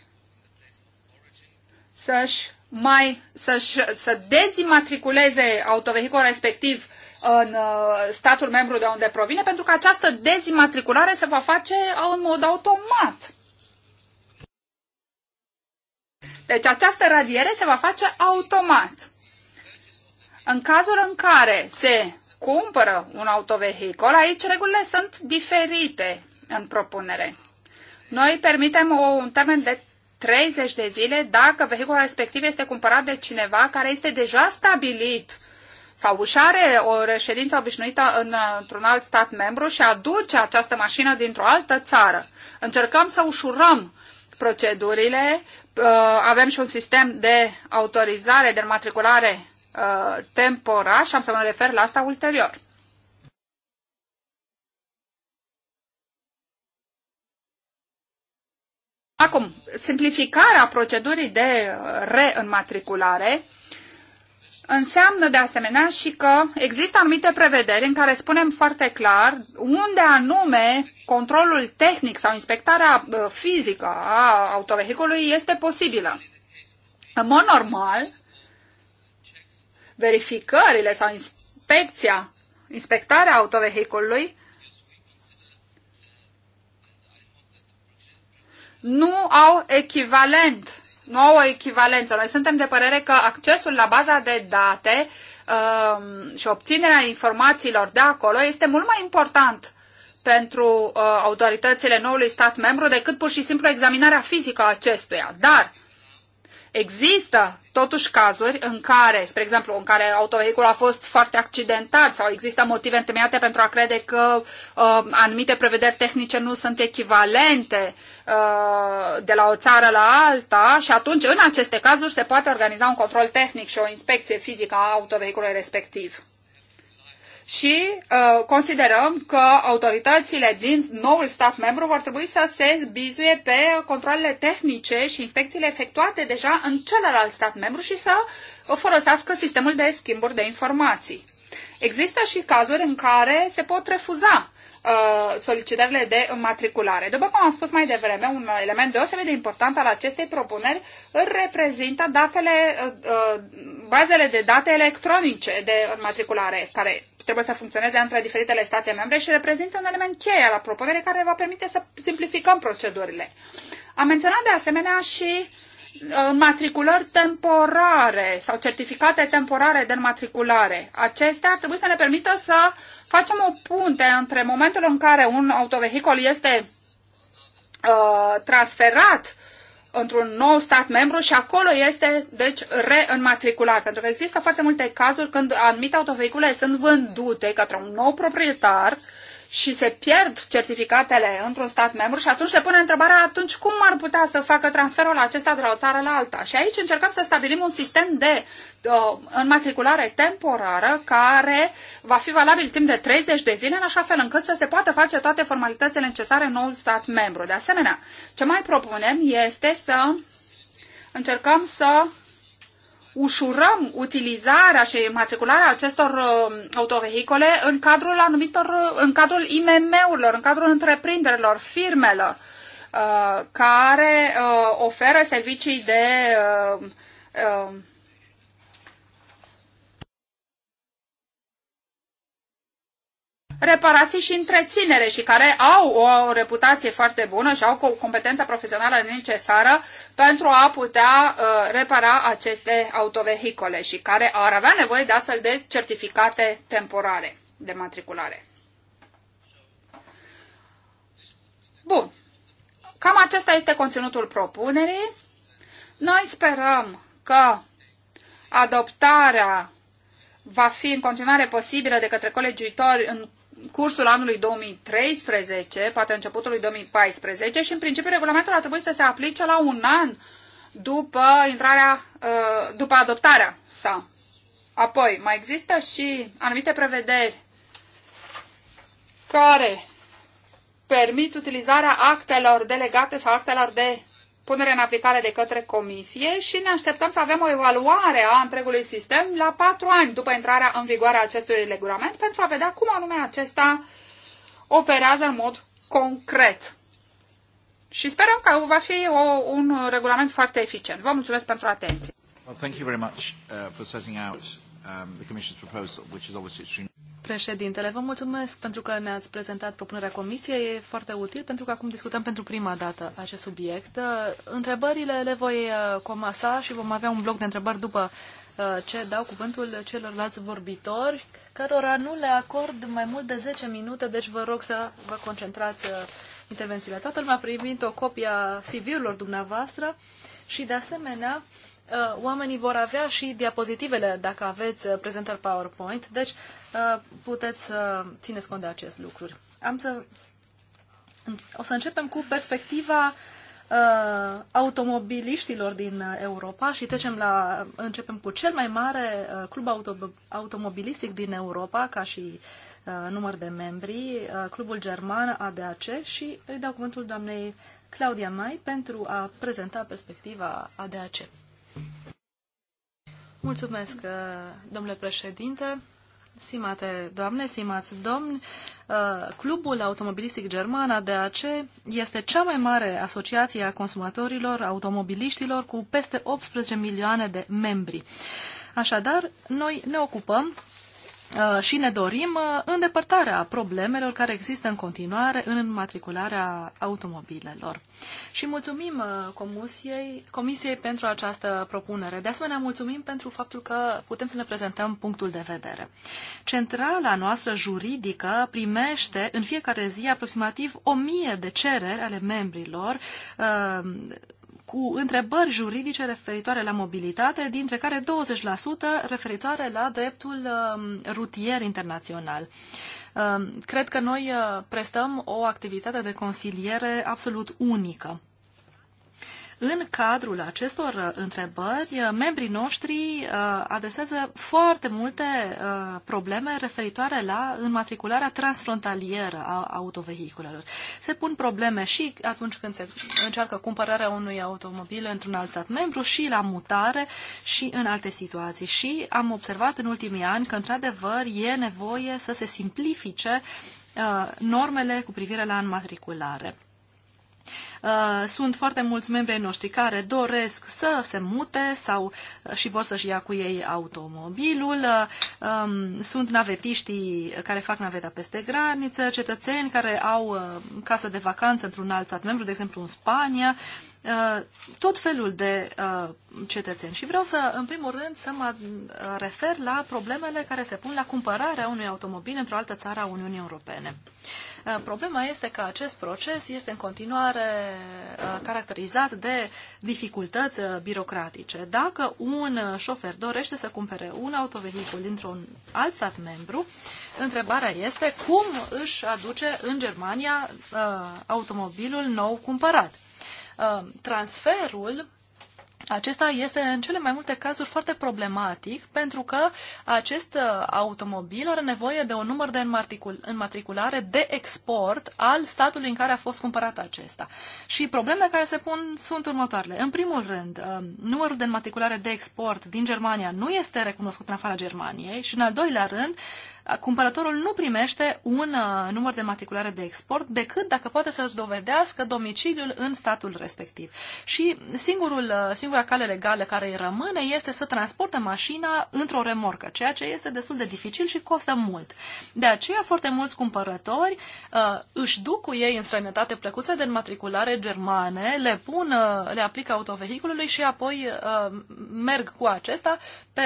să-și mai să-și, să dezimatriculeze autovehicul respectiv în uh, statul membru de unde provine, pentru că această dezimatriculare se va face în mod automat. Deci această radiere se va face automat. În cazul în care se cumpără un autovehicol, aici regulile sunt diferite în propunere. Noi permitem o, un termen de 30 de zile dacă vehiculul respectiv este cumpărat de cineva care este deja stabilit sau își are o reședință obișnuită în, într-un alt stat membru și aduce această mașină dintr-o altă țară. Încercăm să ușurăm procedurile Uh, avem și un sistem de autorizare, de uh, temporar și am să mă refer la asta ulterior. Acum, simplificarea procedurii de uh, reînmatriculare Înseamnă de asemenea și că există anumite prevederi în care spunem foarte clar unde anume controlul tehnic sau inspectarea uh, fizică a autovehicului este posibilă. În mod normal, verificările sau inspecția, inspectarea autovehicului nu au echivalent nouă echivalență. Noi suntem de părere că accesul la baza de date um, și obținerea informațiilor de acolo este mult mai important pentru uh, autoritățile noului stat membru decât pur și simplu examinarea fizică a acestuia. Dar există totuși cazuri în care, spre exemplu, în care autovehiculul a fost foarte accidentat sau există motive întemeiate pentru a crede că uh, anumite prevederi tehnice nu sunt echivalente uh, de la o țară la alta și atunci, în aceste cazuri, se poate organiza un control tehnic și o inspecție fizică a autovehiculului respectiv și uh, considerăm că autoritățile din noul stat membru vor trebui să se bizuie pe controlele tehnice și inspecțiile efectuate deja în celălalt stat membru și să folosească sistemul de schimburi de informații. Există și cazuri în care se pot refuza Uh, solicitările de matriculare. După cum am spus mai devreme, un element deosebit de important al acestei propuneri îl reprezintă datele, uh, uh, bazele de date electronice de matriculare, care trebuie să funcționeze între diferitele state membre și reprezintă un element cheie la propunere care va permite să simplificăm procedurile. Am menționat de asemenea și uh, Uh, matriculări temporare sau certificate temporare de înmatriculare. Acestea ar trebui să ne permită să facem o punte între momentul în care un autovehicol este uh, transferat într-un nou stat membru și acolo este, deci, reînmatriculat. Pentru că există foarte multe cazuri când anumite autovehicule sunt vândute către un nou proprietar uh, și se pierd certificatele într-un stat membru și atunci se pune întrebarea atunci cum ar putea să facă transferul acesta de la o țară la alta. Și aici încercăm să stabilim un sistem de uh, înmatriculare temporară care va fi valabil timp de 30 de zile în așa fel încât să se poată face toate formalitățile necesare în noul stat membru. De asemenea, ce mai propunem este să încercăm să ușurăm utilizarea și matricularea acestor uh, autovehicole în cadrul anumitor, uh, în cadrul IMM-urilor, în cadrul întreprinderilor, firmelor uh, care oferă servicii de reparații și întreținere și care au o reputație foarte bună și au competența profesională necesară pentru a putea uh, repara aceste autovehicole și care ar avea nevoie de astfel de certificate temporare de matriculare. Bun. Cam acesta este conținutul propunerii. Noi sperăm că adoptarea va fi în continuare posibilă de către colegiuitori în cursul anului 2013, poate începutul lui 2014 și în principiu regulamentul ar trebui să se aplice la un an după intrarea, uh, după adoptarea sa. Apoi, mai există și anumite prevederi care permit utilizarea actelor delegate sau actelor de punere în aplicare de către comisie și ne așteptăm să avem o evaluare a întregului sistem la patru ani după intrarea în vigoare a acestui regulament pentru a vedea cum anume acesta operează în mod concret. Și sperăm că va fi o, un regulament foarte eficient. Vă mulțumesc pentru atenție. Well, thank you very much uh, for setting out um, the Commission's proposal, which is obviously extremely... Președintele, vă mulțumesc pentru că ne-ați prezentat propunerea comisiei. E foarte util pentru că acum discutăm pentru prima dată acest subiect. Întrebările le voi uh, comasa și vom avea un bloc de întrebări după uh, ce dau cuvântul celorlalți vorbitori, cărora nu le acord mai mult de 10 minute, deci vă rog să vă concentrați uh, intervențiile. Toată lumea a primit o copie a CV-urilor dumneavoastră și, de asemenea, Uh, oamenii vor avea și diapozitivele dacă aveți uh, prezentări PowerPoint, deci uh, puteți să țineți cont de acest lucru. Am să... O să începem cu perspectiva automobiliștilor din Europa și trecem la, începem cu cel mai mare club auto, automobilistic din Europa ca și număr de membri, clubul german ADAC și îi dau cuvântul doamnei Claudia Mai pentru a prezenta perspectiva ADAC. Mulțumesc, uh, domnule președinte. Simate doamne, simați domni, uh, Clubul Automobilistic German, ADAC, este cea mai mare asociație a consumatorilor, automobiliștilor, cu peste 18 milioane de membri. Așadar, noi ne ocupăm Uh, și ne dorim uh, îndepărtarea problemelor care există în continuare în înmatricularea automobilelor. Și mulțumim uh, comisiei, comisiei pentru această propunere. De asemenea, mulțumim pentru faptul că putem să ne prezentăm punctul de vedere. Centrala noastră juridică primește în fiecare zi aproximativ o mie de cereri ale membrilor cu întrebări juridice referitoare la mobilitate, dintre care 20% referitoare la dreptul um, rutier internațional. Um, cred că noi uh, prestăm o activitate de consiliere absolut unică. În cadrul acestor uh, întrebări, uh, membrii noștri uh, adresează foarte multe probleme referitoare la înmatricularea transfrontalieră a autovehiculelor. Se pun probleme și atunci când se încearcă cumpărarea unui automobil într-un alt stat membru și la mutare și în alte situații. Și am observat în ultimii ani că, într-adevăr, e nevoie să se simplifice normele cu privire la înmatriculare. Uh, sunt foarte mulți membri ai noștri care doresc să se mute sau uh, și vor să-și ia cu ei automobilul. Uh, um, sunt navetiștii care fac naveta peste graniță, cetățeni care au casă de vacanță într-un alt stat membru, de exemplu în Spania, tot felul de cetățeni. Și vreau să, în primul rând, să mă refer la problemele care se pun la cumpărarea unui automobil într-o altă țară a Uniunii Europene. Uh, problema este că acest proces este în continuare uh, caracterizat de dificultăți uh, birocratice. Dacă un șofer dorește să cumpere un autovehicul dintr-un alt stat membru, întrebarea este cum își aduce în Germania automobilul nou cumpărat. Transferul acesta este în cele mai multe cazuri foarte problematic pentru că acest uh, automobil are nevoie de un număr de înmatriculare de export al statului în care a fost cumpărat acesta. Și problemele care se pun sunt următoarele. În primul rând, uh, numărul de înmatriculare de export din Germania nu este recunoscut în afara Germaniei și în al doilea rând, cumpărătorul nu primește un uh, număr de matriculare de export decât dacă poate să-și dovedească domiciliul în statul respectiv. Și singurul, uh, singura cale legală care îi rămâne este să transporte mașina într-o remorcă, ceea ce este destul de dificil și costă mult. De aceea, foarte mulți cumpărători uh, își duc cu ei în străinătate plăcuțe de înmatriculare germane, le pun, uh, le aplică autovehiculului și apoi uh, merg cu acesta pe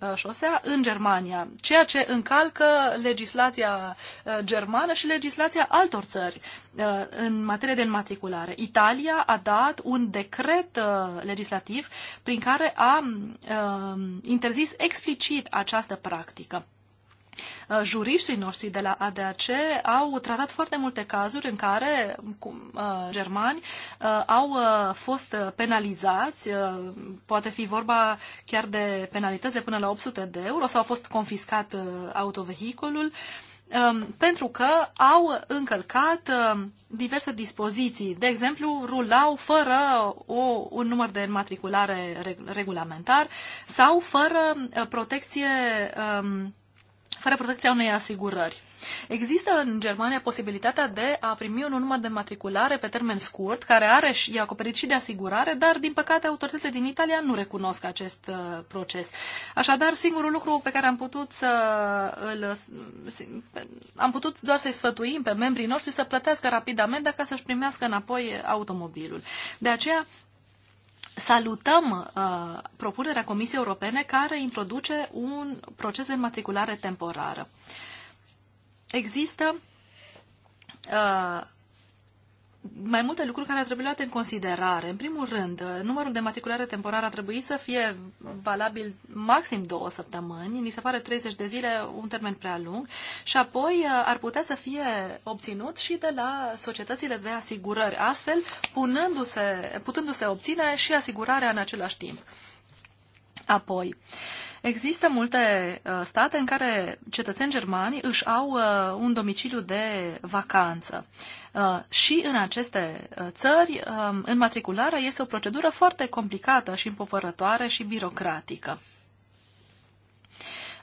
uh, șosea în Germania, ceea ce încalcă încalcă legislația uh, germană și legislația altor țări uh, în materie de înmatriculare. Italia a dat un decret uh, legislativ prin care a interzis explicit această practică. Uh, juriștii noștri de la ADAC au tratat foarte multe cazuri în care cum, uh, germani uh, au fost penalizați, poate fi vorba chiar de penalități de până la 800 de euro sau au fost confiscat autovehiculul um, pentru că au încălcat diverse dispoziții. De exemplu, rulau fără o, un număr de înmatriculare regulamentar sau fără protecție um, fără protecția unei asigurări. Există în Germania posibilitatea de a primi un număr de matriculare pe termen scurt, care are și e acoperit și de asigurare, dar din păcate autoritățile din Italia nu recunosc acest uh, proces. Așadar, singurul lucru pe care am putut să îl, am putut doar să-i sfătuim pe membrii noștri să plătească rapid amenda ca să-și primească înapoi automobilul. De aceea salutăm uh, propunerea Comisiei Europene care introduce un proces de înmatriculare temporară. Există uh, mai multe lucruri care ar trebui luate în considerare. În primul rând, numărul de matriculare temporară ar trebui să fie valabil maxim două săptămâni, ni se pare 30 de zile un termen prea lung, și apoi uh, ar putea să fie obținut și de la societățile de asigurări, astfel punându-se, putându-se obține și asigurarea în același timp. Apoi, uh, Există multe uh, state în care cetățeni germani își au uh, un domiciliu de vacanță. Uh, și în aceste țări, um, înmatricularea este o procedură foarte complicată și împovărătoare și birocratică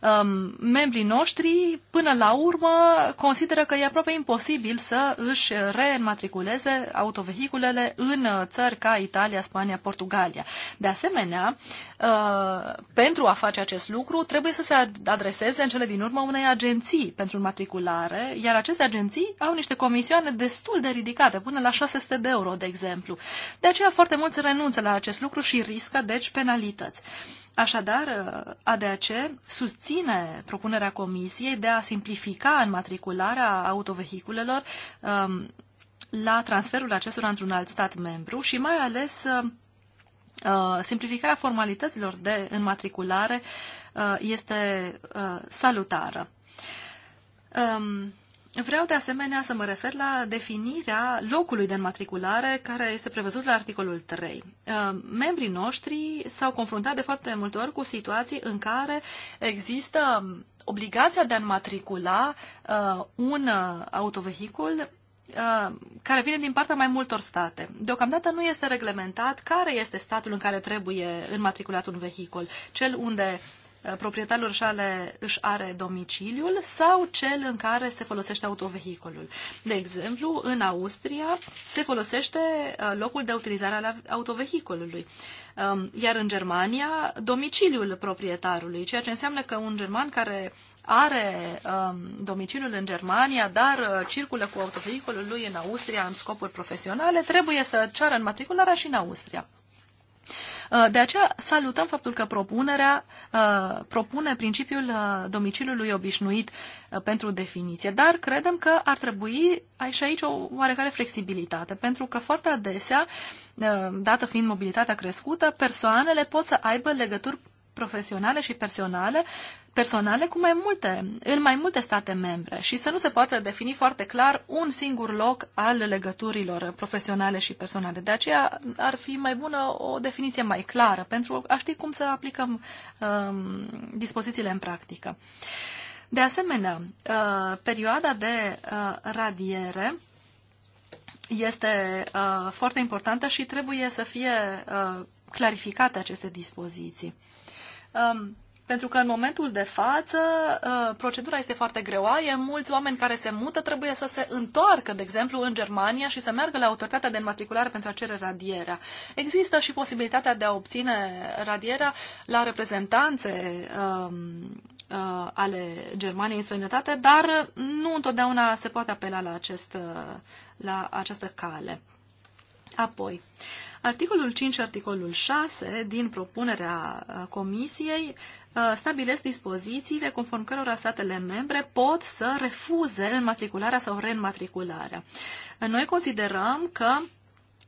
um, membrii noștri, până la urmă, consideră că e aproape imposibil să își reînmatriculeze autovehiculele în uh, țări ca Italia, Spania, Portugalia. De asemenea, uh, pentru a face acest lucru, trebuie să se adreseze în cele din urmă unei agenții pentru înmatriculare, iar aceste agenții au niște comisioane destul de ridicate, până la 600 de euro, de exemplu. De aceea, foarte mulți renunță la acest lucru și riscă, deci, penalități. Așadar, ADAC susține propunerea Comisiei de a simplifica înmatricularea autovehiculelor um, la transferul acestora într-un alt stat membru și mai ales uh, simplificarea formalităților de înmatriculare uh, este uh, salutară. Um, Vreau de asemenea să mă refer la definirea locului de înmatriculare care este prevăzut la articolul 3. Uh, membrii noștri s-au confruntat de foarte multe ori cu situații în care există obligația de a înmatricula uh, un uh, autovehicul care vine din partea mai multor state. Deocamdată nu este reglementat care este statul în care trebuie înmatriculat un vehicul, cel unde Uh, proprietarul își are, își are domiciliul sau cel în care se folosește autovehiculul. De exemplu, în Austria se folosește uh, locul de utilizare al autovehiculului, um, iar în Germania domiciliul proprietarului, ceea ce înseamnă că un german care are um, domiciliul în Germania, dar uh, circulă cu autovehiculul lui în Austria în scopuri profesionale, trebuie să ceară înmatricularea și în Austria. Uh, de aceea salutăm faptul că propunerea uh, propune principiul uh, domiciliului obișnuit pentru definiție, dar credem că ar trebui și aici o oarecare flexibilitate, pentru că foarte adesea, dată fiind mobilitatea crescută, persoanele pot să aibă legături profesionale și personale, personale cu mai multe, în mai multe state membre și să nu se poată defini foarte clar un singur loc al legăturilor profesionale și personale. De aceea ar fi mai bună o definiție mai clară pentru a ști cum să aplicăm um, dispozițiile în practică. De asemenea, uh, perioada de uh, radiere este uh, foarte importantă și trebuie să fie uh, clarificate aceste dispoziții. Um, pentru că în momentul de față uh, procedura este foarte greoaie, mulți oameni care se mută trebuie să se întoarcă, de exemplu, în Germania și să meargă la autoritatea de înmatriculare pentru a cere radierea. Există și posibilitatea de a obține radierea la reprezentanțe um, uh, ale Germaniei în străinătate, dar nu întotdeauna se poate apela la, acest, uh, la această cale. Apoi, uh, Articolul 5 și articolul 6 din propunerea uh, Comisiei uh, stabilesc dispozițiile conform cărora statele membre pot să refuze înmatricularea sau reînmatricularea. Noi considerăm că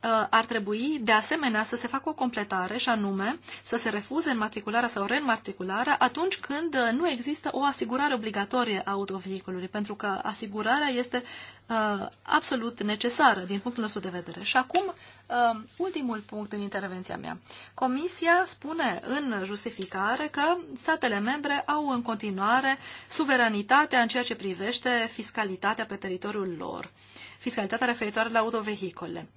Uh, ar trebui de asemenea să se facă o completare și anume să se refuze înmatricularea sau reînmatricularea atunci când uh, nu există o asigurare obligatorie a autovehiculului, pentru că asigurarea este uh, absolut necesară din punctul nostru de vedere. Și acum, uh, ultimul punct în intervenția mea. Comisia spune în justificare că statele membre au în continuare suveranitatea în ceea ce privește fiscalitatea pe teritoriul lor, fiscalitatea referitoare la autovehicole.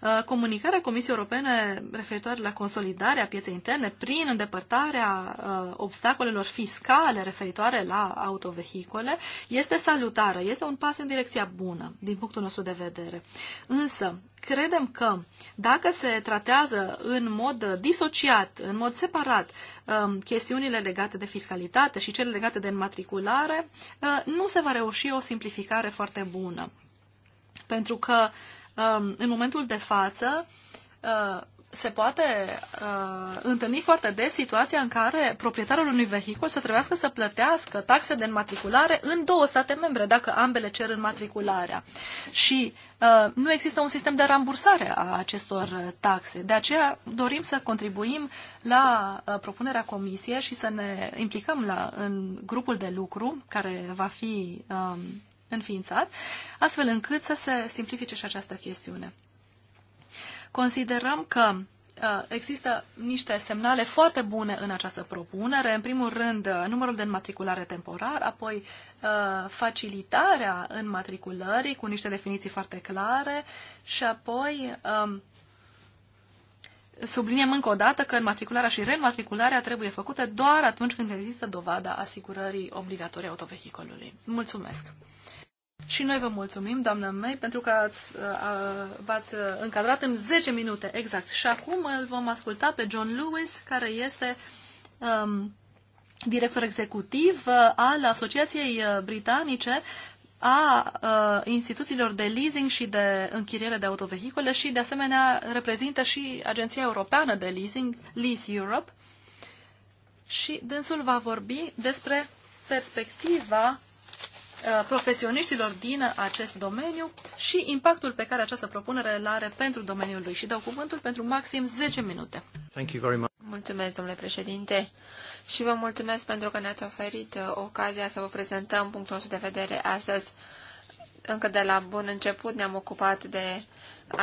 Uh, comunicarea Comisiei Europene referitoare la consolidarea pieței interne prin îndepărtarea uh, obstacolelor fiscale referitoare la autovehicole este salutară, este un pas în direcția bună din punctul nostru de vedere. Însă, credem că dacă se tratează în mod disociat, în mod separat, um, chestiunile legate de fiscalitate și cele legate de înmatriculare, uh, nu se va reuși o simplificare foarte bună. Pentru că Um, în momentul de față uh, se poate uh, întâlni foarte des situația în care proprietarul unui vehicul să trebuiască să plătească taxe de înmatriculare în două state membre, dacă ambele cer înmatricularea. Și uh, nu există un sistem de rambursare a acestor taxe. De aceea dorim să contribuim la uh, propunerea comisiei și să ne implicăm la, în grupul de lucru care va fi. Uh, înființat, astfel încât să se simplifice și această chestiune. Considerăm că uh, există niște semnale foarte bune în această propunere. În primul rând, uh, numărul de înmatriculare temporar, apoi uh, facilitarea înmatriculării cu niște definiții foarte clare și apoi um, subliniem încă o dată că înmatricularea și reînmatricularea trebuie făcute doar atunci când există dovada asigurării obligatorii autovehicolului. Mulțumesc! Și noi vă mulțumim, doamnă mei, pentru că ați, uh, v-ați uh, încadrat în 10 minute exact. Și acum îl vom asculta pe John Lewis, care este um, director executiv uh, al Asociației Britanice a uh, instituțiilor de leasing și de închiriere de autovehicule și, de asemenea, reprezintă și Agenția Europeană de Leasing, Lease Europe. Și dânsul va vorbi despre perspectiva Uh, profesioniștilor din acest domeniu și impactul pe care această propunere îl are pentru domeniul lui. Și dau cuvântul pentru maxim 10 minute. Thank you very much. Mulțumesc, domnule președinte, și vă mulțumesc pentru că ne-ați oferit uh, ocazia să vă prezentăm punctul nostru de vedere astăzi. Încă de la bun început ne-am ocupat de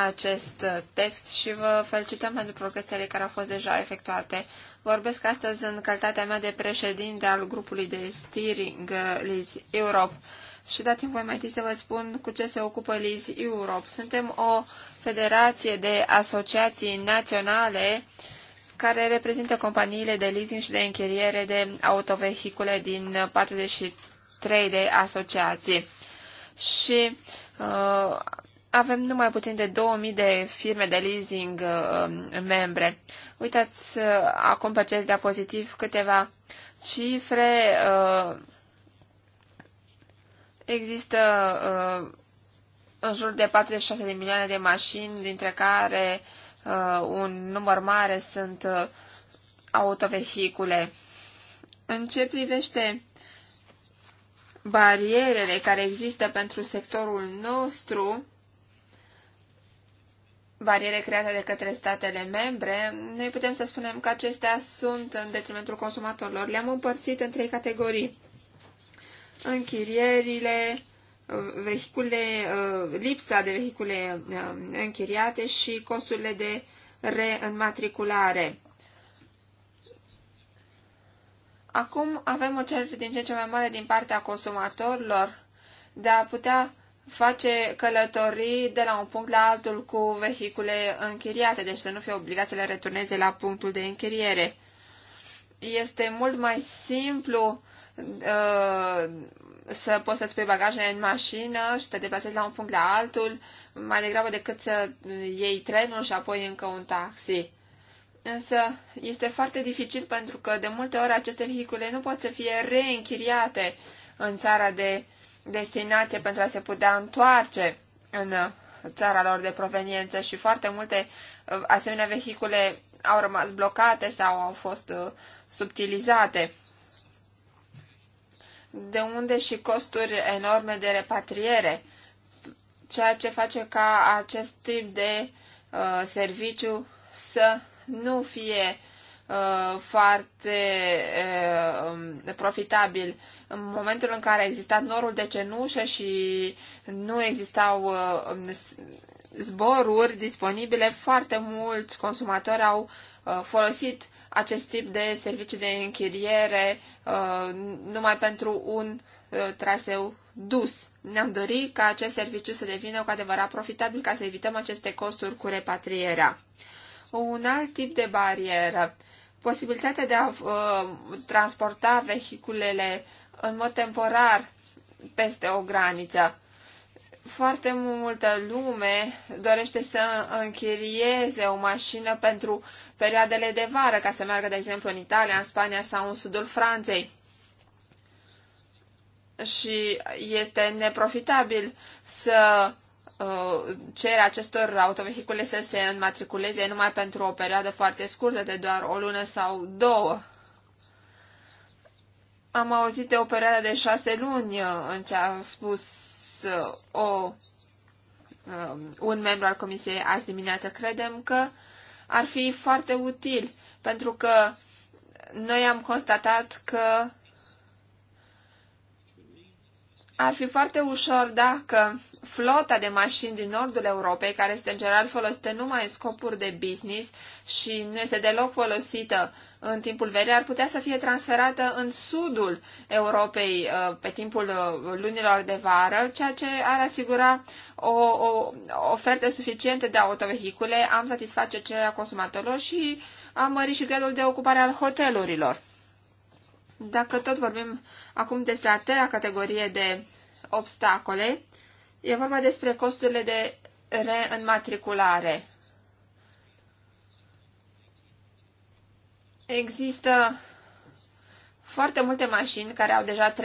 acest uh, text și vă felicităm pentru progresele care au fost deja efectuate Vorbesc astăzi în calitatea mea de președinte al grupului de steering Liz Europe. Și dați-mi voi mai să vă spun cu ce se ocupă Liz Europe. Suntem o federație de asociații naționale care reprezintă companiile de leasing și de închiriere de autovehicule din 43 de asociații. Și uh, avem numai puțin de 2000 de firme de leasing uh, membre. Uitați uh, acum pe acest diapozitiv câteva cifre. Uh, există uh, în jur de 46 de milioane de mașini, dintre care un număr mare sunt autovehicule. În ce privește barierele care există pentru sectorul nostru, bariere create de către statele membre, noi putem să spunem că acestea sunt în detrimentul consumatorilor. Le-am împărțit în trei categorii. Închirierile, vehicule, uh, lipsa de vehicule uh, închiriate și costurile de reînmatriculare. Acum avem o cerere din ce ce mai mare din partea consumatorilor de a putea face călătorii de la un punct la altul cu vehicule închiriate, deci să nu fie obligat să le returneze la punctul de închiriere. Este mult mai simplu uh, să poți să-ți pui bagajele în mașină și să te deplasezi la un punct la altul, mai degrabă decât să iei trenul și apoi încă un taxi. Însă este foarte dificil pentru că de multe ori aceste vehicule nu pot să fie reînchiriate în țara de destinație pentru a se putea întoarce în țara lor de proveniență și foarte multe uh, asemenea vehicule au rămas blocate sau au fost uh, subtilizate. De unde și costuri enorme de repatriere, ceea ce face ca acest tip de uh, serviciu să nu fie Uh, foarte uh, profitabil. În momentul în care a existat norul de cenușă și nu existau uh, zboruri disponibile, foarte mulți consumatori au folosit acest tip de servicii de închiriere numai pentru un traseu dus. Ne-am dorit ca acest serviciu să devină cu adevărat profitabil ca să evităm aceste costuri cu repatrierea. Un alt tip de barieră posibilitatea de a uh, transporta vehiculele în mod temporar peste o graniță. Foarte multă lume dorește să închirieze o mașină pentru perioadele de vară, ca să meargă, de exemplu, în Italia, în Spania sau în sudul Franței. Și este neprofitabil să Uh, cere acestor autovehicule să se înmatriculeze numai pentru o perioadă foarte scurtă, de doar o lună sau două. Am auzit de o perioadă de șase luni uh, în ce a spus uh, o, um, un membru al comisiei azi dimineață. Credem că ar fi foarte util, pentru că noi am constatat că ar fi foarte ușor dacă flota de mașini din nordul Europei, care este în general folosită numai în scopuri de business și nu este deloc folosită în timpul verii, ar putea să fie transferată în sudul Europei uh, pe timpul uh, lunilor de vară, ceea ce ar asigura o, o ofertă suficientă de autovehicule, am satisface cererea consumatorilor și am mărit și gradul de ocupare al hotelurilor. Dacă tot vorbim Acum despre a treia categorie de obstacole, e vorba despre costurile de reînmatriculare. Există foarte multe mașini care au deja 3-4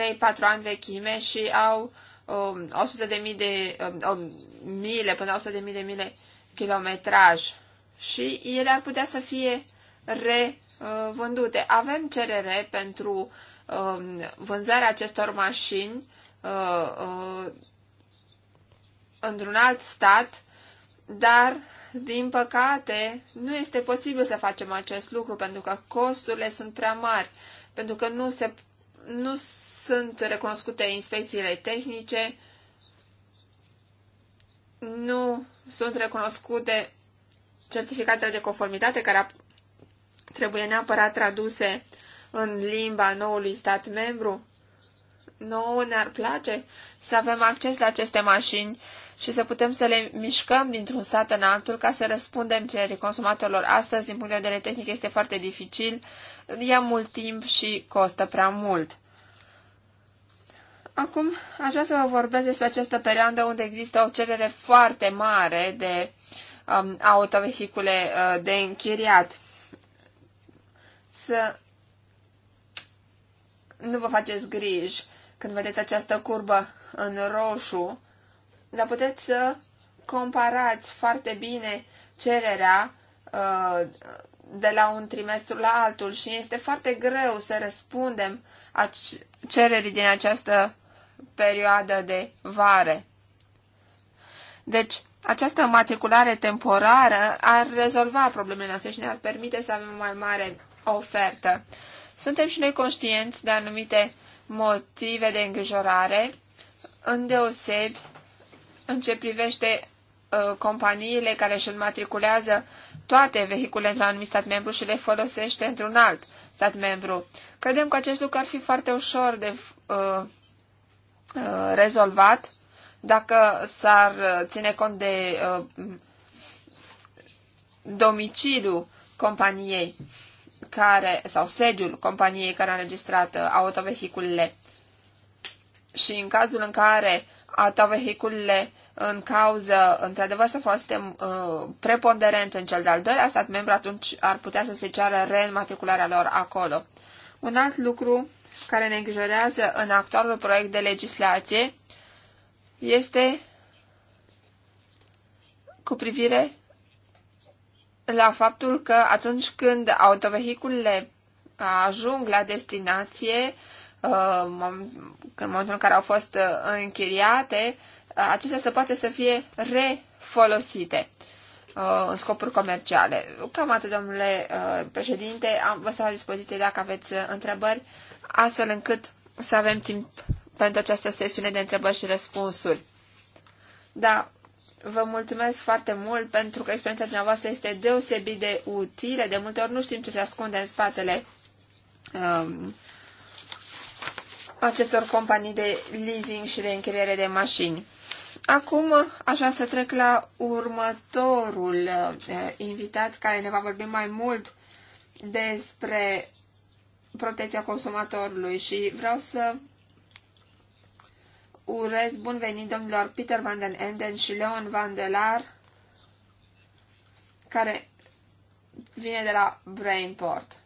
ani vechime și au um, 100 de mii de um, mile până la 100 de mii de mile kilometraj și ele ar putea să fie revândute. Avem cerere pentru Um, vânzarea acestor mașini uh, uh, într-un alt stat, dar, din păcate, nu este posibil să facem acest lucru pentru că costurile sunt prea mari, pentru că nu, se, nu sunt recunoscute inspecțiile tehnice, nu sunt recunoscute certificatele de conformitate care trebuie neapărat traduse în limba noului stat membru? Nu ne-ar place să avem acces la aceste mașini și să putem să le mișcăm dintr-un stat în altul ca să răspundem cererii consumatorilor. Astăzi, din punct de vedere tehnic, este foarte dificil, ia mult timp și costă prea mult. Acum aș vrea să vă vorbesc despre această perioadă unde există o cerere foarte mare de um, autovehicule uh, de închiriat. Să nu vă faceți griji când vedeți această curbă în roșu, dar puteți să comparați foarte bine cererea uh, de la un trimestru la altul și este foarte greu să răspundem cererii din această perioadă de vară. Deci, această matriculare temporară ar rezolva problemele noastre și ne-ar permite să avem o mai mare ofertă. Suntem și noi conștienți de anumite motive de îngrijorare, îndeosebi în ce privește uh, companiile care își înmatriculează toate vehicule într-un anumit stat membru și le folosește într-un alt stat membru. Credem că acest lucru ar fi foarte ușor de uh, uh, rezolvat dacă s-ar uh, ține cont de uh, domiciliu companiei care, sau sediul companiei care a înregistrat uh, autovehiculele. Și în cazul în care autovehiculele în cauză, într-adevăr, să folosim uh, preponderent în cel de-al doilea stat membru, atunci ar putea să se ceară reînmatricularea lor acolo. Un alt lucru care ne îngrijorează în actualul proiect de legislație este cu privire la faptul că atunci când autovehiculele ajung la destinație, uh, în momentul în care au fost uh, închiriate, uh, acestea se poate să fie refolosite în scopuri comerciale. Cam atât, domnule președinte, am vă stau la dispoziție dacă aveți întrebări, astfel încât să avem timp pentru această sesiune de întrebări și răspunsuri. Da, Vă mulțumesc foarte mult pentru că experiența dumneavoastră este deosebit de utilă. De multe ori nu știm ce se ascunde în spatele um, acestor companii de leasing și de închiriere de mașini. Acum aș vrea să trec la următorul uh, invitat care ne va vorbi mai mult despre protecția consumatorului și vreau să urez bun venit domnilor Peter van den Enden și Leon van der Laar, care vine de la Brainport.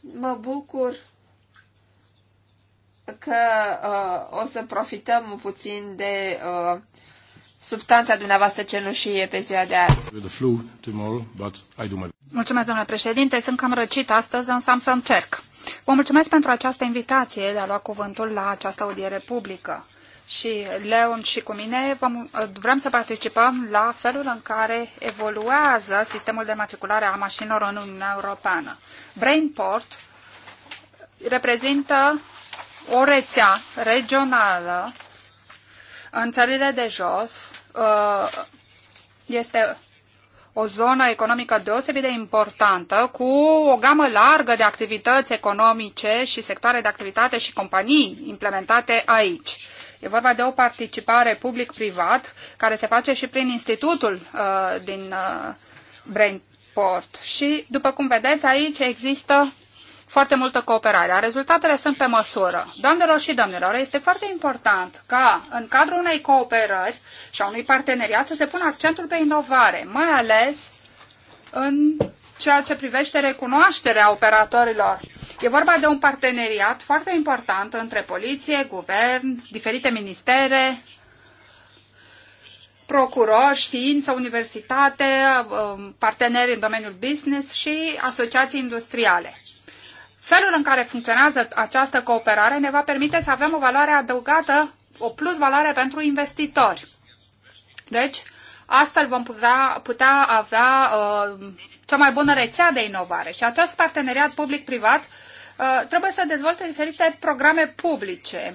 Mă bucur că uh, o să profităm puțin de uh, substanța dumneavoastră cenușie pe ziua de azi. Mulțumesc, domnule președinte. Sunt cam răcit astăzi, însă am să încerc. Vă mulțumesc pentru această invitație de a lua cuvântul la această audiere publică. Și Leon și cu mine vom, vrem să participăm la felul în care evoluează sistemul de matriculare a mașinilor în Uniunea Europeană. Brainport reprezintă o rețea regională în țările de jos uh, este o zonă economică deosebit de importantă, cu o gamă largă de activități economice și sectoare de activitate și companii implementate aici. E vorba de o participare public-privat care se face și prin institutul uh, din uh, Brainport. Și, după cum vedeți, aici există foarte multă cooperare. Rezultatele sunt pe măsură. Doamnelor și domnilor, este foarte important ca în cadrul unei cooperări și a unui parteneriat să se pună accentul pe inovare, mai ales în ceea ce privește recunoașterea operatorilor. E vorba de un parteneriat foarte important între poliție, guvern, diferite ministere, procurori, știință, universitate, um, parteneri în domeniul business și asociații industriale. Felul în care funcționează această cooperare ne va permite să avem o valoare adăugată, o plus valoare pentru investitori. Deci, astfel vom putea, putea avea uh, cea mai bună rețea de inovare și acest parteneriat public-privat uh, trebuie să dezvolte diferite programe publice.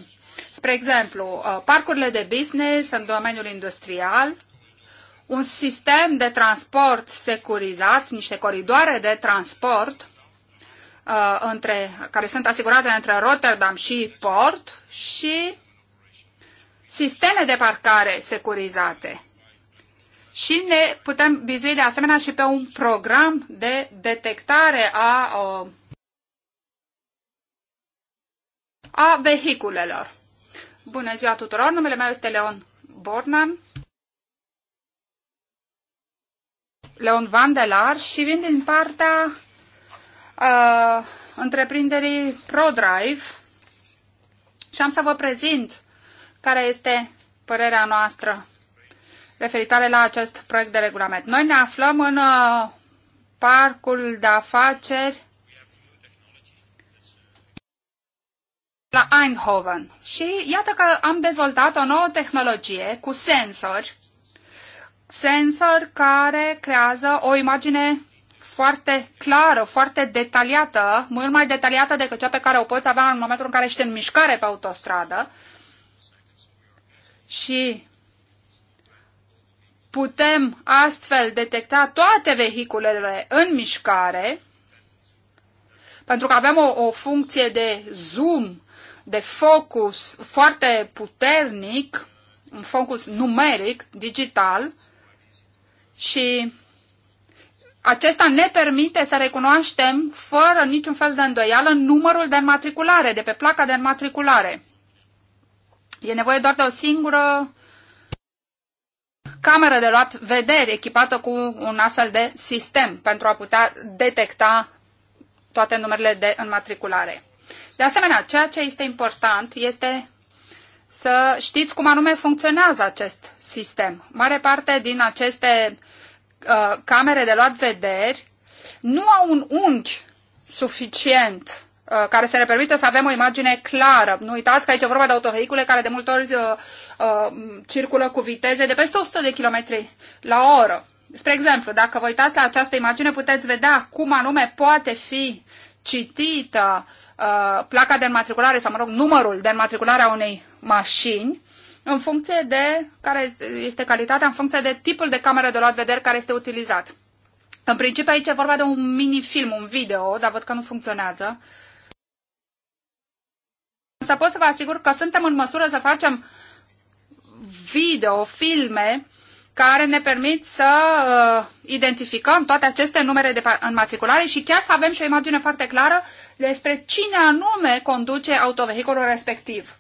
Spre exemplu, uh, parcurile de business în domeniul industrial, un sistem de transport securizat, niște coridoare de transport uh, între, care sunt asigurate între Rotterdam și port și sisteme de parcare securizate. Și ne putem vizui de asemenea și pe un program de detectare a, uh, a vehiculelor. Bună ziua tuturor, numele meu este Leon Bornan. Leon Vandelar și vin din partea uh, întreprinderii ProDrive și am să vă prezint care este părerea noastră referitoare la acest proiect de regulament. Noi ne aflăm în uh, parcul de afaceri la Eindhoven. Și iată că am dezvoltat o nouă tehnologie cu sensori, sensori care creează o imagine foarte clară, foarte detaliată, mult mai detaliată decât cea pe care o poți avea în momentul în care ești în mișcare pe autostradă. Și putem astfel detecta toate vehiculele în mișcare, pentru că avem o, o funcție de zoom, de focus foarte puternic, un focus numeric, digital, și acesta ne permite să recunoaștem, fără niciun fel de îndoială, numărul de înmatriculare, de pe placa de înmatriculare. E nevoie doar de o singură cameră de luat vederi echipată cu un astfel de sistem pentru a putea detecta toate numerele de înmatriculare. De asemenea, ceea ce este important este să știți cum anume funcționează acest sistem. Mare parte din aceste Uh, camere de luat vederi nu au un unghi suficient uh, care să ne permită să avem o imagine clară. Nu uitați că aici e vorba de autovehicule care de multe ori uh, uh, circulă cu viteze de peste 100 de km la oră. Spre exemplu, dacă vă uitați la această imagine, puteți vedea cum anume poate fi citită uh, placa de înmatriculare sau, mă rog, numărul de înmatriculare a unei mașini în funcție de care este calitatea, în funcție de tipul de cameră de luat vederi care este utilizat. În principiu aici e vorba de un mini-film, un video, dar văd că nu funcționează. Să pot să vă asigur că suntem în măsură să facem video, filme, care ne permit să uh, identificăm toate aceste numere de înmatriculare și chiar să avem și o imagine foarte clară despre cine anume conduce autovehiculul respectiv.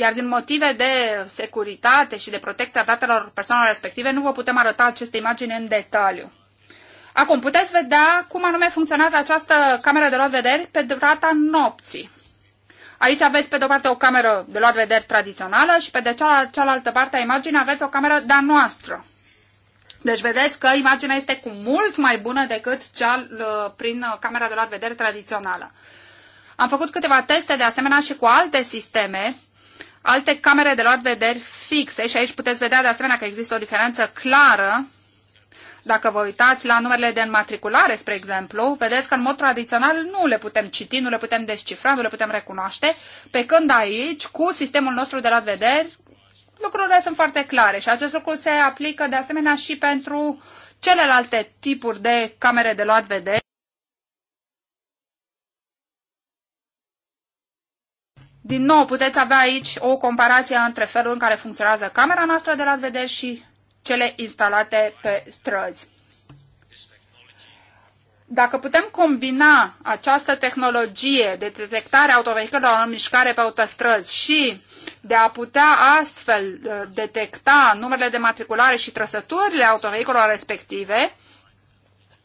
Iar din motive de securitate și de protecția datelor persoanelor respective, nu vă putem arăta aceste imagini în detaliu. Acum, puteți vedea cum anume funcționează această cameră de luat vederi pe durata nopții. Aici aveți pe de o parte o cameră de luat vederi tradițională și pe de cealaltă parte a imaginii aveți o cameră de-a noastră. Deci vedeți că imaginea este cu mult mai bună decât cea uh, prin uh, camera de luat vedere tradițională. Am făcut câteva teste de asemenea și cu alte sisteme alte camere de luat vederi fixe și aici puteți vedea de asemenea că există o diferență clară dacă vă uitați la numerele de înmatriculare, spre exemplu, vedeți că în mod tradițional nu le putem citi, nu le putem descifra, nu le putem recunoaște, pe când aici, cu sistemul nostru de luat vederi, lucrurile sunt foarte clare și acest lucru se aplică de asemenea și pentru celelalte tipuri de camere de luat vederi. Din nou, puteți avea aici o comparație între felul în care funcționează camera noastră de la vedere și cele instalate pe străzi. Dacă putem combina această tehnologie de detectare autovehiculelor în mișcare pe autostrăzi și de a putea astfel uh, detecta numerele de matriculare și trăsăturile autovehiculelor respective,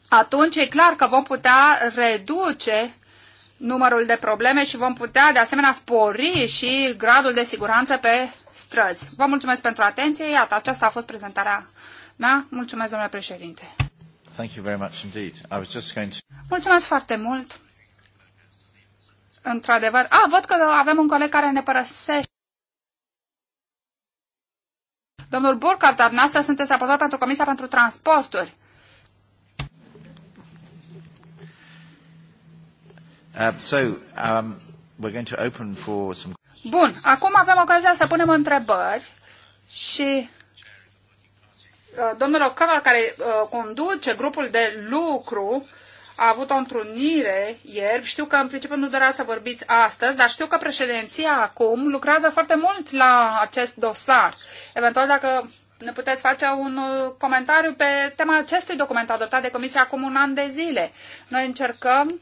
atunci e clar că vom putea reduce numărul de probleme și vom putea de asemenea spori și gradul de siguranță pe străzi. Vă mulțumesc pentru atenție. Iată, aceasta a fost prezentarea mea. Mulțumesc, domnule președinte. Thank you very much indeed. I was just going to... Mulțumesc foarte mult. Într-adevăr. A, văd că avem un coleg care ne părăsește. Domnul Burkhardt, dar dumneavoastră sunteți raportor pentru Comisia pentru Transporturi. Uh, um, Bun, acum avem ocazia să punem întrebări și uh, domnul O'Connor, care uh, conduce grupul de lucru, a avut o întrunire ieri. Știu că în principiu nu dorea să vorbiți astăzi, dar știu că președinția acum lucrează foarte mult la acest dosar. Eventual, dacă ne puteți face un uh, comentariu pe tema acestui document adoptat de Comisia acum un an de zile. Noi încercăm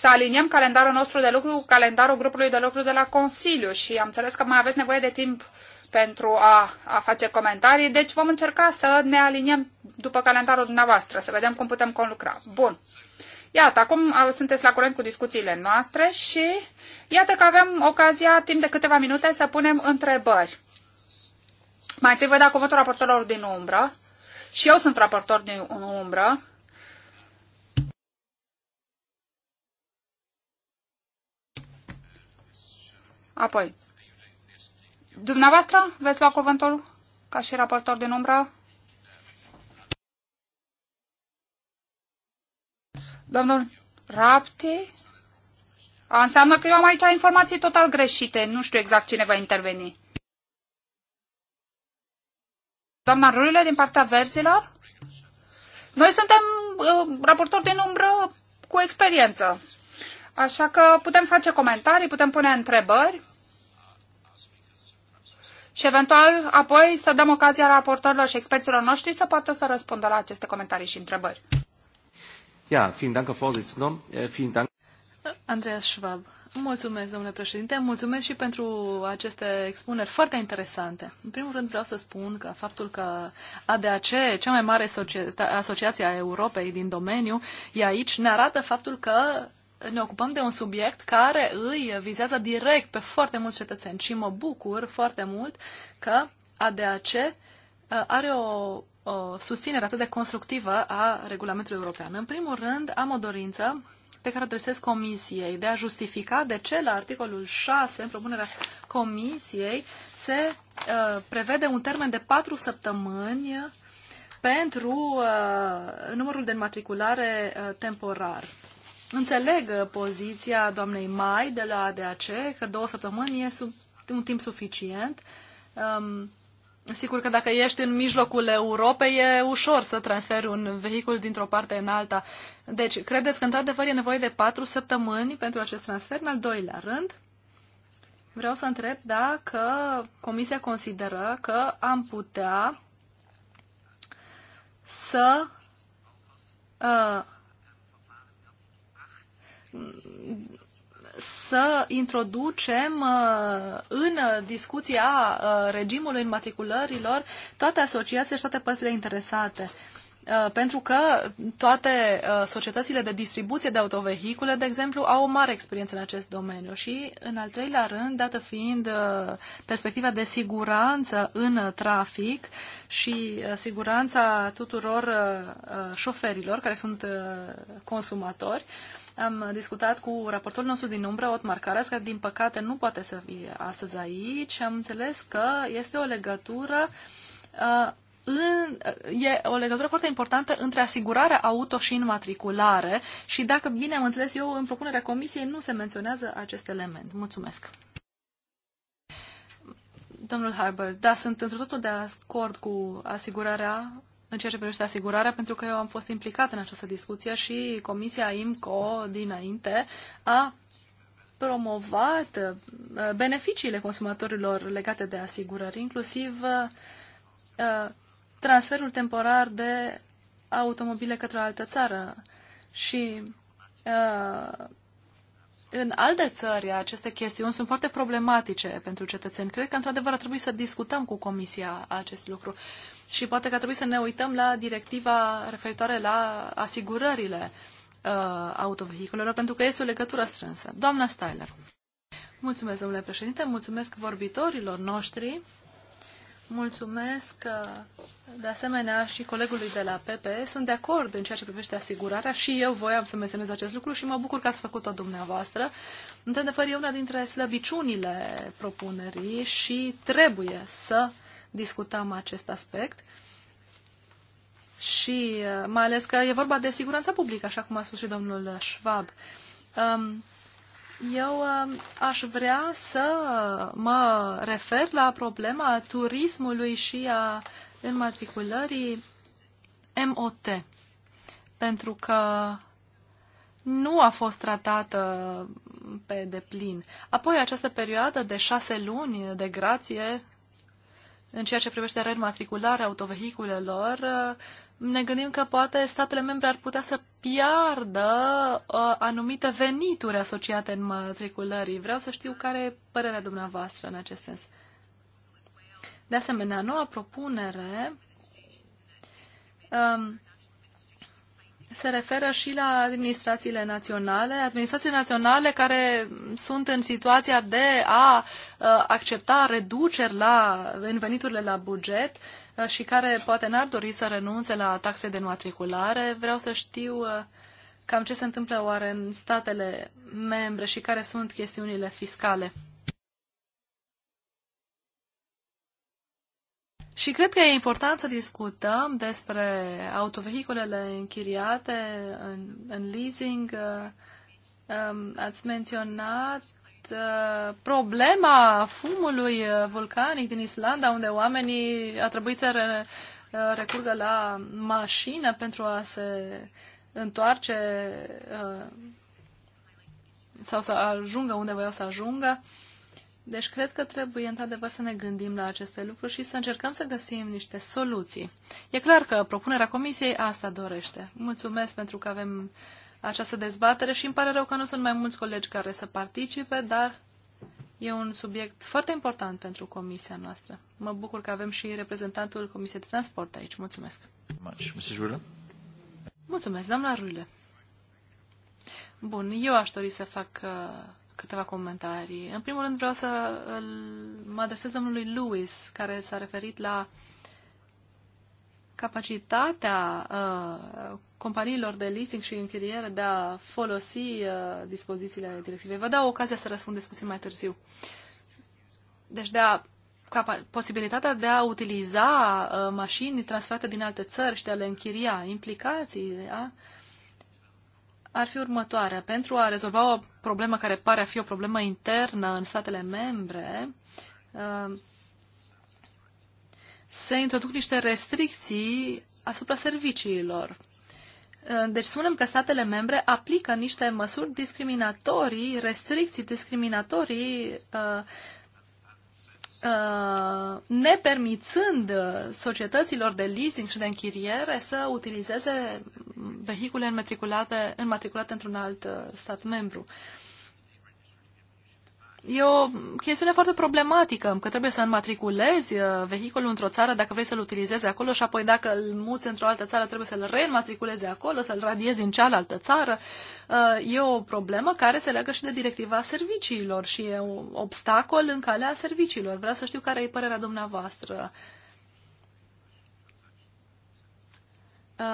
să aliniem calendarul nostru de lucru cu calendarul grupului de lucru de la Consiliu și am înțeles că mai aveți nevoie de timp pentru a, a face comentarii, deci vom încerca să ne aliniem după calendarul dumneavoastră, să vedem cum putem conlucra. Bun. Iată, acum sunteți la curent cu discuțiile noastre și iată că avem ocazia, timp de câteva minute, să punem întrebări. Mai întâi vă dau cuvântul raportorilor din umbră. Și eu sunt raportor din umbră Apoi, dumneavoastră veți lua cuvântul ca și raportor din umbră? Domnul Rapti? A, înseamnă că eu am aici informații total greșite. Nu știu exact cine va interveni. Doamna Rurile din partea verzilor? Noi suntem uh, raportori din umbră cu experiență. Așa că putem face comentarii, putem pune întrebări și eventual apoi să dăm ocazia raportorilor și experților noștri să poată să răspundă la aceste comentarii și întrebări. Ja, vielen Dank, Herr Vorsitzender. Äh, vielen Dank. Andreas Schwab. Mulțumesc, domnule președinte. Mulțumesc și pentru aceste expuneri foarte interesante. În primul rând vreau să spun că faptul că ADAC, cea mai mare asociație a Europei din domeniu, e aici, ne arată faptul că ne ocupăm de un subiect care îi vizează direct pe foarte mulți cetățeni și mă bucur foarte mult că ADAC uh, are o, o susținere atât de constructivă a regulamentului european. În primul rând, am o dorință pe care o adresez Comisiei de a justifica de ce la articolul 6, în propunerea Comisiei, se uh, prevede un termen de patru săptămâni pentru uh, numărul de înmatriculare uh, temporar. Înțeleg uh, poziția doamnei Mai de la ADAC că două săptămâni e un timp suficient. Um, sigur că dacă ești în mijlocul Europei e ușor să transferi un vehicul dintr-o parte în alta. Deci, credeți că într-adevăr e nevoie de patru săptămâni pentru acest transfer? În al doilea rând, vreau să întreb dacă Comisia consideră că am putea să uh, să introducem uh, în discuția uh, regimului înmatriculărilor toate asociațiile și toate părțile interesate. Uh, pentru că toate societățile de distribuție de autovehicule, de exemplu, au o mare experiență în acest domeniu. Și, în al treilea rând, dată fiind perspectiva de siguranță în trafic și siguranța tuturor șoferilor care sunt consumatori, am discutat cu raportorul nostru din umbră, Otmar Caras, care din păcate nu poate să fie astăzi aici. Am înțeles că este o legătură uh, în, uh, e o legătură foarte importantă între asigurarea auto și înmatriculare și dacă bine am înțeles eu, în propunerea comisiei nu se menționează acest element. Mulțumesc. Domnul Harber, da, sunt într totul de acord cu asigurarea în ceea ce privește asigurarea, pentru că eu am fost implicat în această discuție și Comisia IMCO dinainte a promovat uh, beneficiile consumatorilor legate de asigurări, inclusiv uh, transferul temporar de automobile către o altă țară. Și uh, în alte țări aceste chestiuni sunt foarte problematice pentru cetățeni. Cred că, într-adevăr, ar trebui să discutăm cu Comisia acest lucru. Și poate că trebuie să ne uităm la directiva referitoare la asigurările uh, autovehiculelor, pentru că este o legătură strânsă. Doamna Styler. Mulțumesc, domnule președinte, mulțumesc vorbitorilor noștri, mulțumesc uh, de asemenea și colegului de la PPE. Sunt de acord în ceea ce privește asigurarea și eu voiam să menționez acest lucru și mă bucur că ați făcut-o dumneavoastră. Într-adevăr, e una dintre slăbiciunile propunerii și trebuie să uh, discutăm acest aspect. Și uh, mai ales că e vorba de siguranța publică, așa cum a spus și domnul Schwab. Um, eu uh, aș vrea să mă refer la problema turismului și a înmatriculării MOT, pentru că nu a fost tratată pe deplin. Apoi această perioadă de șase luni de grație în ceea ce privește rematricularea autovehiculelor, ne gândim că poate statele membre ar putea să piardă uh, anumite venituri asociate în matriculării. Vreau să știu care e părerea dumneavoastră în acest sens. De asemenea, noua propunere um, se referă și la administrațiile naționale, administrațiile naționale care sunt în situația de a accepta reduceri la, în veniturile la buget și care poate n-ar dori să renunțe la taxe de matriculare. Vreau să știu cam ce se întâmplă oare în statele membre și care sunt chestiunile fiscale. Și cred că e important să discutăm despre autovehiculele închiriate în, în leasing. Ați menționat uh, problema fumului uh, vulcanic din Islanda, unde oamenii a trebuit să uh, recurgă la mașină pentru a se întoarce sau să ajungă unde voiau să ajungă. Uh, deci cred că trebuie într-adevăr să ne gândim la aceste lucruri și să încercăm să găsim niște soluții. E clar că propunerea comisiei asta dorește. Mulțumesc pentru că avem această dezbatere și îmi pare rău că nu sunt mai mulți colegi care să participe, dar e un subiect foarte important pentru comisia noastră. Mă bucur că avem și reprezentantul Comisiei de Transport aici. Mulțumesc. Mulțumesc, doamna Ruile. Bun, eu aș dori să fac uh, câteva comentarii. În primul rând vreau să îl, mă adresez domnului Lewis, care s-a referit la capacitatea uh, companiilor de leasing și închiriere de a folosi uh, dispozițiile directivei. Vă dau ocazia să răspundeți puțin mai târziu. Deci de a posibilitatea de a utiliza uh, mașini transferate din alte țări și de a le închiria, implicații, da? ar fi următoarea. Pentru a rezolva o problemă care pare a fi o problemă internă în statele membre, uh, se introduc niște restricții asupra serviciilor. Uh, deci spunem că statele membre aplică niște măsuri discriminatorii, restricții discriminatorii uh, Uh, nepermițând uh, societăților de leasing și de închiriere să utilizeze vehicule înmatriculate, înmatriculate într-un alt uh, stat membru. Uh, e o chestiune foarte problematică, că trebuie să înmatriculezi uh, vehiculul într-o țară dacă vrei să-l utilizezi acolo și apoi dacă îl muți într-o altă țară trebuie să-l reînmatriculezi acolo, să-l radiezi în cealaltă țară. Uh, e o problemă care se leagă și de directiva serviciilor și e un obstacol în calea serviciilor. Vreau să știu care e părerea dumneavoastră.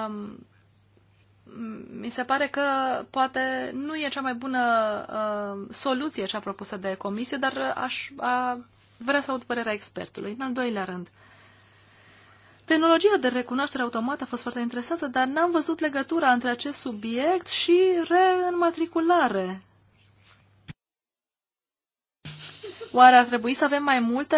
Um, mi se pare că poate nu e cea mai bună uh, soluție cea propusă de comisie, dar aș a, vrea să aud părerea expertului. În al doilea rând, tehnologia de recunoaștere automată a fost foarte interesantă, dar n-am văzut legătura între acest subiect și reînmatriculare. Oare ar trebui să avem mai multe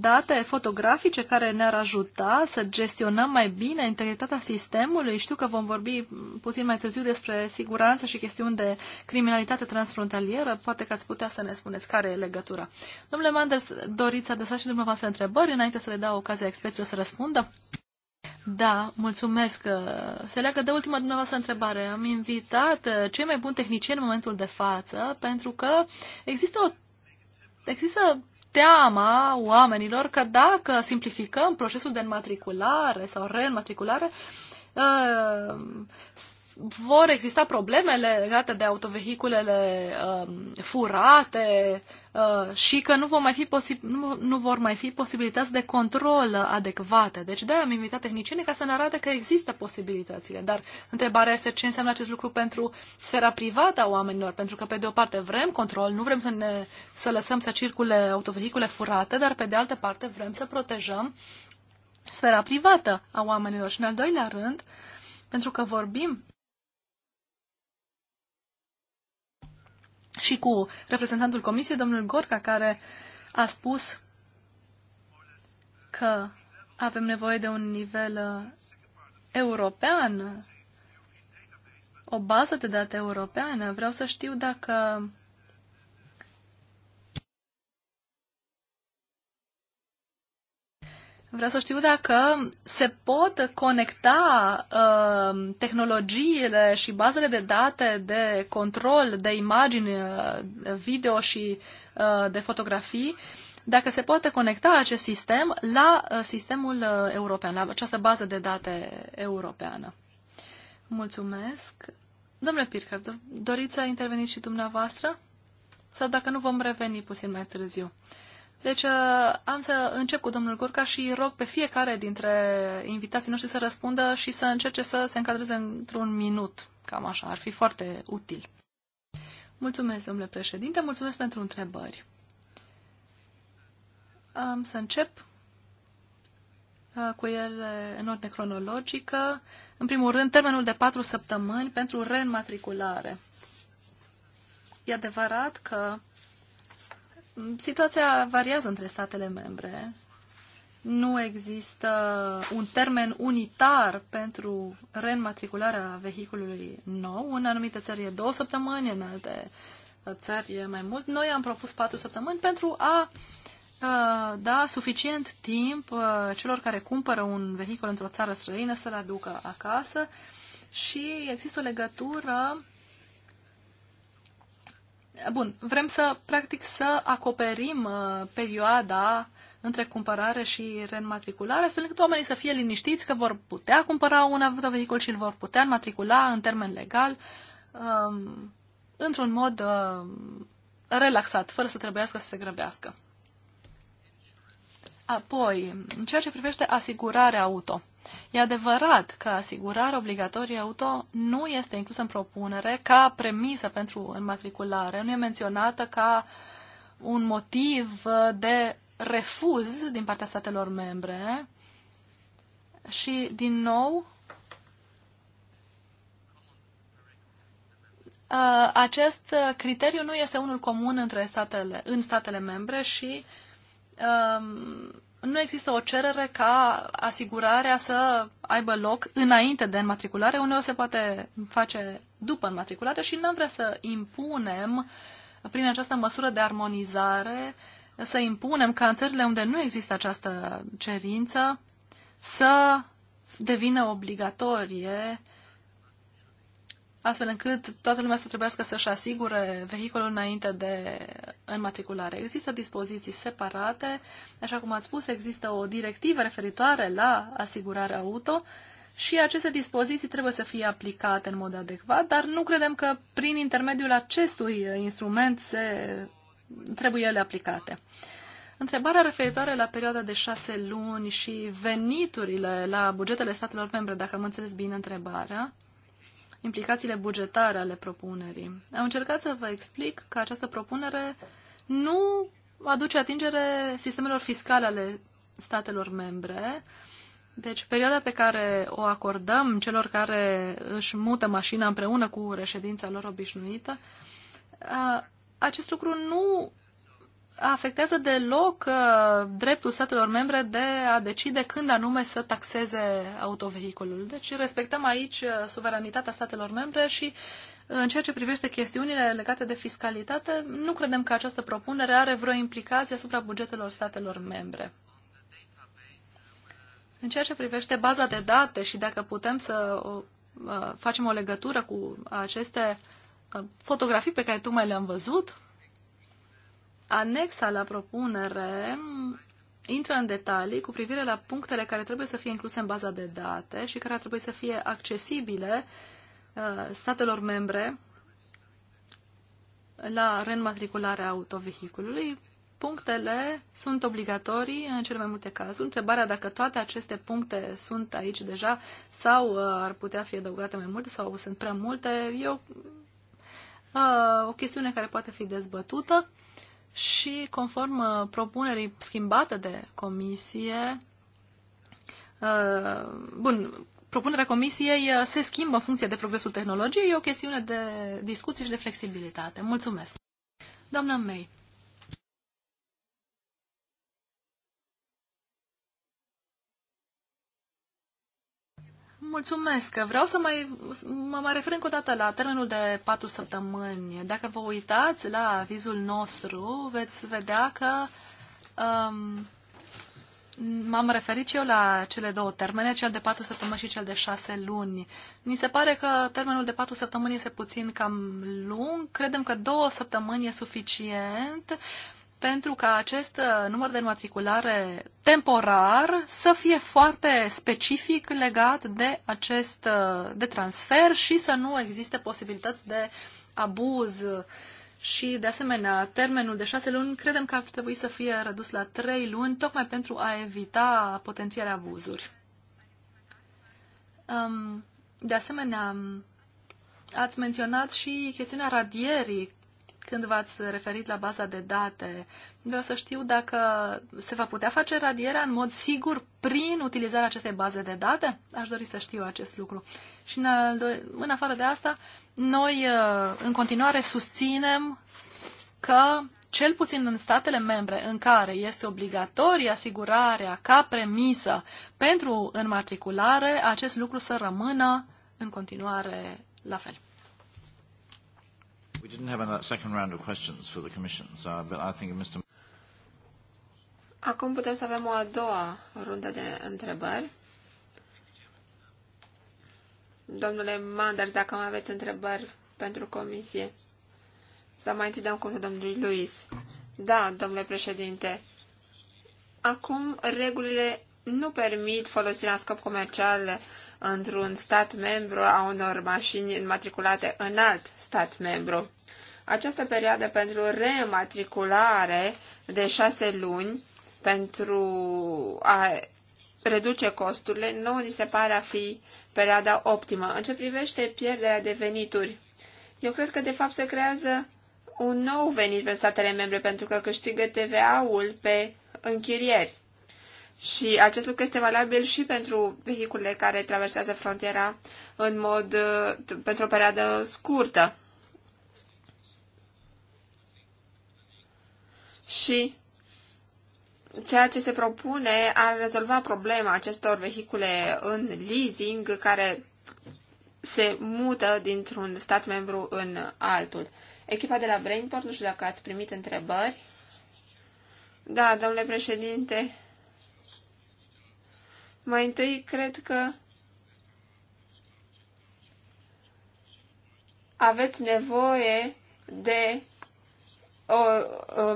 date fotografice care ne-ar ajuta să gestionăm mai bine integritatea sistemului? Știu că vom vorbi puțin mai târziu despre siguranță și chestiuni de criminalitate transfrontalieră. Poate că ați putea să ne spuneți care e legătura. Domnule Manders, doriți să adresați și dumneavoastră întrebări înainte să le dau ocazia experților să răspundă? Da, mulțumesc. Se leagă de ultima dumneavoastră întrebare. Am invitat uh, cei mai buni tehnicieni în momentul de față pentru că există o există teama oamenilor că dacă simplificăm procesul de înmatriculare sau reînmatriculare, uh, vor exista problemele legate de autovehiculele um, furate, Uh, și că nu vor, mai fi nu, nu vor mai fi posibilități de control adecvate. Deci de-aia am invitat tehnicienii ca să ne arate că există posibilitățile. Dar întrebarea este ce înseamnă acest lucru pentru sfera privată a oamenilor. Pentru că, pe de o parte, vrem control, nu vrem să, ne, să lăsăm să circule autovehicule furate, dar, pe de altă parte, vrem să protejăm sfera privată a oamenilor. Și, în al doilea rând, pentru că vorbim și cu reprezentantul Comisiei, domnul Gorca, care a spus că avem nevoie de un nivel uh, european, o bază de date europeană. Vreau să știu dacă Vreau să știu dacă se pot conecta uh, tehnologiile și bazele de date de control, de imagini, uh, video și uh, de fotografii, dacă se poate conecta acest sistem la uh, sistemul uh, european, la această bază de date europeană. Mulțumesc. Domnule do- doriți să interveniți și dumneavoastră? Sau dacă nu, vom reveni puțin mai târziu. Uh, deci uh, am să încep cu domnul Gurca și rog pe fiecare dintre invitații noștri să răspundă și să încerce să se încadreze într-un minut. Cam așa, ar fi foarte util. Mulțumesc, domnule președinte, mulțumesc pentru întrebări. Am să încep uh, cu ele în ordine cronologică. În primul rând, termenul de patru săptămâni pentru reînmatriculare. E adevărat că situația variază între statele membre. Nu există un termen unitar pentru reînmatricularea vehiculului nou. În anumite țări e două săptămâni, în alte țări e mai mult. Noi am propus patru săptămâni pentru a da suficient timp celor care cumpără un vehicul într-o țară străină să-l aducă acasă și există o legătură Bun, vrem să, practic, să acoperim uh, perioada între cumpărare și reînmatriculare, astfel încât oamenii să fie liniștiți că vor putea cumpăra un vehicul și îl vor putea înmatricula în termen legal, um, într-un mod uh, relaxat, fără să trebuiască să se grăbească. Apoi, în ceea ce privește asigurarea auto. E adevărat că asigurarea obligatorie auto nu este inclusă în propunere ca premisă pentru înmatriculare, nu e menționată ca un motiv de refuz din partea statelor membre și, din nou, uh, acest criteriu nu este unul comun între statele, în statele membre și um, nu există o cerere ca asigurarea să aibă loc înainte de înmatriculare, uneori se poate face după înmatriculare și nu vrem să impunem prin această măsură de armonizare, să impunem ca în țările unde nu există această cerință să devină obligatorie astfel încât toată lumea să trebuiască să-și asigure vehiculul înainte de înmatriculare. Există dispoziții separate, așa cum ați spus, există o directivă referitoare la asigurarea auto și aceste dispoziții trebuie să fie aplicate în mod adecvat, dar nu credem că prin intermediul acestui instrument se trebuie ele aplicate. Întrebarea referitoare la perioada de șase luni și veniturile la bugetele statelor membre, dacă am înțeles bine întrebarea, implicațiile bugetare ale propunerii. Am încercat să vă explic că această propunere nu aduce atingere sistemelor fiscale ale statelor membre. Deci perioada pe care o acordăm celor care își mută mașina împreună cu reședința lor obișnuită, acest lucru nu afectează deloc uh, dreptul statelor membre de a decide când anume să taxeze autovehiculul. Deci respectăm aici uh, suveranitatea statelor membre și uh, în ceea ce privește chestiunile legate de fiscalitate, nu credem că această propunere are vreo implicație asupra bugetelor statelor membre. În ceea ce privește baza de date și dacă putem să facem o legătură cu aceste fotografii pe care tocmai le-am văzut, Anexa la propunere intră în detalii cu privire la punctele care trebuie să fie incluse în baza de date și care ar trebui să fie accesibile uh, statelor membre la reînmatricularea autovehiculului. Punctele sunt obligatorii în cele mai multe cazuri. Întrebarea dacă toate aceste puncte sunt aici deja sau uh, ar putea fi adăugate mai multe sau sunt prea multe, e o, uh, o chestiune care poate fi dezbătută și conform uh, propunerii schimbate de comisie, uh, bun, propunerea comisiei uh, se schimbă în funcție de progresul tehnologiei, e o chestiune de discuție și de flexibilitate. Mulțumesc. Doamna May, Mulțumesc. Vreau să mai, mă mai refer încă o dată la termenul de patru săptămâni. Dacă vă uitați la avizul nostru, veți vedea că um, m-am referit și eu la cele două termene, cel de patru săptămâni și cel de șase luni. Mi se pare că termenul de patru săptămâni este puțin cam lung. Credem că două săptămâni e suficient. Uh, pentru ca acest uh, număr de înmatriculare temporar să fie foarte specific legat de acest uh, de transfer și să nu existe posibilități de abuz și, de asemenea, termenul de șase luni credem că ar trebui să fie redus la trei luni, tocmai pentru a evita potențiale abuzuri. Um, de asemenea, um, ați menționat și chestiunea radierii când v-ați referit la baza de date. Vreau să știu dacă se va putea face radierea în mod sigur prin utilizarea acestei baze de date. Aș dori să știu acest lucru. Și în, în afară de asta, noi uh, în continuare susținem că cel puțin în statele membre în care este obligatorie asigurarea ca premisă pentru înmatriculare, acest lucru să rămână în continuare la fel. We didn't have a second round of questions for the Commission, so but I think Mr. Acum putem să avem o a doua rundă de întrebări. Domnule Manders, dacă mai aveți întrebări pentru comisie. să mai întâi dăm cuvântul domnului Luis. Da, domnule președinte. Acum regulile nu permit folosirea în scop comercial într-un stat membru a unor mașini înmatriculate în alt stat membru. Această perioadă pentru rematriculare de șase luni pentru a reduce costurile nu ni se pare a fi perioada optimă. În ce privește pierderea de venituri, eu cred că de fapt se creează un nou venit pe statele membre pentru că câștigă TVA-ul pe închirieri. Și acest lucru este valabil și pentru vehiculele care traversează frontiera în mod, uh, pentru o perioadă scurtă. Și ceea ce se propune ar rezolva problema acestor vehicule în leasing care se mută dintr-un stat membru în altul. Echipa de la Brainport, nu știu dacă ați primit întrebări. Da, domnule președinte, mai întâi, cred că aveți nevoie de o, o,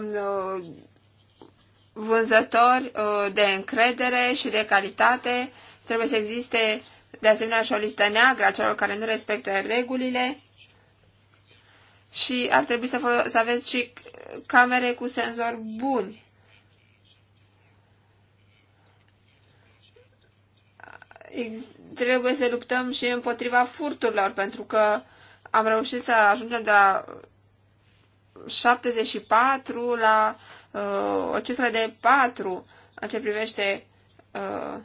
vânzători de încredere și de calitate. Trebuie să existe de asemenea și o listă neagră a celor care nu respectă regulile și ar trebui să, să aveți și camere cu senzori buni. trebuie să luptăm și împotriva furturilor, pentru că am reușit să ajungem de la 74 la uh, o cifră de 4 în ce privește uh,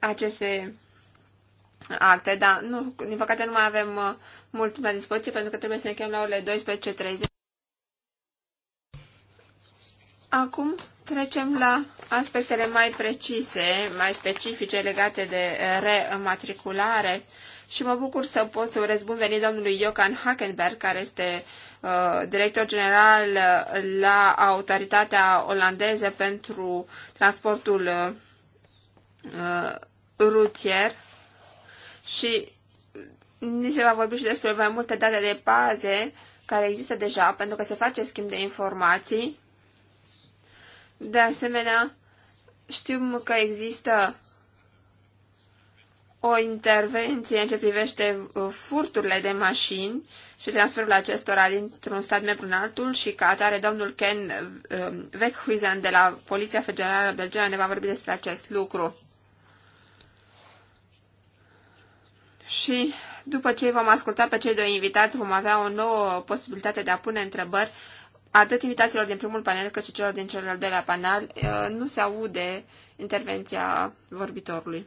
aceste acte, dar nu, din păcate nu mai avem uh, mult timp la dispoziție pentru că trebuie să ne chem la orele 12.30. Acum Trecem la aspectele mai precise, mai specifice legate de reînmatriculare și mă bucur să pot urez bun venit domnului Iocan Hackenberg, care este uh, director general uh, la autoritatea olandeză pentru transportul uh, uh, rutier și ni se va vorbi și despre mai multe date de paze care există deja, pentru că se face schimb de informații de asemenea, știm că există o intervenție în ce privește uh, furturile de mașini și transferul acestora dintr-un stat membru în altul și ca atare domnul Ken Weckhuizen uh, de la Poliția Federală Belgiană ne va vorbi despre acest lucru. Și după ce vom asculta pe cei doi invitați, vom avea o nouă posibilitate de a pune întrebări atât invitațiilor din primul panel cât și celor din cel al doilea panel uh, nu se aude intervenția vorbitorului.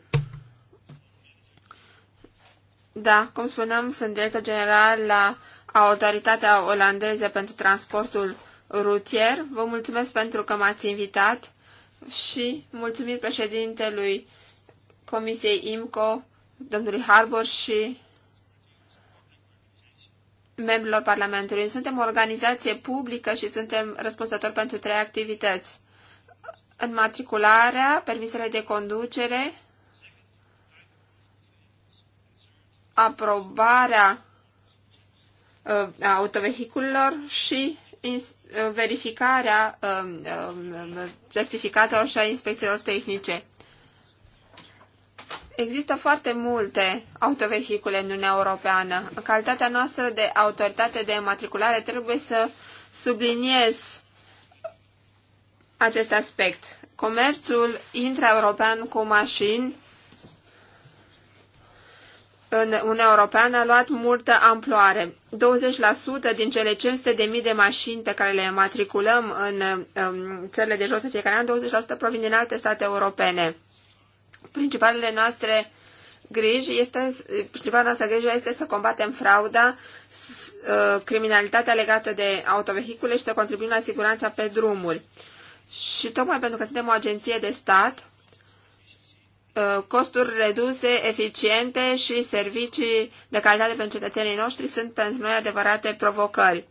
Da, cum spuneam, sunt director general la Autoritatea Olandeză pentru Transportul Rutier. Vă mulțumesc pentru că m-ați invitat și mulțumim președintelui Comisiei IMCO, domnului Harbour și membrilor Parlamentului. Suntem o organizație publică și suntem răspunzători pentru trei activități. Înmatricularea, permisele de conducere, aprobarea uh, autovehiculelor și uh, verificarea uh, certificatelor și a inspecțiilor tehnice. Există foarte multe autovehicule în Uniunea Europeană. În calitatea noastră de autoritate de matriculare trebuie să subliniez acest aspect. Comerțul intraeuropean cu mașini în Uniunea Europeană a luat multă amploare. 20% din cele 500.000 de mașini pe care le matriculăm în, în um, țările de jos în fiecare an, 20% provin din alte state europene. Principalele noastre griji este, principala noastră grijă este să combatem frauda, ă, criminalitatea legată de autovehicule și să contribuim la siguranța pe drumuri. Și tocmai pentru că suntem o agenție de stat, ă, costuri reduse, eficiente și servicii de calitate pentru cetățenii noștri sunt pentru noi adevărate provocări.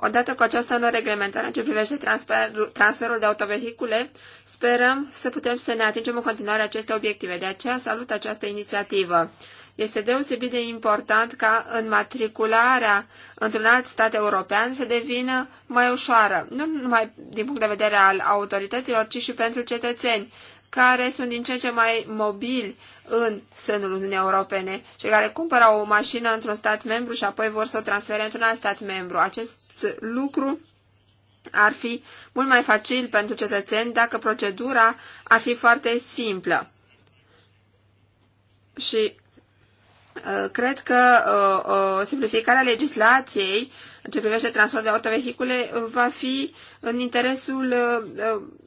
Odată cu această nouă reglementare în ce privește transferul, de autovehicule, sperăm să putem să ne atingem în continuare aceste obiective. De aceea salut această inițiativă. Este deosebit de important ca înmatricularea într-un alt stat european să devină mai ușoară, nu numai din punct de vedere al autorităților, ci și pentru cetățeni care sunt din ce în ce mai mobili în sânul Uniunii Europene și care cumpără o mașină într-un stat membru și apoi vor să o transfere într-un alt stat membru. Acest acest lucru ar fi mult mai facil pentru cetățeni dacă procedura ar fi foarte simplă. Și uh, cred că uh, uh, simplificarea legislației în ce privește transportul de autovehicule va fi în interesul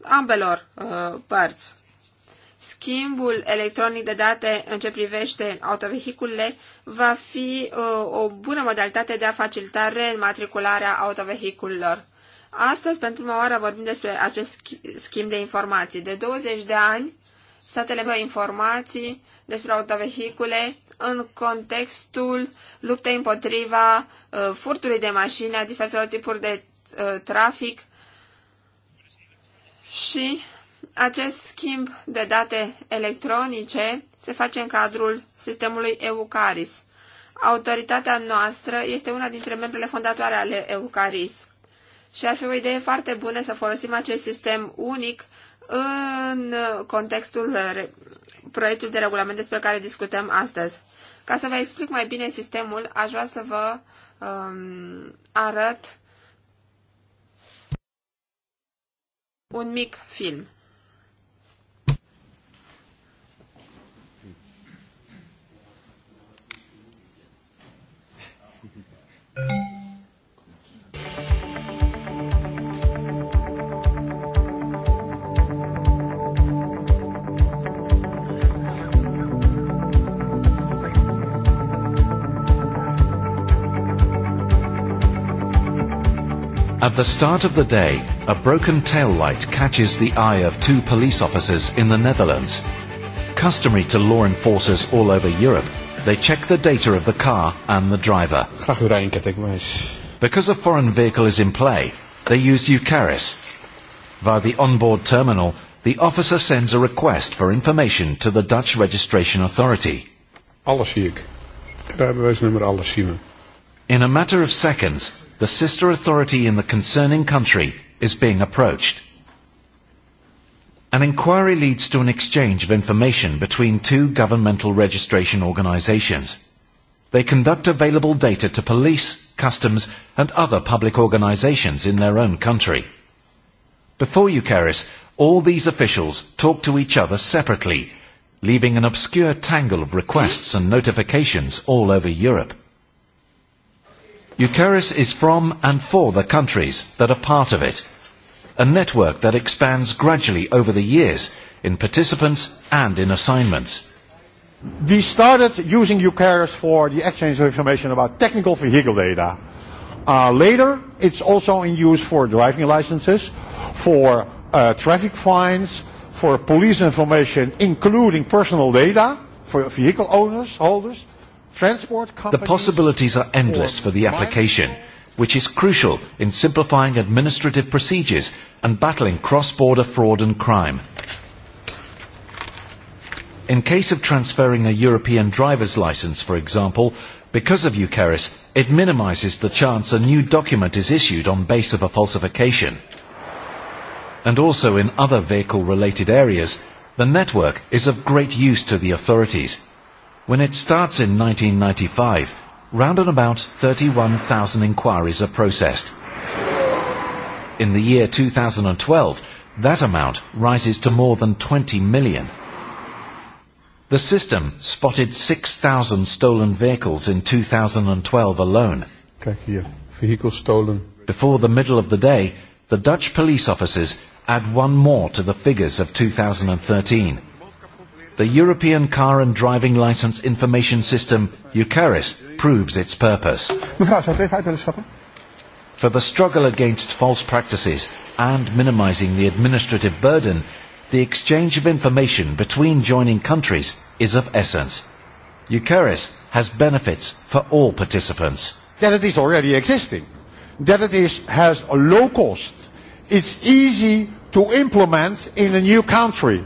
ambelor părți schimbul electronic de date în ce privește autovehiculele va fi uh, o bună modalitate de a facilita reînmatricularea autovehiculelor. Astăzi, pentru prima oară, vorbim despre acest schimb de informații. De 20 de ani, statele dau informații despre autovehicule în contextul luptei împotriva uh, furtului de mașini, a diferitelor tipuri de uh, trafic și acest schimb de date electronice se face în cadrul sistemului Eucaris. Autoritatea noastră este una dintre membrele fondatoare ale Eucaris și ar fi o idee foarte bună să folosim acest sistem unic în contextul proiectului de regulament despre care discutăm astăzi. Ca să vă explic mai bine sistemul, aș vrea să vă um, arăt un mic film. At the start of the day, a broken tail light catches the eye of two police officers in the Netherlands. Customary to law enforcers all over Europe, They check the data of the car and the driver. Because a foreign vehicle is in play, they use Eucaris. Via the onboard terminal, the officer sends a request for information to the Dutch Registration Authority. In a matter of seconds, the sister authority in the concerning country is being approached. An inquiry leads to an exchange of information between two governmental registration organizations. They conduct available data to police, customs and other public organizations in their own country. Before Eucharis, all these officials talk to each other separately, leaving an obscure tangle of requests and notifications all over Europe. Eucharis is from and for the countries that are part of it a network that expands gradually over the years in participants and in assignments. We started using UCARES for the exchange of information about technical vehicle data. Uh, later, it's also in use for driving licenses, for uh, traffic fines, for police information, including personal data for vehicle owners, holders, transport companies. The possibilities are endless for the application. Minors which is crucial in simplifying administrative procedures and battling cross-border fraud and crime. In case of transferring a European driver's license, for example, because of Eucharis, it minimises the chance a new document is issued on base of a falsification. And also in other vehicle-related areas, the network is of great use to the authorities. When it starts in 1995, round and about 31,000 inquiries are processed. In the year 2012, that amount rises to more than 20 million. The system spotted 6,000 stolen vehicles in 2012 alone. Kijk here. vehicles stolen. Before the middle of the day, the Dutch police officers add one more to the figures of 2013. The European Car and Driving License Information System, EUCARIS, proves its purpose. For the struggle against false practices and minimising the administrative burden, the exchange of information between joining countries is of essence. EUCARIS has benefits for all participants. That it is already existing, that it is, has a low cost, it's easy to implement in a new country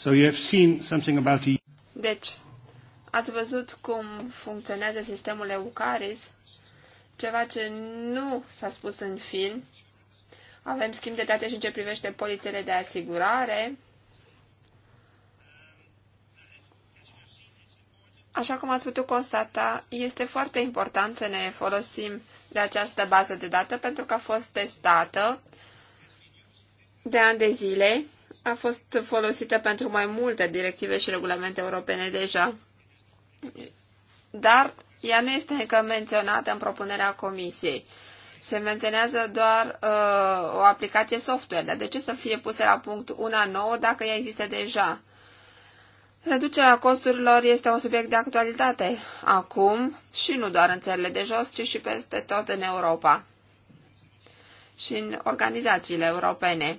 So you have seen something about the... Deci, ați văzut cum funcționează sistemul Eucaris, ceva ce nu s-a spus în film. Avem schimb de date și în ce privește polițele de asigurare. Așa cum ați putut constata, este foarte important să ne folosim de această bază de date pentru că a fost testată de ani de zile a fost folosită pentru mai multe directive și regulamente europene deja, dar ea nu este încă menționată în propunerea Comisiei. Se menționează doar uh, o aplicație software, dar de ce să fie puse la punct una nouă dacă ea există deja? Reducerea costurilor este un subiect de actualitate acum și nu doar în țările de jos, ci și peste tot în Europa și în organizațiile europene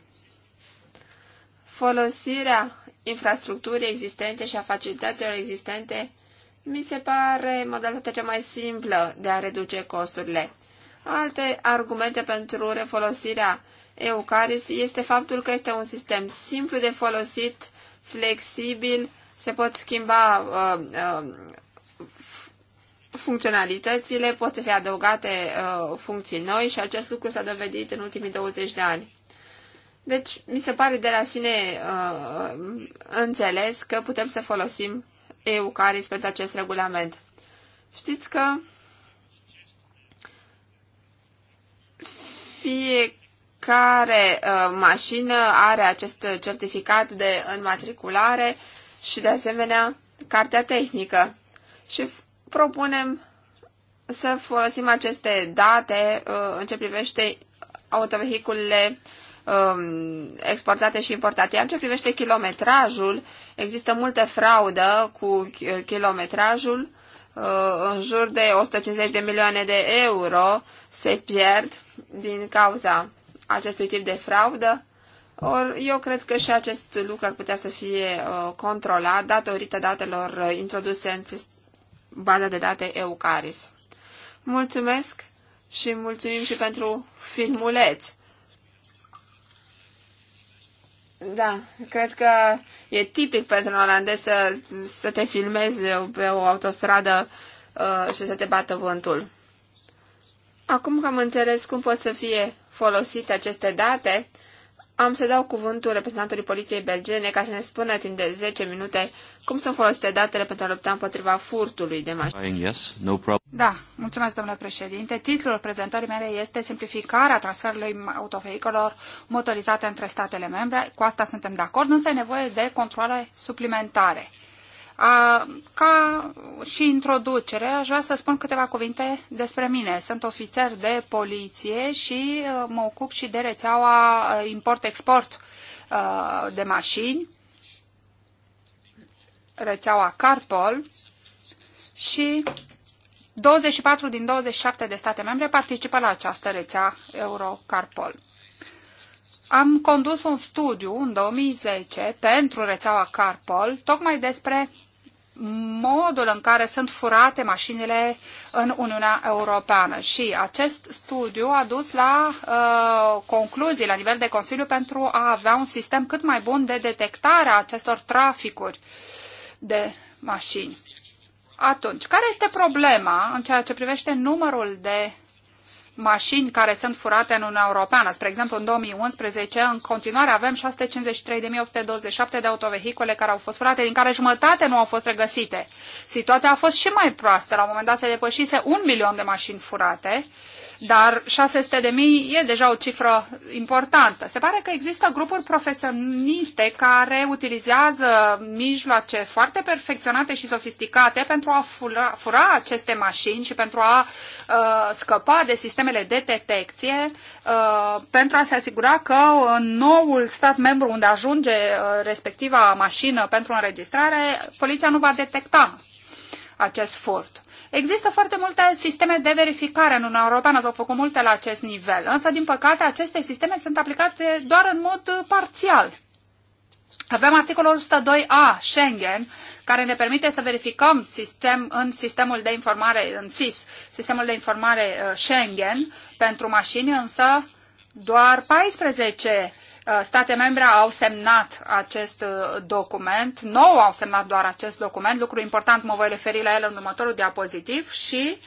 folosirea infrastructurii existente și a facilităților existente mi se pare modalitatea cea mai simplă de a reduce costurile. Alte argumente pentru refolosirea Eucaris este faptul că este un sistem simplu de folosit, flexibil, se pot schimba uh, uh, funcționalitățile, pot fi adăugate uh, funcții noi și acest lucru s-a dovedit în ultimii 20 de ani. Deci, mi se pare de la sine uh, înțeles că putem să folosim EUCARIS pentru acest regulament. Știți că fiecare uh, mașină are acest certificat de înmatriculare și, de asemenea, cartea tehnică. Și propunem să folosim aceste date uh, în ce privește autovehiculele uh, Um, exportate și importate. Iar ce privește kilometrajul, există multă fraudă cu kilometrajul. Uh, în jur de 150 de milioane de euro se pierd din cauza acestui tip de fraudă. Or, eu cred că și acest lucru ar putea să fie uh, controlat datorită datelor uh, introduse în baza de date EUCARIS. Mulțumesc și mulțumim și pentru filmuleț da, cred că e tipic pentru un olandez să, să te filmezi pe o autostradă uh, și să te bată vântul. Acum că am înțeles cum pot să fie folosite aceste date, am să dau cuvântul reprezentantului poliției belgene ca să ne spună timp de 10 minute cum sunt folosite datele pentru a lupta împotriva furtului de mașini? Yes, no da, mulțumesc, domnule președinte. Titlul prezentării mele este Simplificarea transferului autovehicolor motorizate între statele membre. Cu asta suntem de acord, însă e nevoie de controle suplimentare. A, ca și introducere, aș vrea să spun câteva cuvinte despre mine. Sunt ofițer de poliție și uh, mă ocup și de rețeaua uh, import-export uh, de mașini rețeaua CARPOL și 24 din 27 de state membre participă la această rețea Eurocarpol. Am condus un studiu în 2010 pentru rețeaua Carpol, tocmai despre modul în care sunt furate mașinile în Uniunea Europeană. Și acest studiu a dus la uh, concluzii la nivel de Consiliu pentru a avea un sistem cât mai bun de detectare a acestor traficuri uh, de mașini. Atunci, care este problema în ceea ce privește numărul de mașini care sunt furate în Uniunea Europeană. Spre exemplu, în 2011, în continuare avem 653.827 de autovehicule care au fost furate, din care jumătate nu au fost regăsite. Situația a fost și mai proastă. La un moment dat se depășise un milion de mașini furate, dar 600.000 e deja o cifră importantă. Se pare că există grupuri profesioniste care utilizează mijloace foarte perfecționate și sofisticate pentru a fura, fura aceste mașini și pentru a uh, scăpa de sistemul sistemele de detecție uh, pentru a se asigura că uh, noul stat membru unde ajunge uh, respectiva mașină pentru înregistrare, poliția nu va detecta acest furt. Există foarte multe sisteme de verificare în Uniunea Europeană, s-au făcut multe la acest nivel, însă, din păcate, aceste sisteme sunt aplicate doar în mod parțial. Avem articolul 102a Schengen, care ne permite să verificăm sistem, în sistemul de informare, în SIS, sistemul de informare uh, Schengen pentru mașini, însă doar 14 uh, state membre au semnat acest uh, document, 9 au semnat doar acest document, lucru important, mă voi referi la el în următorul diapozitiv și uh,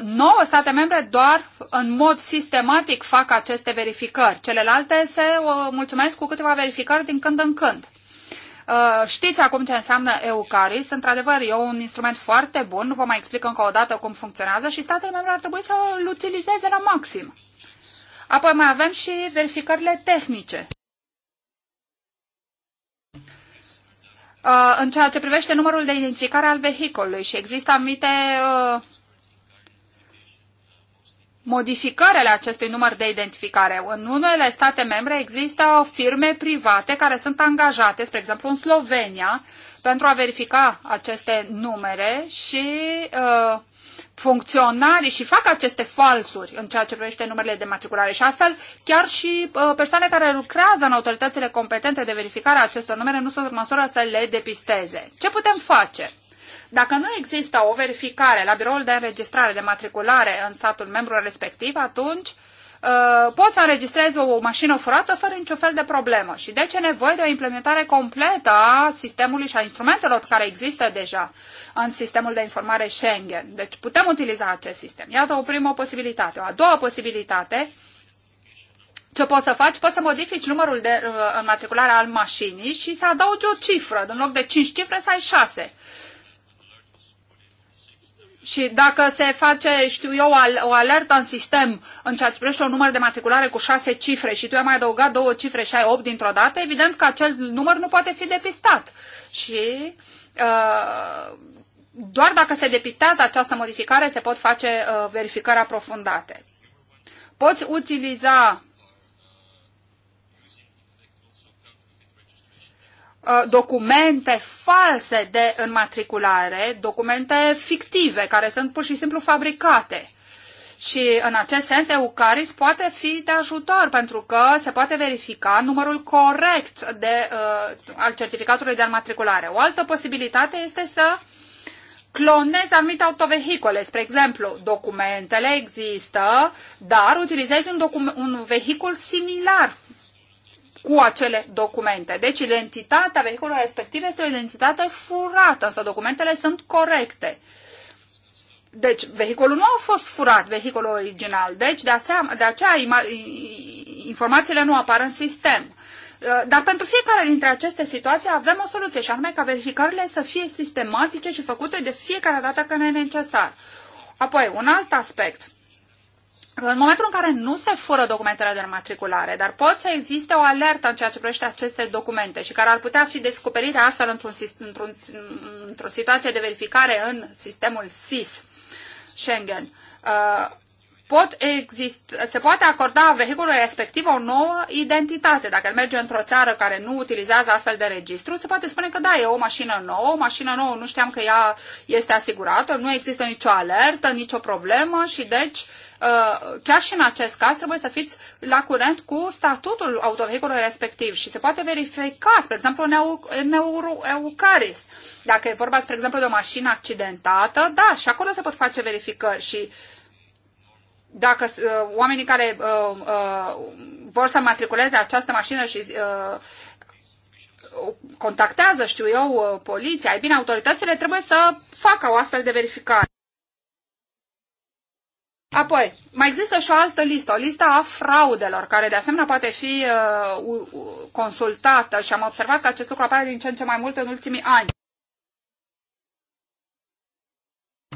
9 uh, state membre doar în mod sistematic fac aceste verificări. Celelalte se uh, mulțumesc cu câteva verificări din când în când. Uh, știți acum ce înseamnă Eucaris. Într-adevăr, e un instrument foarte bun. Vă mai explic încă o dată cum funcționează și statele membre ar trebui să îl utilizeze la maxim. Apoi mai avem și verificările tehnice. În ceea ce privește numărul de identificare al vehicolului și există anumite modificări ale acestui număr de identificare. În unele state membre există firme private care sunt angajate, spre exemplu în Slovenia, pentru a verifica aceste numere și uh, funcționarii și fac aceste falsuri în ceea ce privește numerele de matriculare și astfel chiar și uh, persoane care lucrează în autoritățile competente de verificare a acestor numere nu sunt în măsură să le depisteze. Ce putem face? Dacă nu există o verificare la biroul de înregistrare, de matriculare în statul membru respectiv, atunci uh, poți să înregistrezi o mașină furată fără niciun fel de problemă. Și deci ce nevoie de o implementare completă a sistemului și a instrumentelor care există deja în sistemul de informare Schengen. Deci putem utiliza acest sistem. Iată o primă posibilitate. O a doua posibilitate ce poți să faci? Poți să modifici numărul de uh, al mașinii și să adaugi o cifră. În loc de 5 cifre, să ai 6. Și dacă se face, știu eu, o alertă în sistem în ceea ce privește un număr de matriculare cu șase cifre și tu ai mai adăugat două cifre și ai opt dintr-o dată, evident că acel număr nu poate fi depistat. Și uh, doar dacă se depistează această modificare se pot face uh, verificări aprofundate. Poți utiliza Uh, documente false de înmatriculare, documente fictive, care sunt pur și simplu fabricate. Și în acest sens, Eucaris poate fi de ajutor, pentru că se poate verifica numărul corect de, uh, al certificatului de înmatriculare. O altă posibilitate este să clonezi anumite autovehicole. Spre exemplu, documentele există, dar utilizezi un, un vehicul similar cu acele documente. Deci identitatea vehiculului respectiv este o identitate furată, însă documentele sunt corecte. Deci, vehiculul nu a fost furat, vehiculul original. Deci, de, asea, de aceea informațiile nu apar în sistem. Uh, dar pentru fiecare dintre aceste situații avem o soluție și anume ca verificările să fie sistematice și făcute de fiecare dată când e necesar. Apoi, un alt aspect în momentul în care nu se fură documentele de înmatriculare, dar pot să existe o alertă în ceea ce privește aceste documente și care ar putea fi descoperite astfel într-un, într-un, într-o situație de verificare în sistemul SIS Schengen, uh, pot exist, se poate acorda vehiculului respectiv o nouă identitate. Dacă el merge într-o țară care nu utilizează astfel de registru, se poate spune că da, e o mașină nouă, o mașină nouă, nu știam că ea este asigurată, nu există nicio alertă, nicio problemă și deci uh, chiar și în acest caz trebuie să fiți la curent cu statutul autovehiculului respectiv și se poate verifica, spre exemplu, în, eu, Eucaris. Dacă e vorba, spre exemplu, de o mașină accidentată, da, și acolo se pot face verificări și uh, dacă uh, oamenii care uh, uh, vor să matriculeze această mașină și contactează, știu eu, poliția, ai bine, autoritățile trebuie să facă o astfel de verificare. Apoi, mai există și o altă listă, o listă a fraudelor, care de asemenea poate fi uh, consultată și am observat că acest lucru apare din ce în ce mai mult în ultimii ani.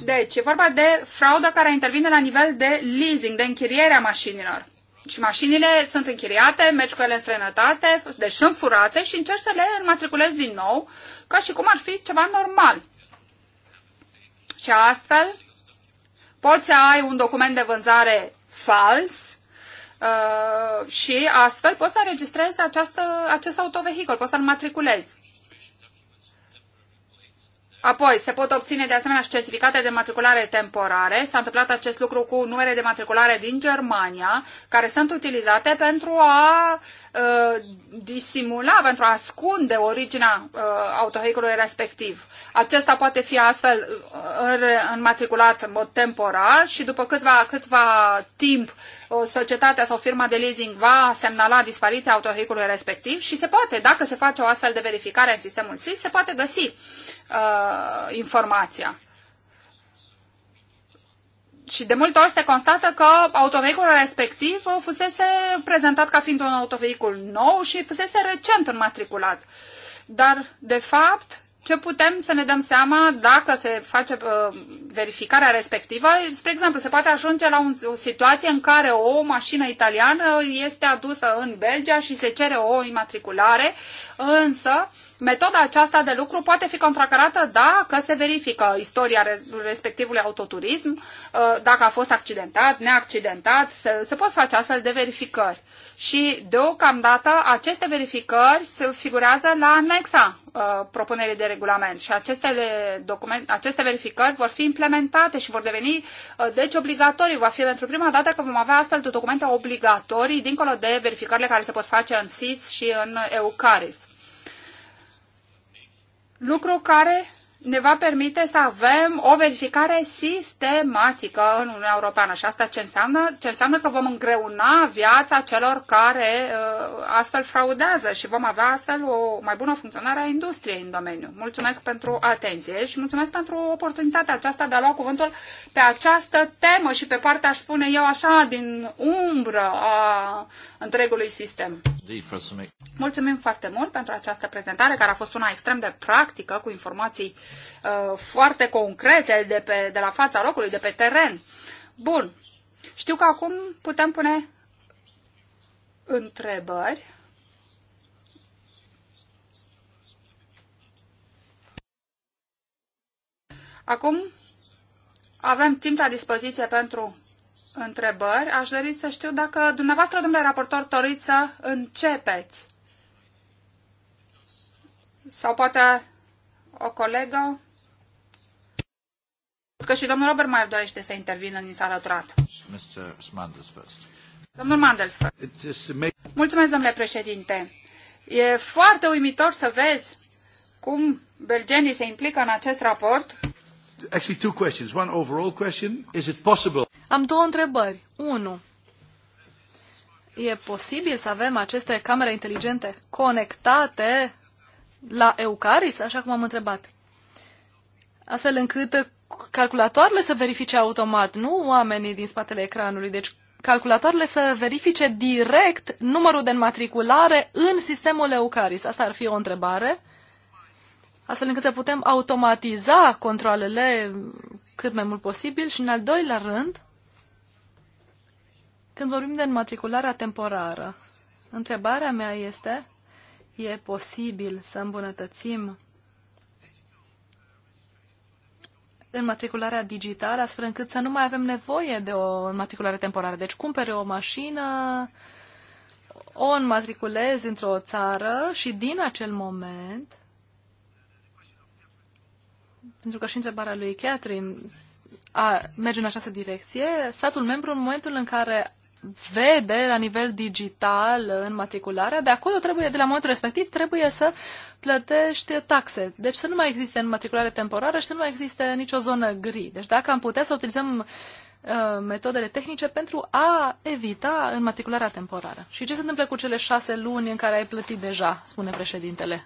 Deci, e vorba de fraudă care intervine la nivel de leasing, de închirierea mașinilor. Și mașinile sunt închiriate, mergi cu ele în străinătate, deci sunt furate și încerci să le înmatriculezi din nou, ca și cum ar fi ceva normal. Și astfel, poți să ai un document de vânzare fals uh, și astfel poți să înregistrezi această, acest autovehicul, poți să-l matriculezi. Apoi, se pot obține de asemenea și certificate de matriculare temporare. S-a întâmplat acest lucru cu numere de matriculare din Germania, care sunt utilizate pentru a Uh, disimula, pentru a ascunde originea uh, autovehiculului respectiv. Acesta poate fi astfel uh, înmatriculat în mod temporar și după câțiva, câtva timp uh, societatea sau firma de leasing va semnala dispariția autovehiculului respectiv și se poate, dacă se face o astfel de verificare în sistemul SIS, se poate găsi uh, informația și de multe ori se constată că autovehiculul respectiv fusese prezentat ca fiind un autovehicul nou și fusese recent înmatriculat. Dar, de fapt, ce putem să ne dăm seama dacă se face uh, verificarea respectivă. Spre exemplu, se poate ajunge la un, o situație în care o mașină italiană este adusă în Belgia și se cere o imatriculare, însă uh, Metoda aceasta de lucru poate fi contracarată dacă se verifică istoria respectivului autoturism, uh, dacă a fost accidentat, neaccidentat, se, se pot face astfel de verificări. Și deocamdată aceste verificări se figurează la anexa uh, propunerii de regulament și aceste, document, aceste verificări vor fi implementate și vor deveni uh, deci obligatorii. Va fi pentru prima dată că vom avea astfel de documente obligatorii dincolo de verificările care se pot face în SIS și în EUCARIS lucru care ne va permite să avem o verificare sistematică în Uniunea Europeană. Și asta ce înseamnă? Ce înseamnă că vom îngreuna viața celor care uh, astfel fraudează și vom avea astfel o mai bună funcționare a industriei în domeniu. Mulțumesc pentru atenție și mulțumesc pentru oportunitatea aceasta de a lua cuvântul pe această temă și pe partea, aș spune eu așa, din umbră a întregului sistem. Mulțumim foarte mult pentru această prezentare, care a fost una extrem de practică, cu informații uh, foarte concrete de, pe, de la fața locului, de pe teren. Bun. Știu că acum putem pune întrebări. Acum avem timp la dispoziție pentru întrebări. Aș dori să știu dacă dumneavoastră, domnule raportor, doriți să începeți. Sau poate o colegă. Că și domnul Robert mai dorește să intervină, ni s-a alăturat. Domnul Mandels, Mulțumesc, domnule președinte. E foarte uimitor să vezi cum belgenii se implică în acest raport. Actually, two questions. One overall question. Is it possible? Am două întrebări. Unu, e posibil să avem aceste camere inteligente conectate la Eucaris, așa cum am întrebat? Astfel încât calculatoarele să verifice automat, nu oamenii din spatele ecranului. Deci calculatoarele să verifice direct numărul de înmatriculare în sistemul Eucaris. Asta ar fi o întrebare. Astfel încât să putem automatiza controlele cât mai mult posibil și în al doilea rând când vorbim de înmatricularea temporară, întrebarea mea este, e posibil să îmbunătățim înmatricularea digitală, astfel încât să nu mai avem nevoie de o înmatriculare temporară. Deci cumpere o mașină, o înmatriculezi într-o țară și din acel moment, pentru că și întrebarea lui Catherine a, merge în această direcție, statul membru în momentul în care vede la nivel digital în matricularea, de acolo trebuie, de la momentul respectiv, trebuie să plătești taxe. Deci să nu mai existe înmatriculare temporară și să nu mai existe nicio zonă gri. Deci dacă am putea să utilizăm uh, metodele tehnice pentru a evita înmatricularea temporară. Și ce se întâmplă cu cele șase luni în care ai plătit deja, spune președintele?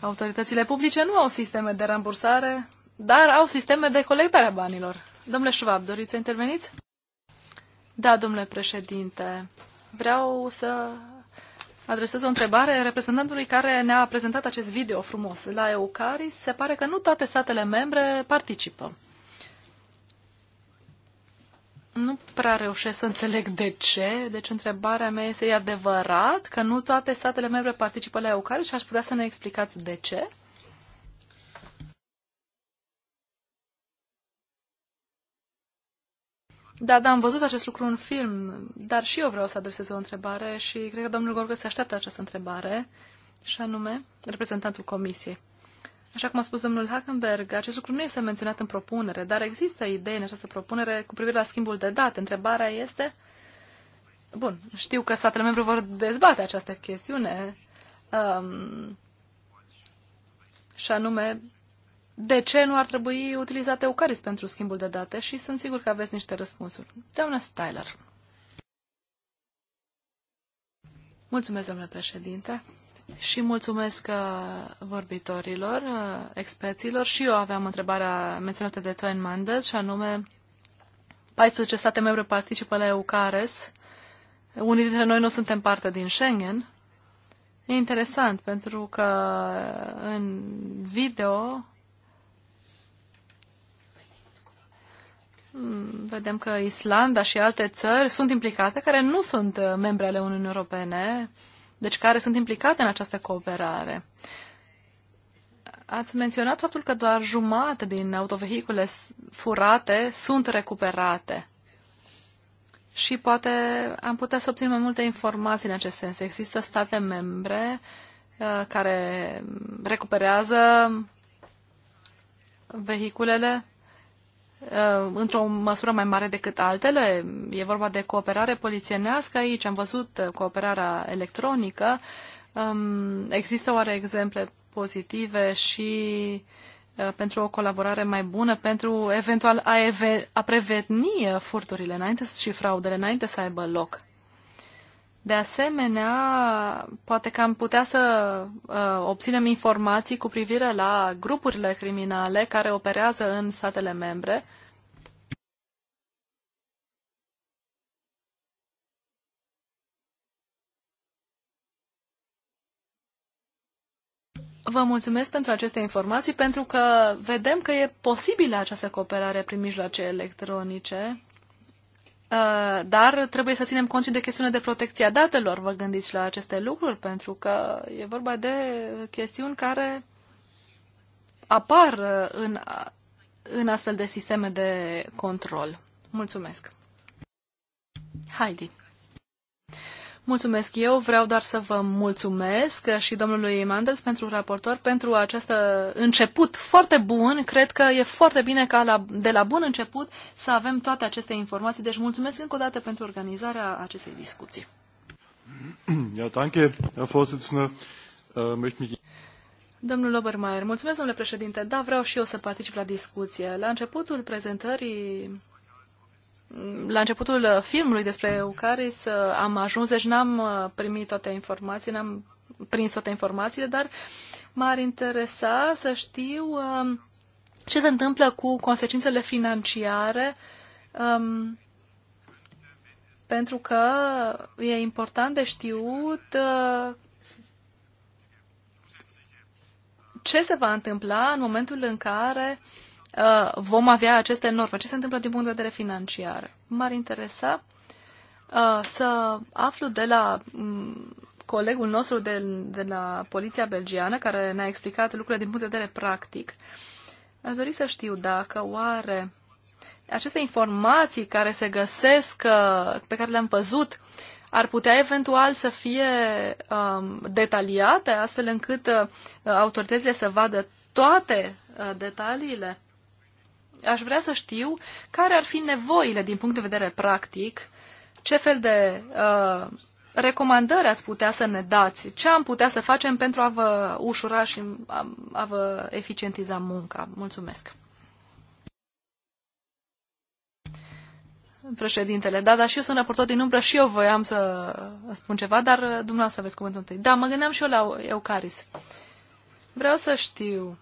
Autoritățile publice nu au sisteme de rambursare, dar au sisteme de colectare a banilor. Domnule Schwab, doriți să interveniți? Da, domnule președinte. Vreau să adresez o întrebare reprezentantului care ne-a prezentat acest video frumos. La Eucaris se pare că nu toate statele membre participă. Nu prea reușesc să înțeleg de ce. Deci întrebarea mea este, e adevărat că nu toate statele membre participă la Eucaris și aș putea să ne explicați de ce? Da, da, am văzut acest lucru în film, dar și eu vreau să adresez o întrebare și cred că domnul Gorgă se așteaptă această întrebare, și anume reprezentantul comisiei. Așa cum a spus domnul Hackenberg, acest lucru nu este menționat în propunere, dar există idei în această propunere cu privire la schimbul de date. Întrebarea este... Bun, știu că statele membre vor dezbate această chestiune um, și anume de ce nu ar trebui utilizat Eucaris pentru schimbul de date și sunt sigur că aveți niște răspunsuri. Doamna Styler. Mulțumesc, domnule președinte, și mulțumesc uh, vorbitorilor, uh, experților. Și eu aveam întrebarea menționată de Toin Mandel, și anume 14 state membre participă la Eucares. Unii dintre noi nu suntem parte din Schengen. E interesant, pentru că în video Mm, vedem că Islanda și alte țări sunt implicate, care nu sunt uh, membre ale Uniunii Europene, deci care sunt implicate în această cooperare. Ați menționat faptul că doar jumate din autovehicule furate sunt recuperate. Și poate am putea să obținem mai multe informații în acest sens. Există state membre uh, care recuperează vehiculele Uh, într-o măsură mai mare decât altele. E vorba de cooperare polițienească aici, am văzut uh, cooperarea electronică. Um, există oare exemple pozitive și uh, pentru o colaborare mai bună, pentru eventual a, eve- a preveni furturile înainte și fraudele înainte să aibă loc? De asemenea, poate că am putea să uh, obținem informații cu privire la grupurile criminale care operează în statele membre. Vă mulțumesc pentru aceste informații, pentru că vedem că e posibilă această cooperare prin mijloace electronice Uh, dar trebuie să ținem cont și de chestiunea de protecție a datelor. Vă gândiți la aceste lucruri? Pentru că e vorba de chestiuni care apar uh, în, uh, în astfel de sisteme de control. Mulțumesc! Heidi. Mulțumesc eu, vreau doar să vă mulțumesc și domnului Mandels pentru raportor, pentru acest început foarte bun. Cred că e foarte bine ca la, de la bun început să avem toate aceste informații. Deci mulțumesc încă o dată pentru organizarea acestei discuții. Ja, danke, Herr Vorsitzender. Uh, möchte mich... Domnul Obermeier, mulțumesc, domnule președinte. Da, vreau și eu să particip la discuție. La începutul prezentării la începutul filmului despre Eucaris uh, am ajuns, deci n-am uh, primit toate informații, n-am prins toate informațiile, dar m-ar interesa să știu um, ce se întâmplă cu consecințele financiare um, pentru că e important de știut uh, ce se va întâmpla în momentul în care uh, Uh, vom avea aceste norme. Ce se întâmplă din punct de vedere financiar? M-ar interesa uh, să aflu de la mm, colegul nostru de, de la Poliția Belgiană, care ne-a explicat lucrurile din punct de vedere practic. Aș dori să știu dacă oare aceste informații care se găsesc, uh, pe care le-am văzut, ar putea eventual să fie um, detaliate, astfel încât uh, autoritățile să vadă toate uh, detaliile? aș vrea să știu care ar fi nevoile din punct de vedere practic, ce fel de uh, recomandări ați putea să ne dați, ce am putea să facem pentru a vă ușura și um, a vă eficientiza munca. Mulțumesc! președintele. Da, dar și eu sunt raportor din umbră și eu voiam să spun ceva, dar uh, dumneavoastră aveți cuvântul întâi. Da, mă gândeam și eu la Eucaris. Vreau să știu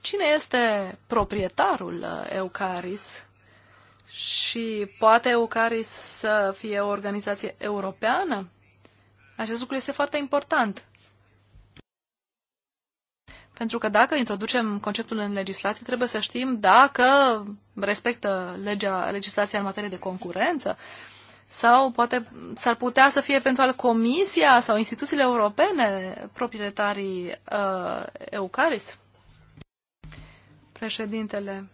cine este proprietarul uh, Eucaris și poate Eucaris să fie o organizație europeană? Acest lucru este foarte important. Pentru că dacă introducem conceptul în legislație, trebuie să știm dacă respectă legea, legislația în materie de concurență sau poate s-ar putea să fie eventual Comisia sau instituțiile europene proprietarii uh, Eucaris. Președintele,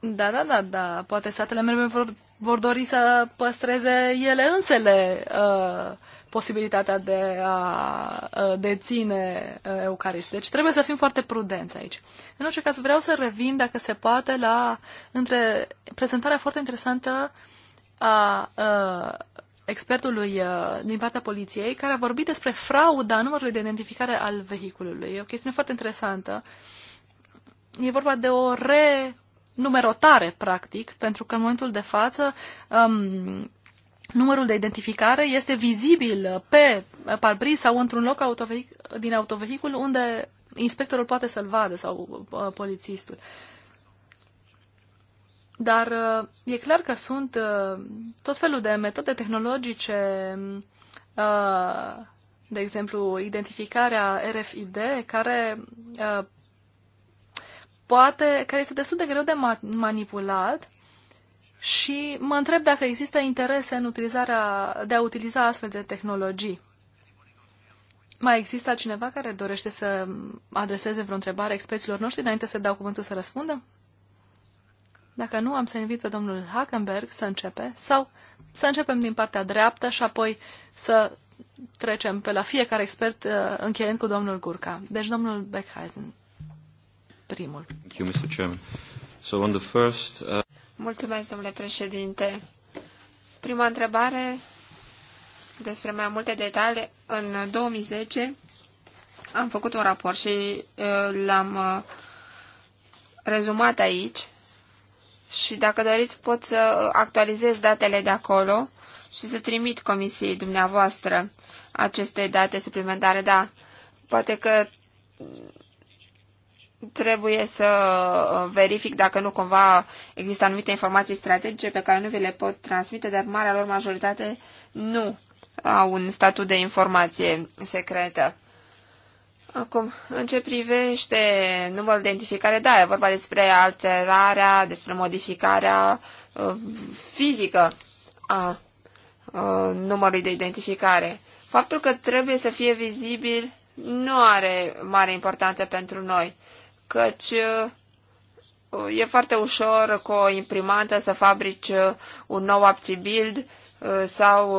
da, da, da, da, poate statele membre vor, vor dori să păstreze ele însele uh, posibilitatea de a uh, deține uh, Eucarist. Deci trebuie să fim foarte prudenți aici. În orice caz, vreau să revin, dacă se poate, la între, prezentarea foarte interesantă a uh, expertului uh, din partea poliției, care a vorbit despre frauda numărului de identificare al vehiculului. E o chestiune foarte interesantă. Uh, e vorba de o renumerotare, practic, pentru că în momentul de față um, numărul de identificare este vizibil pe parbriz sau într-un loc autovehic- din autovehicul unde inspectorul poate să-l vadă sau uh, polițistul. Dar uh, e clar că sunt uh, tot felul de metode tehnologice, uh, de exemplu, identificarea RFID, care uh, poate, care este destul de greu de ma- manipulat și mă întreb dacă există interese în utilizarea, de a utiliza astfel de tehnologii. Mai există cineva care dorește să adreseze vreo întrebare experților noștri înainte să dau cuvântul să răspundă? Dacă nu, am să invit pe domnul Hackenberg să începe sau să începem din partea dreaptă și apoi să trecem pe la fiecare expert uh, încheiând cu domnul Gurca. Deci domnul Beckheisen primul. Uh, Mulțumesc, domnule președinte. Prima întrebare despre mai multe detalii. În 2010 am făcut un raport și uh, l-am uh, rezumat aici și dacă doriți pot să actualizez datele de acolo și să trimit comisiei dumneavoastră aceste date suplimentare. Da, poate că trebuie să uh, verific dacă nu cumva există anumite informații strategice pe care nu vi le pot transmite, dar marea lor majoritate nu au un statut de informație secretă. Acum, în ce privește numărul de identificare, da, e vorba despre alterarea, despre modificarea uh, fizică a uh, numărului de identificare. Faptul că trebuie să fie vizibil nu are mare importanță pentru noi căci uh, e foarte ușor cu o imprimantă să fabrici uh, un nou aptibild uh, sau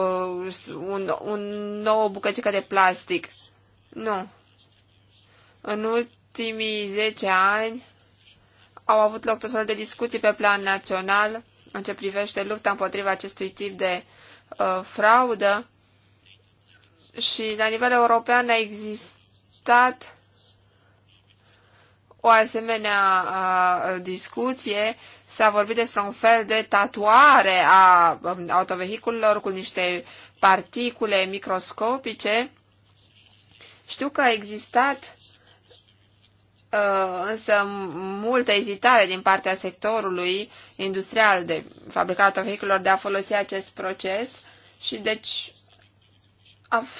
un, un nou bucățică de plastic. Nu. În ultimii 10 ani au avut loc tot felul de discuții pe plan național în ce privește lupta împotriva acestui tip de uh, fraudă și la nivel european a existat o asemenea discuție. S-a vorbit despre un fel de tatuare a um, autovehiculelor cu niște particule microscopice. Știu că a existat însă multă ezitare din partea sectorului industrial de fabricat autovehiculelor de a folosi acest proces și deci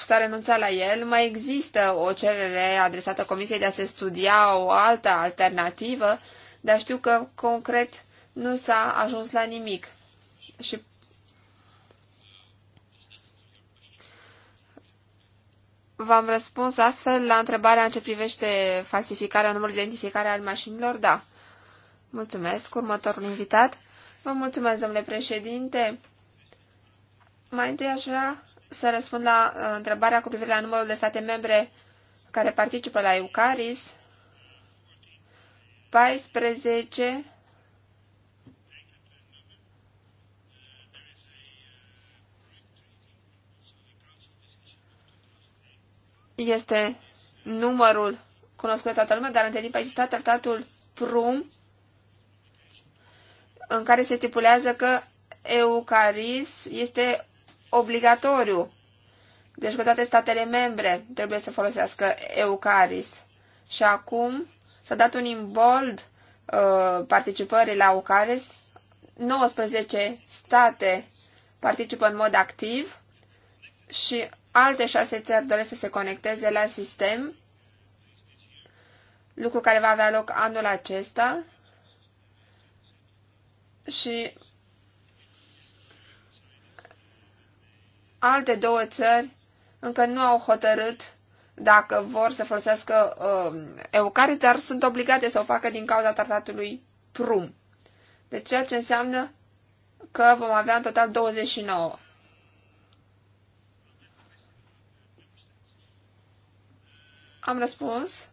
s-a renunțat la el, mai există o cerere adresată Comisiei de a se studia o altă alternativă, dar știu că concret nu s-a ajuns la nimic. Și V-am răspuns astfel la întrebarea în ce privește falsificarea numărului de identificare al mașinilor? Da. Mulțumesc. Următorul invitat. Vă mulțumesc, domnule președinte. Mai întâi aș vrea să răspund la uh, întrebarea cu privire la numărul de state membre care participă la Eucaris. 14 este numărul cunoscut de toată lumea, dar între timp a existat tratatul Prum, în care se stipulează că Eucaris este obligatoriu. Deci că toate statele membre trebuie să folosească Eucaris. Și acum s-a dat un imbold uh, participării la Eucaris. 19 state participă în mod activ și alte șase țări doresc să se conecteze la sistem, lucru care va avea loc anul acesta și Alte două țări încă nu au hotărât dacă vor să folosească uh, eucarist, dar sunt obligate să o facă din cauza tratatului prum. Deci ceea ce înseamnă că vom avea în total 29. Am răspuns.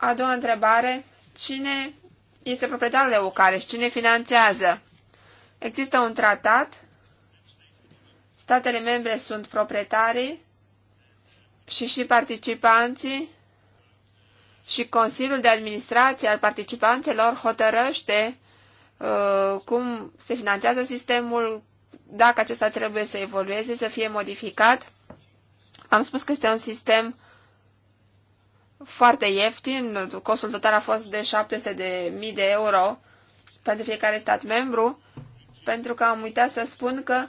A doua întrebare. Cine este proprietarul eucarist? Cine finanțează? Există un tratat Statele membre sunt proprietarii și și participanții și Consiliul de Administrație al participanților hotărăște uh, cum se finanțează sistemul, dacă acesta trebuie să evolueze, să fie modificat. Am spus că este un sistem foarte ieftin, costul total a fost de 700.000 de, mii de euro pentru fiecare stat membru, pentru că am uitat să spun că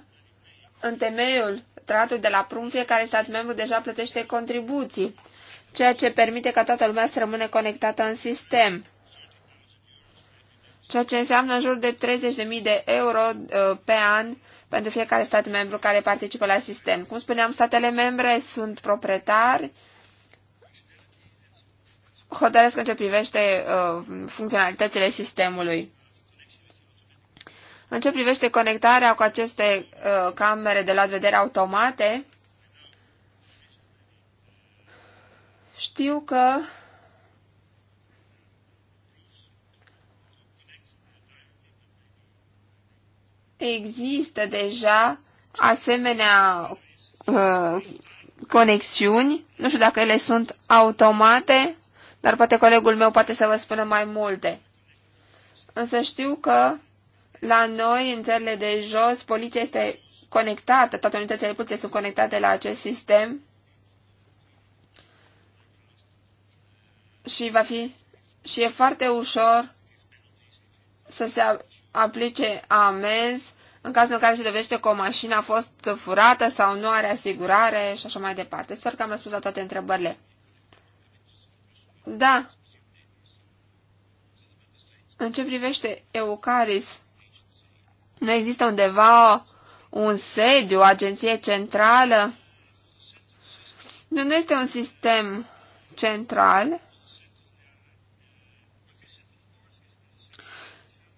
în temeiul tratului de la prun, fiecare stat membru deja plătește contribuții, ceea ce permite ca toată lumea să rămâne conectată în sistem. Ceea ce înseamnă în jur de 30.000 de euro uh, pe an pentru fiecare stat membru care participă la sistem. Cum spuneam, statele membre sunt proprietari, hotărăsc în ce privește uh, funcționalitățile sistemului. În ce privește conectarea cu aceste uh, camere de la vedere automate, știu că există deja asemenea uh, conexiuni. Nu știu dacă ele sunt automate, dar poate colegul meu poate să vă spună mai multe. Însă știu că la noi, în țările de jos, poliția este conectată, toate unitățile poliției sunt conectate la acest sistem și va fi și e foarte ușor să se aplice amenzi în cazul în care se dovedește că o mașină a fost furată sau nu are asigurare și așa mai departe. Sper că am răspuns la toate întrebările. Da. În ce privește Eucaris, nu există undeva un sediu, o agenție centrală? Nu, nu este un sistem central.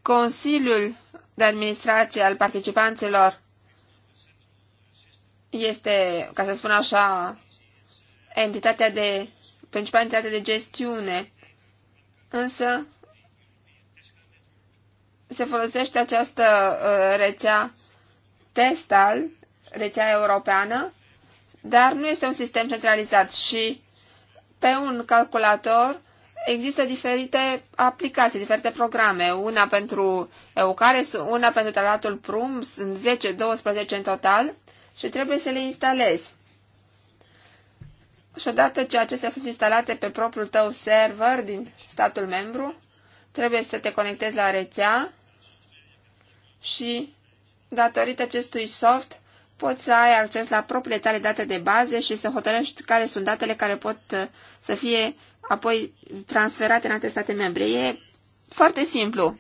Consiliul de administrație al participanților este, ca să spun așa, entitatea de, principal entitate de gestiune, însă se folosește această uh, rețea TESTAL, rețea europeană, dar nu este un sistem centralizat și pe un calculator există diferite aplicații, diferite programe, una pentru eucares, una pentru talatul prum, sunt 10-12 în total și trebuie să le instalezi. Și odată ce acestea sunt instalate pe propriul tău server din statul membru, trebuie să te conectezi la rețea și, datorită acestui soft, poți să ai acces la propriile tale date de bază și să hotărăști care sunt datele care pot uh, să fie apoi transferate în alte state membre. E foarte simplu.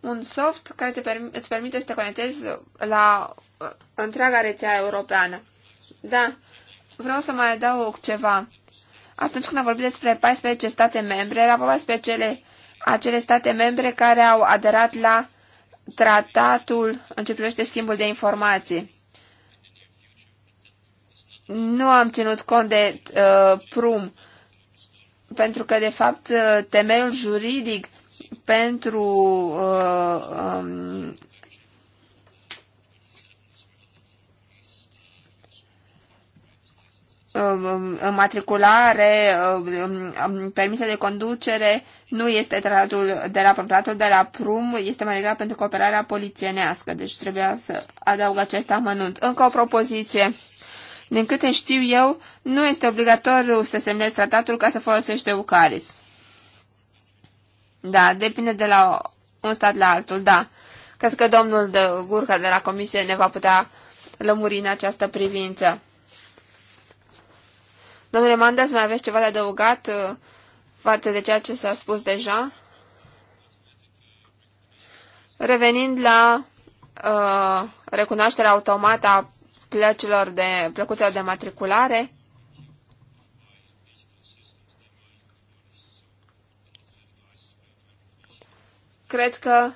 Un soft care te perm- îți permite să te conectezi la uh, întreaga rețea europeană. Da, vreau să mai adaug ceva. Atunci când am vorbit despre 14 state membre, era vorba despre cele, acele state membre care au aderat la tratatul în ce privește schimbul de informații. Nu am ținut cont de uh, prum, pentru că, de fapt, uh, temeiul juridic pentru uh, um, um, um matriculare, uh, um, permise de conducere nu este tratatul de la procuratul de la Prum, este mai degrabă pentru cooperarea polițienească, deci trebuia să adaug acest amănunt. Încă o propoziție. Din câte știu eu, nu este obligatoriu să semnezi tratatul ca să folosești Eucaris. Da, depinde de la un stat la altul, da. Cred că domnul de Gurca de la Comisie ne va putea lămuri în această privință. Domnule Mandas, mai aveți ceva de adăugat? față de ceea ce s-a spus deja. Revenind la uh, recunoașterea automată a plăcilor de, plăcuțelor de matriculare, cred că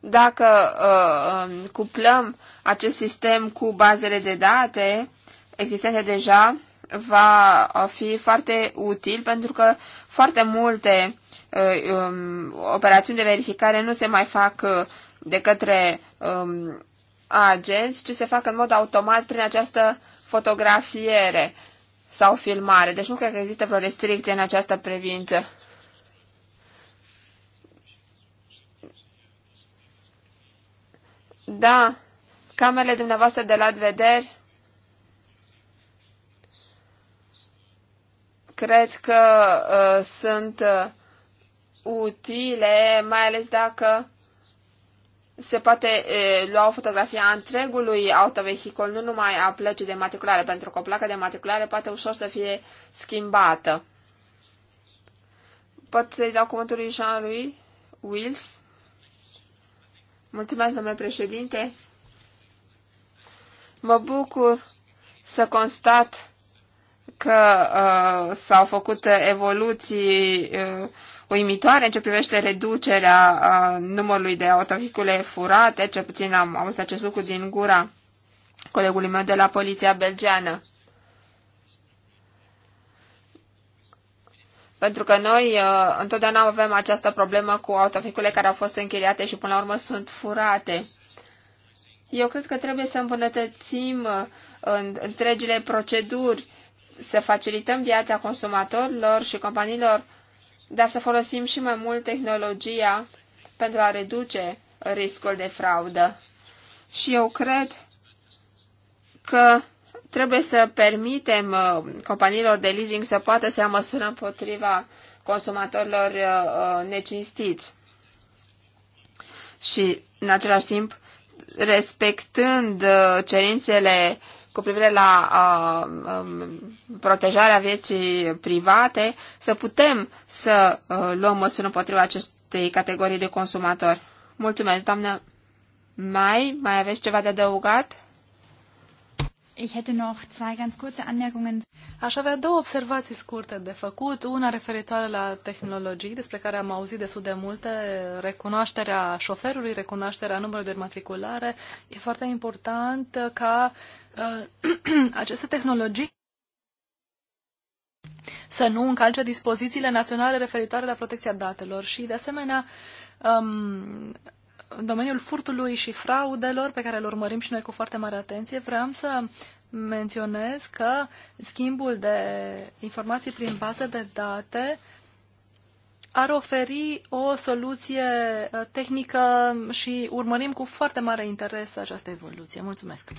dacă uh, um, cuplăm acest sistem cu bazele de date existente deja, va fi foarte util pentru că foarte multe uh, um, operațiuni de verificare nu se mai fac uh, de către um, agenți, ci se fac în mod automat prin această fotografiere sau filmare. Deci nu cred că există vreo restricție în această privință. Da, camerele dumneavoastră de la vedere cred că uh, sunt uh, utile, mai ales dacă se poate e, uh, lua o fotografie a întregului autovehicul, nu numai a plăcii de matriculare, pentru că o placă de matriculare poate ușor să fie schimbată. Pot să-i dau cuvântul lui Jean-Louis Wills? Mulțumesc, domnule președinte. Mă bucur să constat că uh, s-au făcut evoluții uh, uimitoare în ce privește reducerea uh, numărului de autovehicule furate, cel puțin am auzit acest lucru din gura colegului meu de la poliția belgeană. Pentru că noi uh, întotdeauna avem această problemă cu autovehicule care au fost închiriate și până la urmă sunt furate. Eu cred că trebuie să îmbunătățim uh, în întregile proceduri să facilităm viața consumatorilor și companiilor, dar să folosim și mai mult tehnologia pentru a reduce riscul de fraudă. Și eu cred că trebuie să permitem uh, companiilor de leasing să poată să ia măsură împotriva consumatorilor uh, uh, necinstiți. Și, în același timp, respectând cerințele cu privire la a, a, protejarea vieții private, să putem să a, luăm măsuri împotriva acestei categorii de consumatori. Mulțumesc, doamnă. Mai, mai aveți ceva de adăugat? Ich hätte noch zwei ganz kurze Anmerkungen. Aș avea două observații scurte de făcut. Una referitoare la tehnologii, despre care am auzit destul de multe, recunoașterea șoferului, recunoașterea numărului de matriculare. E foarte important ca uh, Uh, aceste tehnologii să nu încalce dispozițiile naționale referitoare la protecția datelor și, de asemenea, um, domeniul furtului și fraudelor, pe care îl urmărim și noi cu foarte mare atenție, vreau să menționez că schimbul de informații prin baze de date ar oferi o soluție uh, tehnică și urmărim cu foarte mare interes această evoluție. Mulțumesc!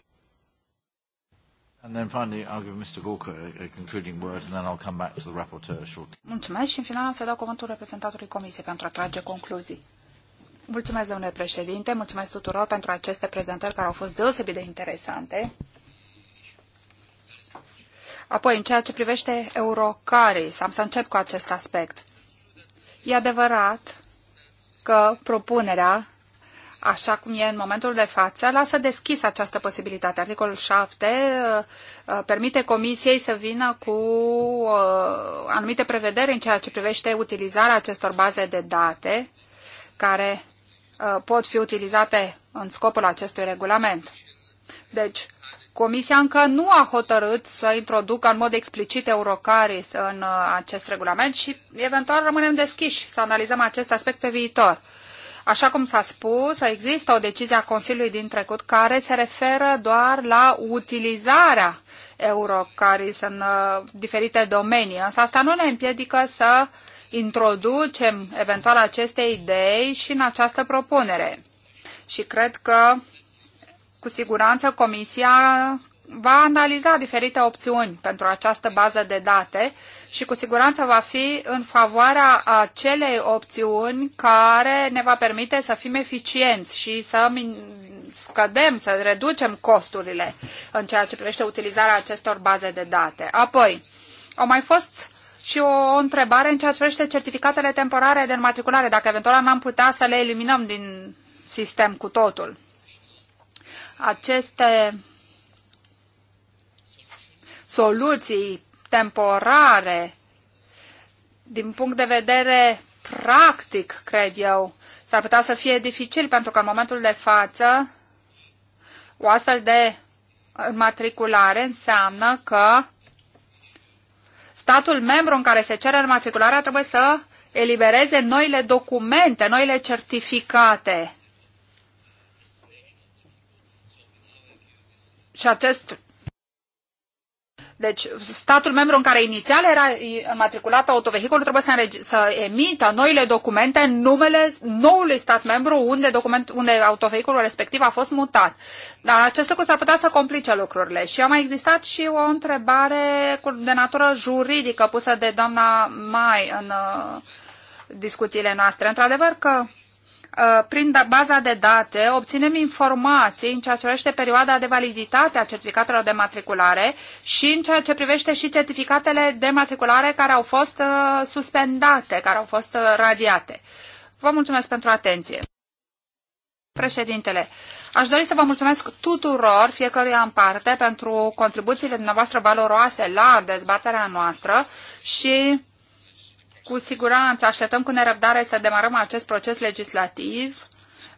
finally, I'll give Mr. Gorka a concluding word, and then I'll come back to the rapporteur shortly. Mulțumesc și în final să dau cuvântul reprezentantului Comisiei pentru a trage concluzii. Mulțumesc, domnule președinte, mulțumesc tuturor pentru aceste prezentări care au fost deosebit de interesante. Apoi, în ceea ce privește Eurocaris, am să încep cu acest aspect. E adevărat că propunerea așa cum e în momentul de față, lasă deschis această posibilitate. Articolul 7 uh, uh, permite Comisiei să vină cu uh, anumite prevederi în ceea ce privește utilizarea acestor baze de date care pot fi utilizate în scopul acestui regulament. Deci, Comisia încă nu a hotărât să introducă în mod explicit Eurocaris în acest regulament și eventual rămânem deschiși să analizăm acest aspect pe viitor. Așa cum s-a spus, există o decizie a Consiliului din trecut care se referă doar la utilizarea euro, care sunt uh, diferite domenii. Însă asta nu ne împiedică să introducem eventual aceste idei și în această propunere. Și cred că cu siguranță Comisia va analiza diferite opțiuni pentru această bază de date și cu siguranță va fi în favoarea acelei opțiuni care ne va permite să fim eficienți și să scădem, să reducem costurile în ceea ce privește utilizarea acestor baze de date. Apoi, au mai fost și o întrebare în ceea ce privește certificatele temporare de înmatriculare, dacă eventual n-am putea să le eliminăm din sistem cu totul. Aceste soluții temporare, din punct de vedere practic, cred eu, s-ar putea să fie dificil, pentru că în momentul de față o astfel de înmatriculare înseamnă că statul membru în care se cere înmatricularea trebuie să elibereze noile documente, noile certificate. Și acest deci, statul membru în care inițial era matriculat autovehiculul trebuie să, înregi- să emită noile documente în numele noului stat membru unde, document, unde autovehiculul respectiv a fost mutat. Dar acest lucru s-ar putea să complice lucrurile. Și a mai existat și o întrebare de natură juridică pusă de doamna Mai în uh, discuțiile noastre. Într-adevăr că Uh, prin da, baza de date obținem informații în ceea ce privește perioada de validitate a certificatelor de matriculare și în ceea ce privește și certificatele de matriculare care au fost uh, suspendate, care au fost uh, radiate. Vă mulțumesc pentru atenție. Președintele, aș dori să vă mulțumesc tuturor, fiecăruia în parte, pentru contribuțiile dumneavoastră valoroase la dezbaterea noastră și cu siguranță așteptăm cu nerăbdare să demarăm acest proces legislativ.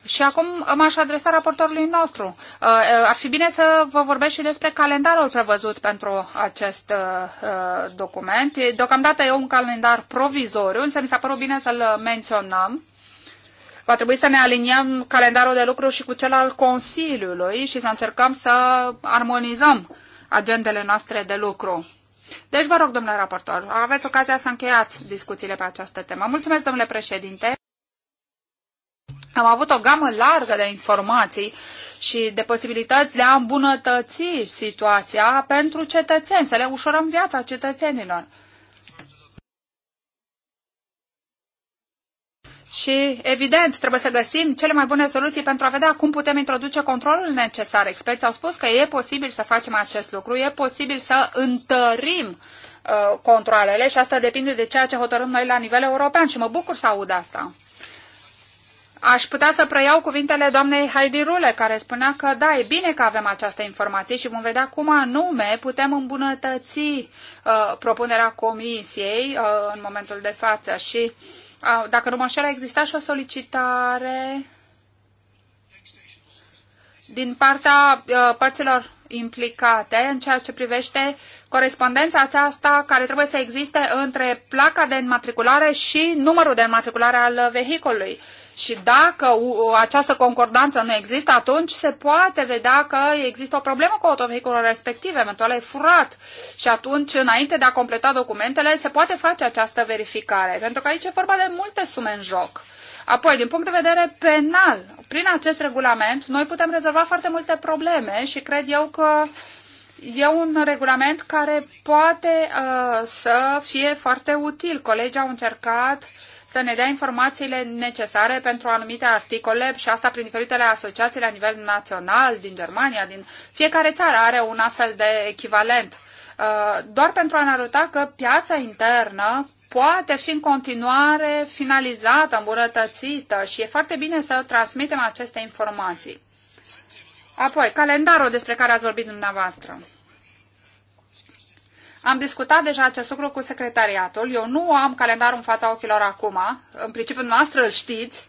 Și acum m-aș adresa raportorului nostru. Uh, uh, ar fi bine să vă vorbesc și despre calendarul prevăzut pentru acest uh, document. Deocamdată e un calendar provizoriu, însă mi s-a părut bine să-l menționăm. Va trebui să ne aliniem calendarul de lucru și cu cel al Consiliului și să încercăm să armonizăm agendele noastre de lucru. Deci vă rog, domnule raportor, aveți ocazia să încheiați discuțiile pe această temă. Mulțumesc, domnule președinte. Am avut o gamă largă de informații și de posibilități de a îmbunătăți situația pentru cetățeni, să le ușurăm viața cetățenilor. Și, evident, trebuie să găsim cele mai bune soluții pentru a vedea cum putem introduce controlul necesar. Experții au spus că e posibil să facem acest lucru, e posibil să întărim uh, controlele și asta depinde de ceea ce hotărâm noi la nivel european și mă bucur să aud asta. Aș putea să preiau cuvintele doamnei Heidi Rule, care spunea că da, e bine că avem această informație și vom vedea cum anume putem îmbunătăți uh, propunerea comisiei uh, în momentul de față și uh, a, dacă nu mă înșel, a existat și o solicitare din partea uh, părților implicate în ceea ce privește corespondența aceasta care trebuie să existe între placa de înmatriculare și numărul de înmatriculare al vehiculului. Și dacă această concordanță nu există, atunci se poate vedea că există o problemă cu autovehiculul respectiv, eventual e furat. Și atunci, înainte de a completa documentele, se poate face această verificare. Pentru că aici e vorba de multe sume în joc. Apoi, din punct de vedere penal, prin acest regulament, noi putem rezolva foarte multe probleme și cred eu că e un regulament care poate uh, să fie foarte util. Colegii au încercat uh, să ne dea informațiile necesare pentru anumite articole și asta prin diferitele asociații la nivel național, din Germania, din fiecare țară are un astfel de echivalent. Uh, doar pentru a ne arăta că piața internă poate fi în continuare finalizată, îmbunătățită și e foarte bine să transmitem aceste informații. Apoi, calendarul despre care ați vorbit dumneavoastră. Am discutat deja acest lucru cu secretariatul. Eu nu am calendarul în fața ochilor acum. În principiu, noastră îl știți.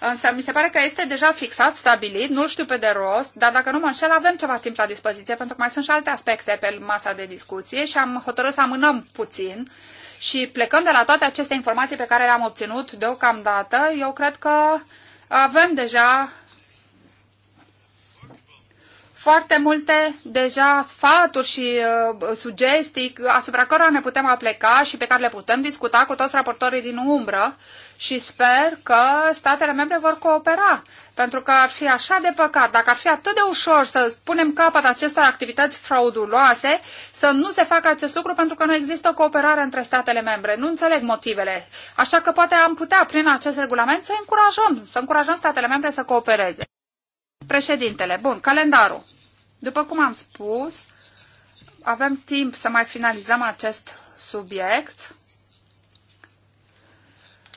Însă mi se pare că este deja fixat, stabilit, nu știu pe de rost, dar dacă nu mă înșel, avem ceva timp la dispoziție, pentru că mai sunt și alte aspecte pe masa de discuție și am hotărât să amânăm puțin. Și plecând de la toate aceste informații pe care le-am obținut deocamdată, eu cred că avem deja foarte multe deja sfaturi și uh, sugestii asupra cărora ne putem apleca și pe care le putem discuta cu toți raportorii din umbră și sper că statele membre vor coopera, pentru că ar fi așa de păcat, dacă ar fi atât de ușor să punem capăt acestor activități frauduloase, să nu se facă acest lucru pentru că nu există o cooperare între statele membre. Nu înțeleg motivele. Așa că poate am putea, prin acest regulament, să încurajăm, să încurajăm statele membre să coopereze. Președintele, bun, calendarul. După cum am spus, avem timp să mai finalizăm acest subiect.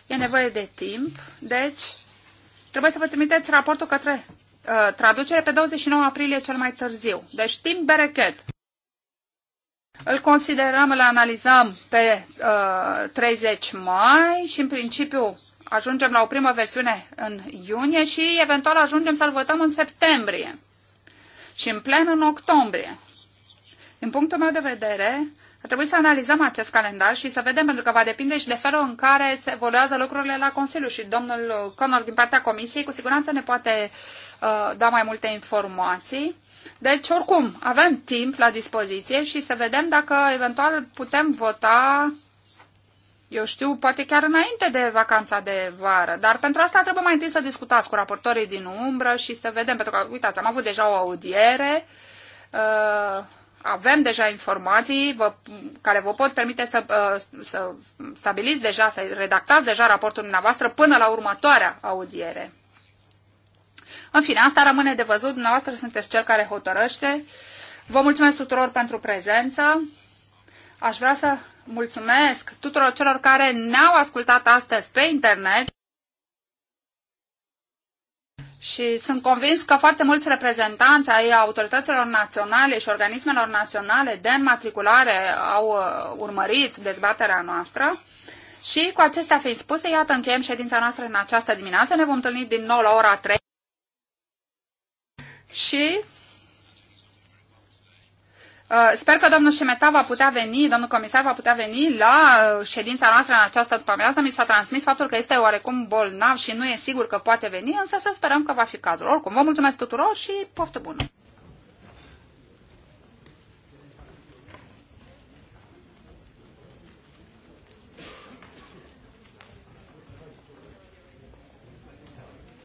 E nevoie de timp, deci trebuie să vă trimiteți raportul către uh, traducere pe 29 aprilie cel mai târziu. Deci timp berechet. Îl considerăm, îl analizăm pe uh, 30 mai și în principiu ajungem la o primă versiune în iunie și eventual ajungem să-l votăm în septembrie și în plen în octombrie. Din punctul meu de vedere, ar trebui să analizăm acest calendar și să vedem, pentru că va depinde și de felul în care se evoluează lucrurile la Consiliu și domnul Conor din partea Comisiei cu siguranță ne poate uh, da mai multe informații. Deci, oricum, avem timp la dispoziție și să vedem dacă eventual putem vota eu știu, poate chiar înainte de vacanța de vară. Dar pentru asta trebuie mai întâi să discutați cu raportorii din umbră și să vedem, pentru că, uitați, am avut deja o audiere, uh, avem deja informații vă, care vă pot permite să, uh, să stabiliți deja, să redactați deja raportul dumneavoastră până la următoarea audiere. În fine, asta rămâne de văzut, dumneavoastră sunteți cel care hotărăște. Vă mulțumesc tuturor pentru prezență. Aș vrea să mulțumesc tuturor celor care ne-au ascultat astăzi pe internet. Și sunt convins că foarte mulți reprezentanți ai autorităților naționale și organismelor naționale de înmatriculare au uh, urmărit dezbaterea noastră. Și cu acestea fiind spuse, iată, încheiem ședința noastră în această dimineață. Ne vom întâlni din nou la ora 3. Și Uh, sper că domnul Șemeta va putea veni, domnul comisar va putea veni la uh, ședința noastră în această după-amiază. Mi s-a transmis faptul că este oarecum bolnav și nu e sigur că poate veni, însă să sperăm că va fi cazul. Oricum, vă mulțumesc tuturor și poftă bună!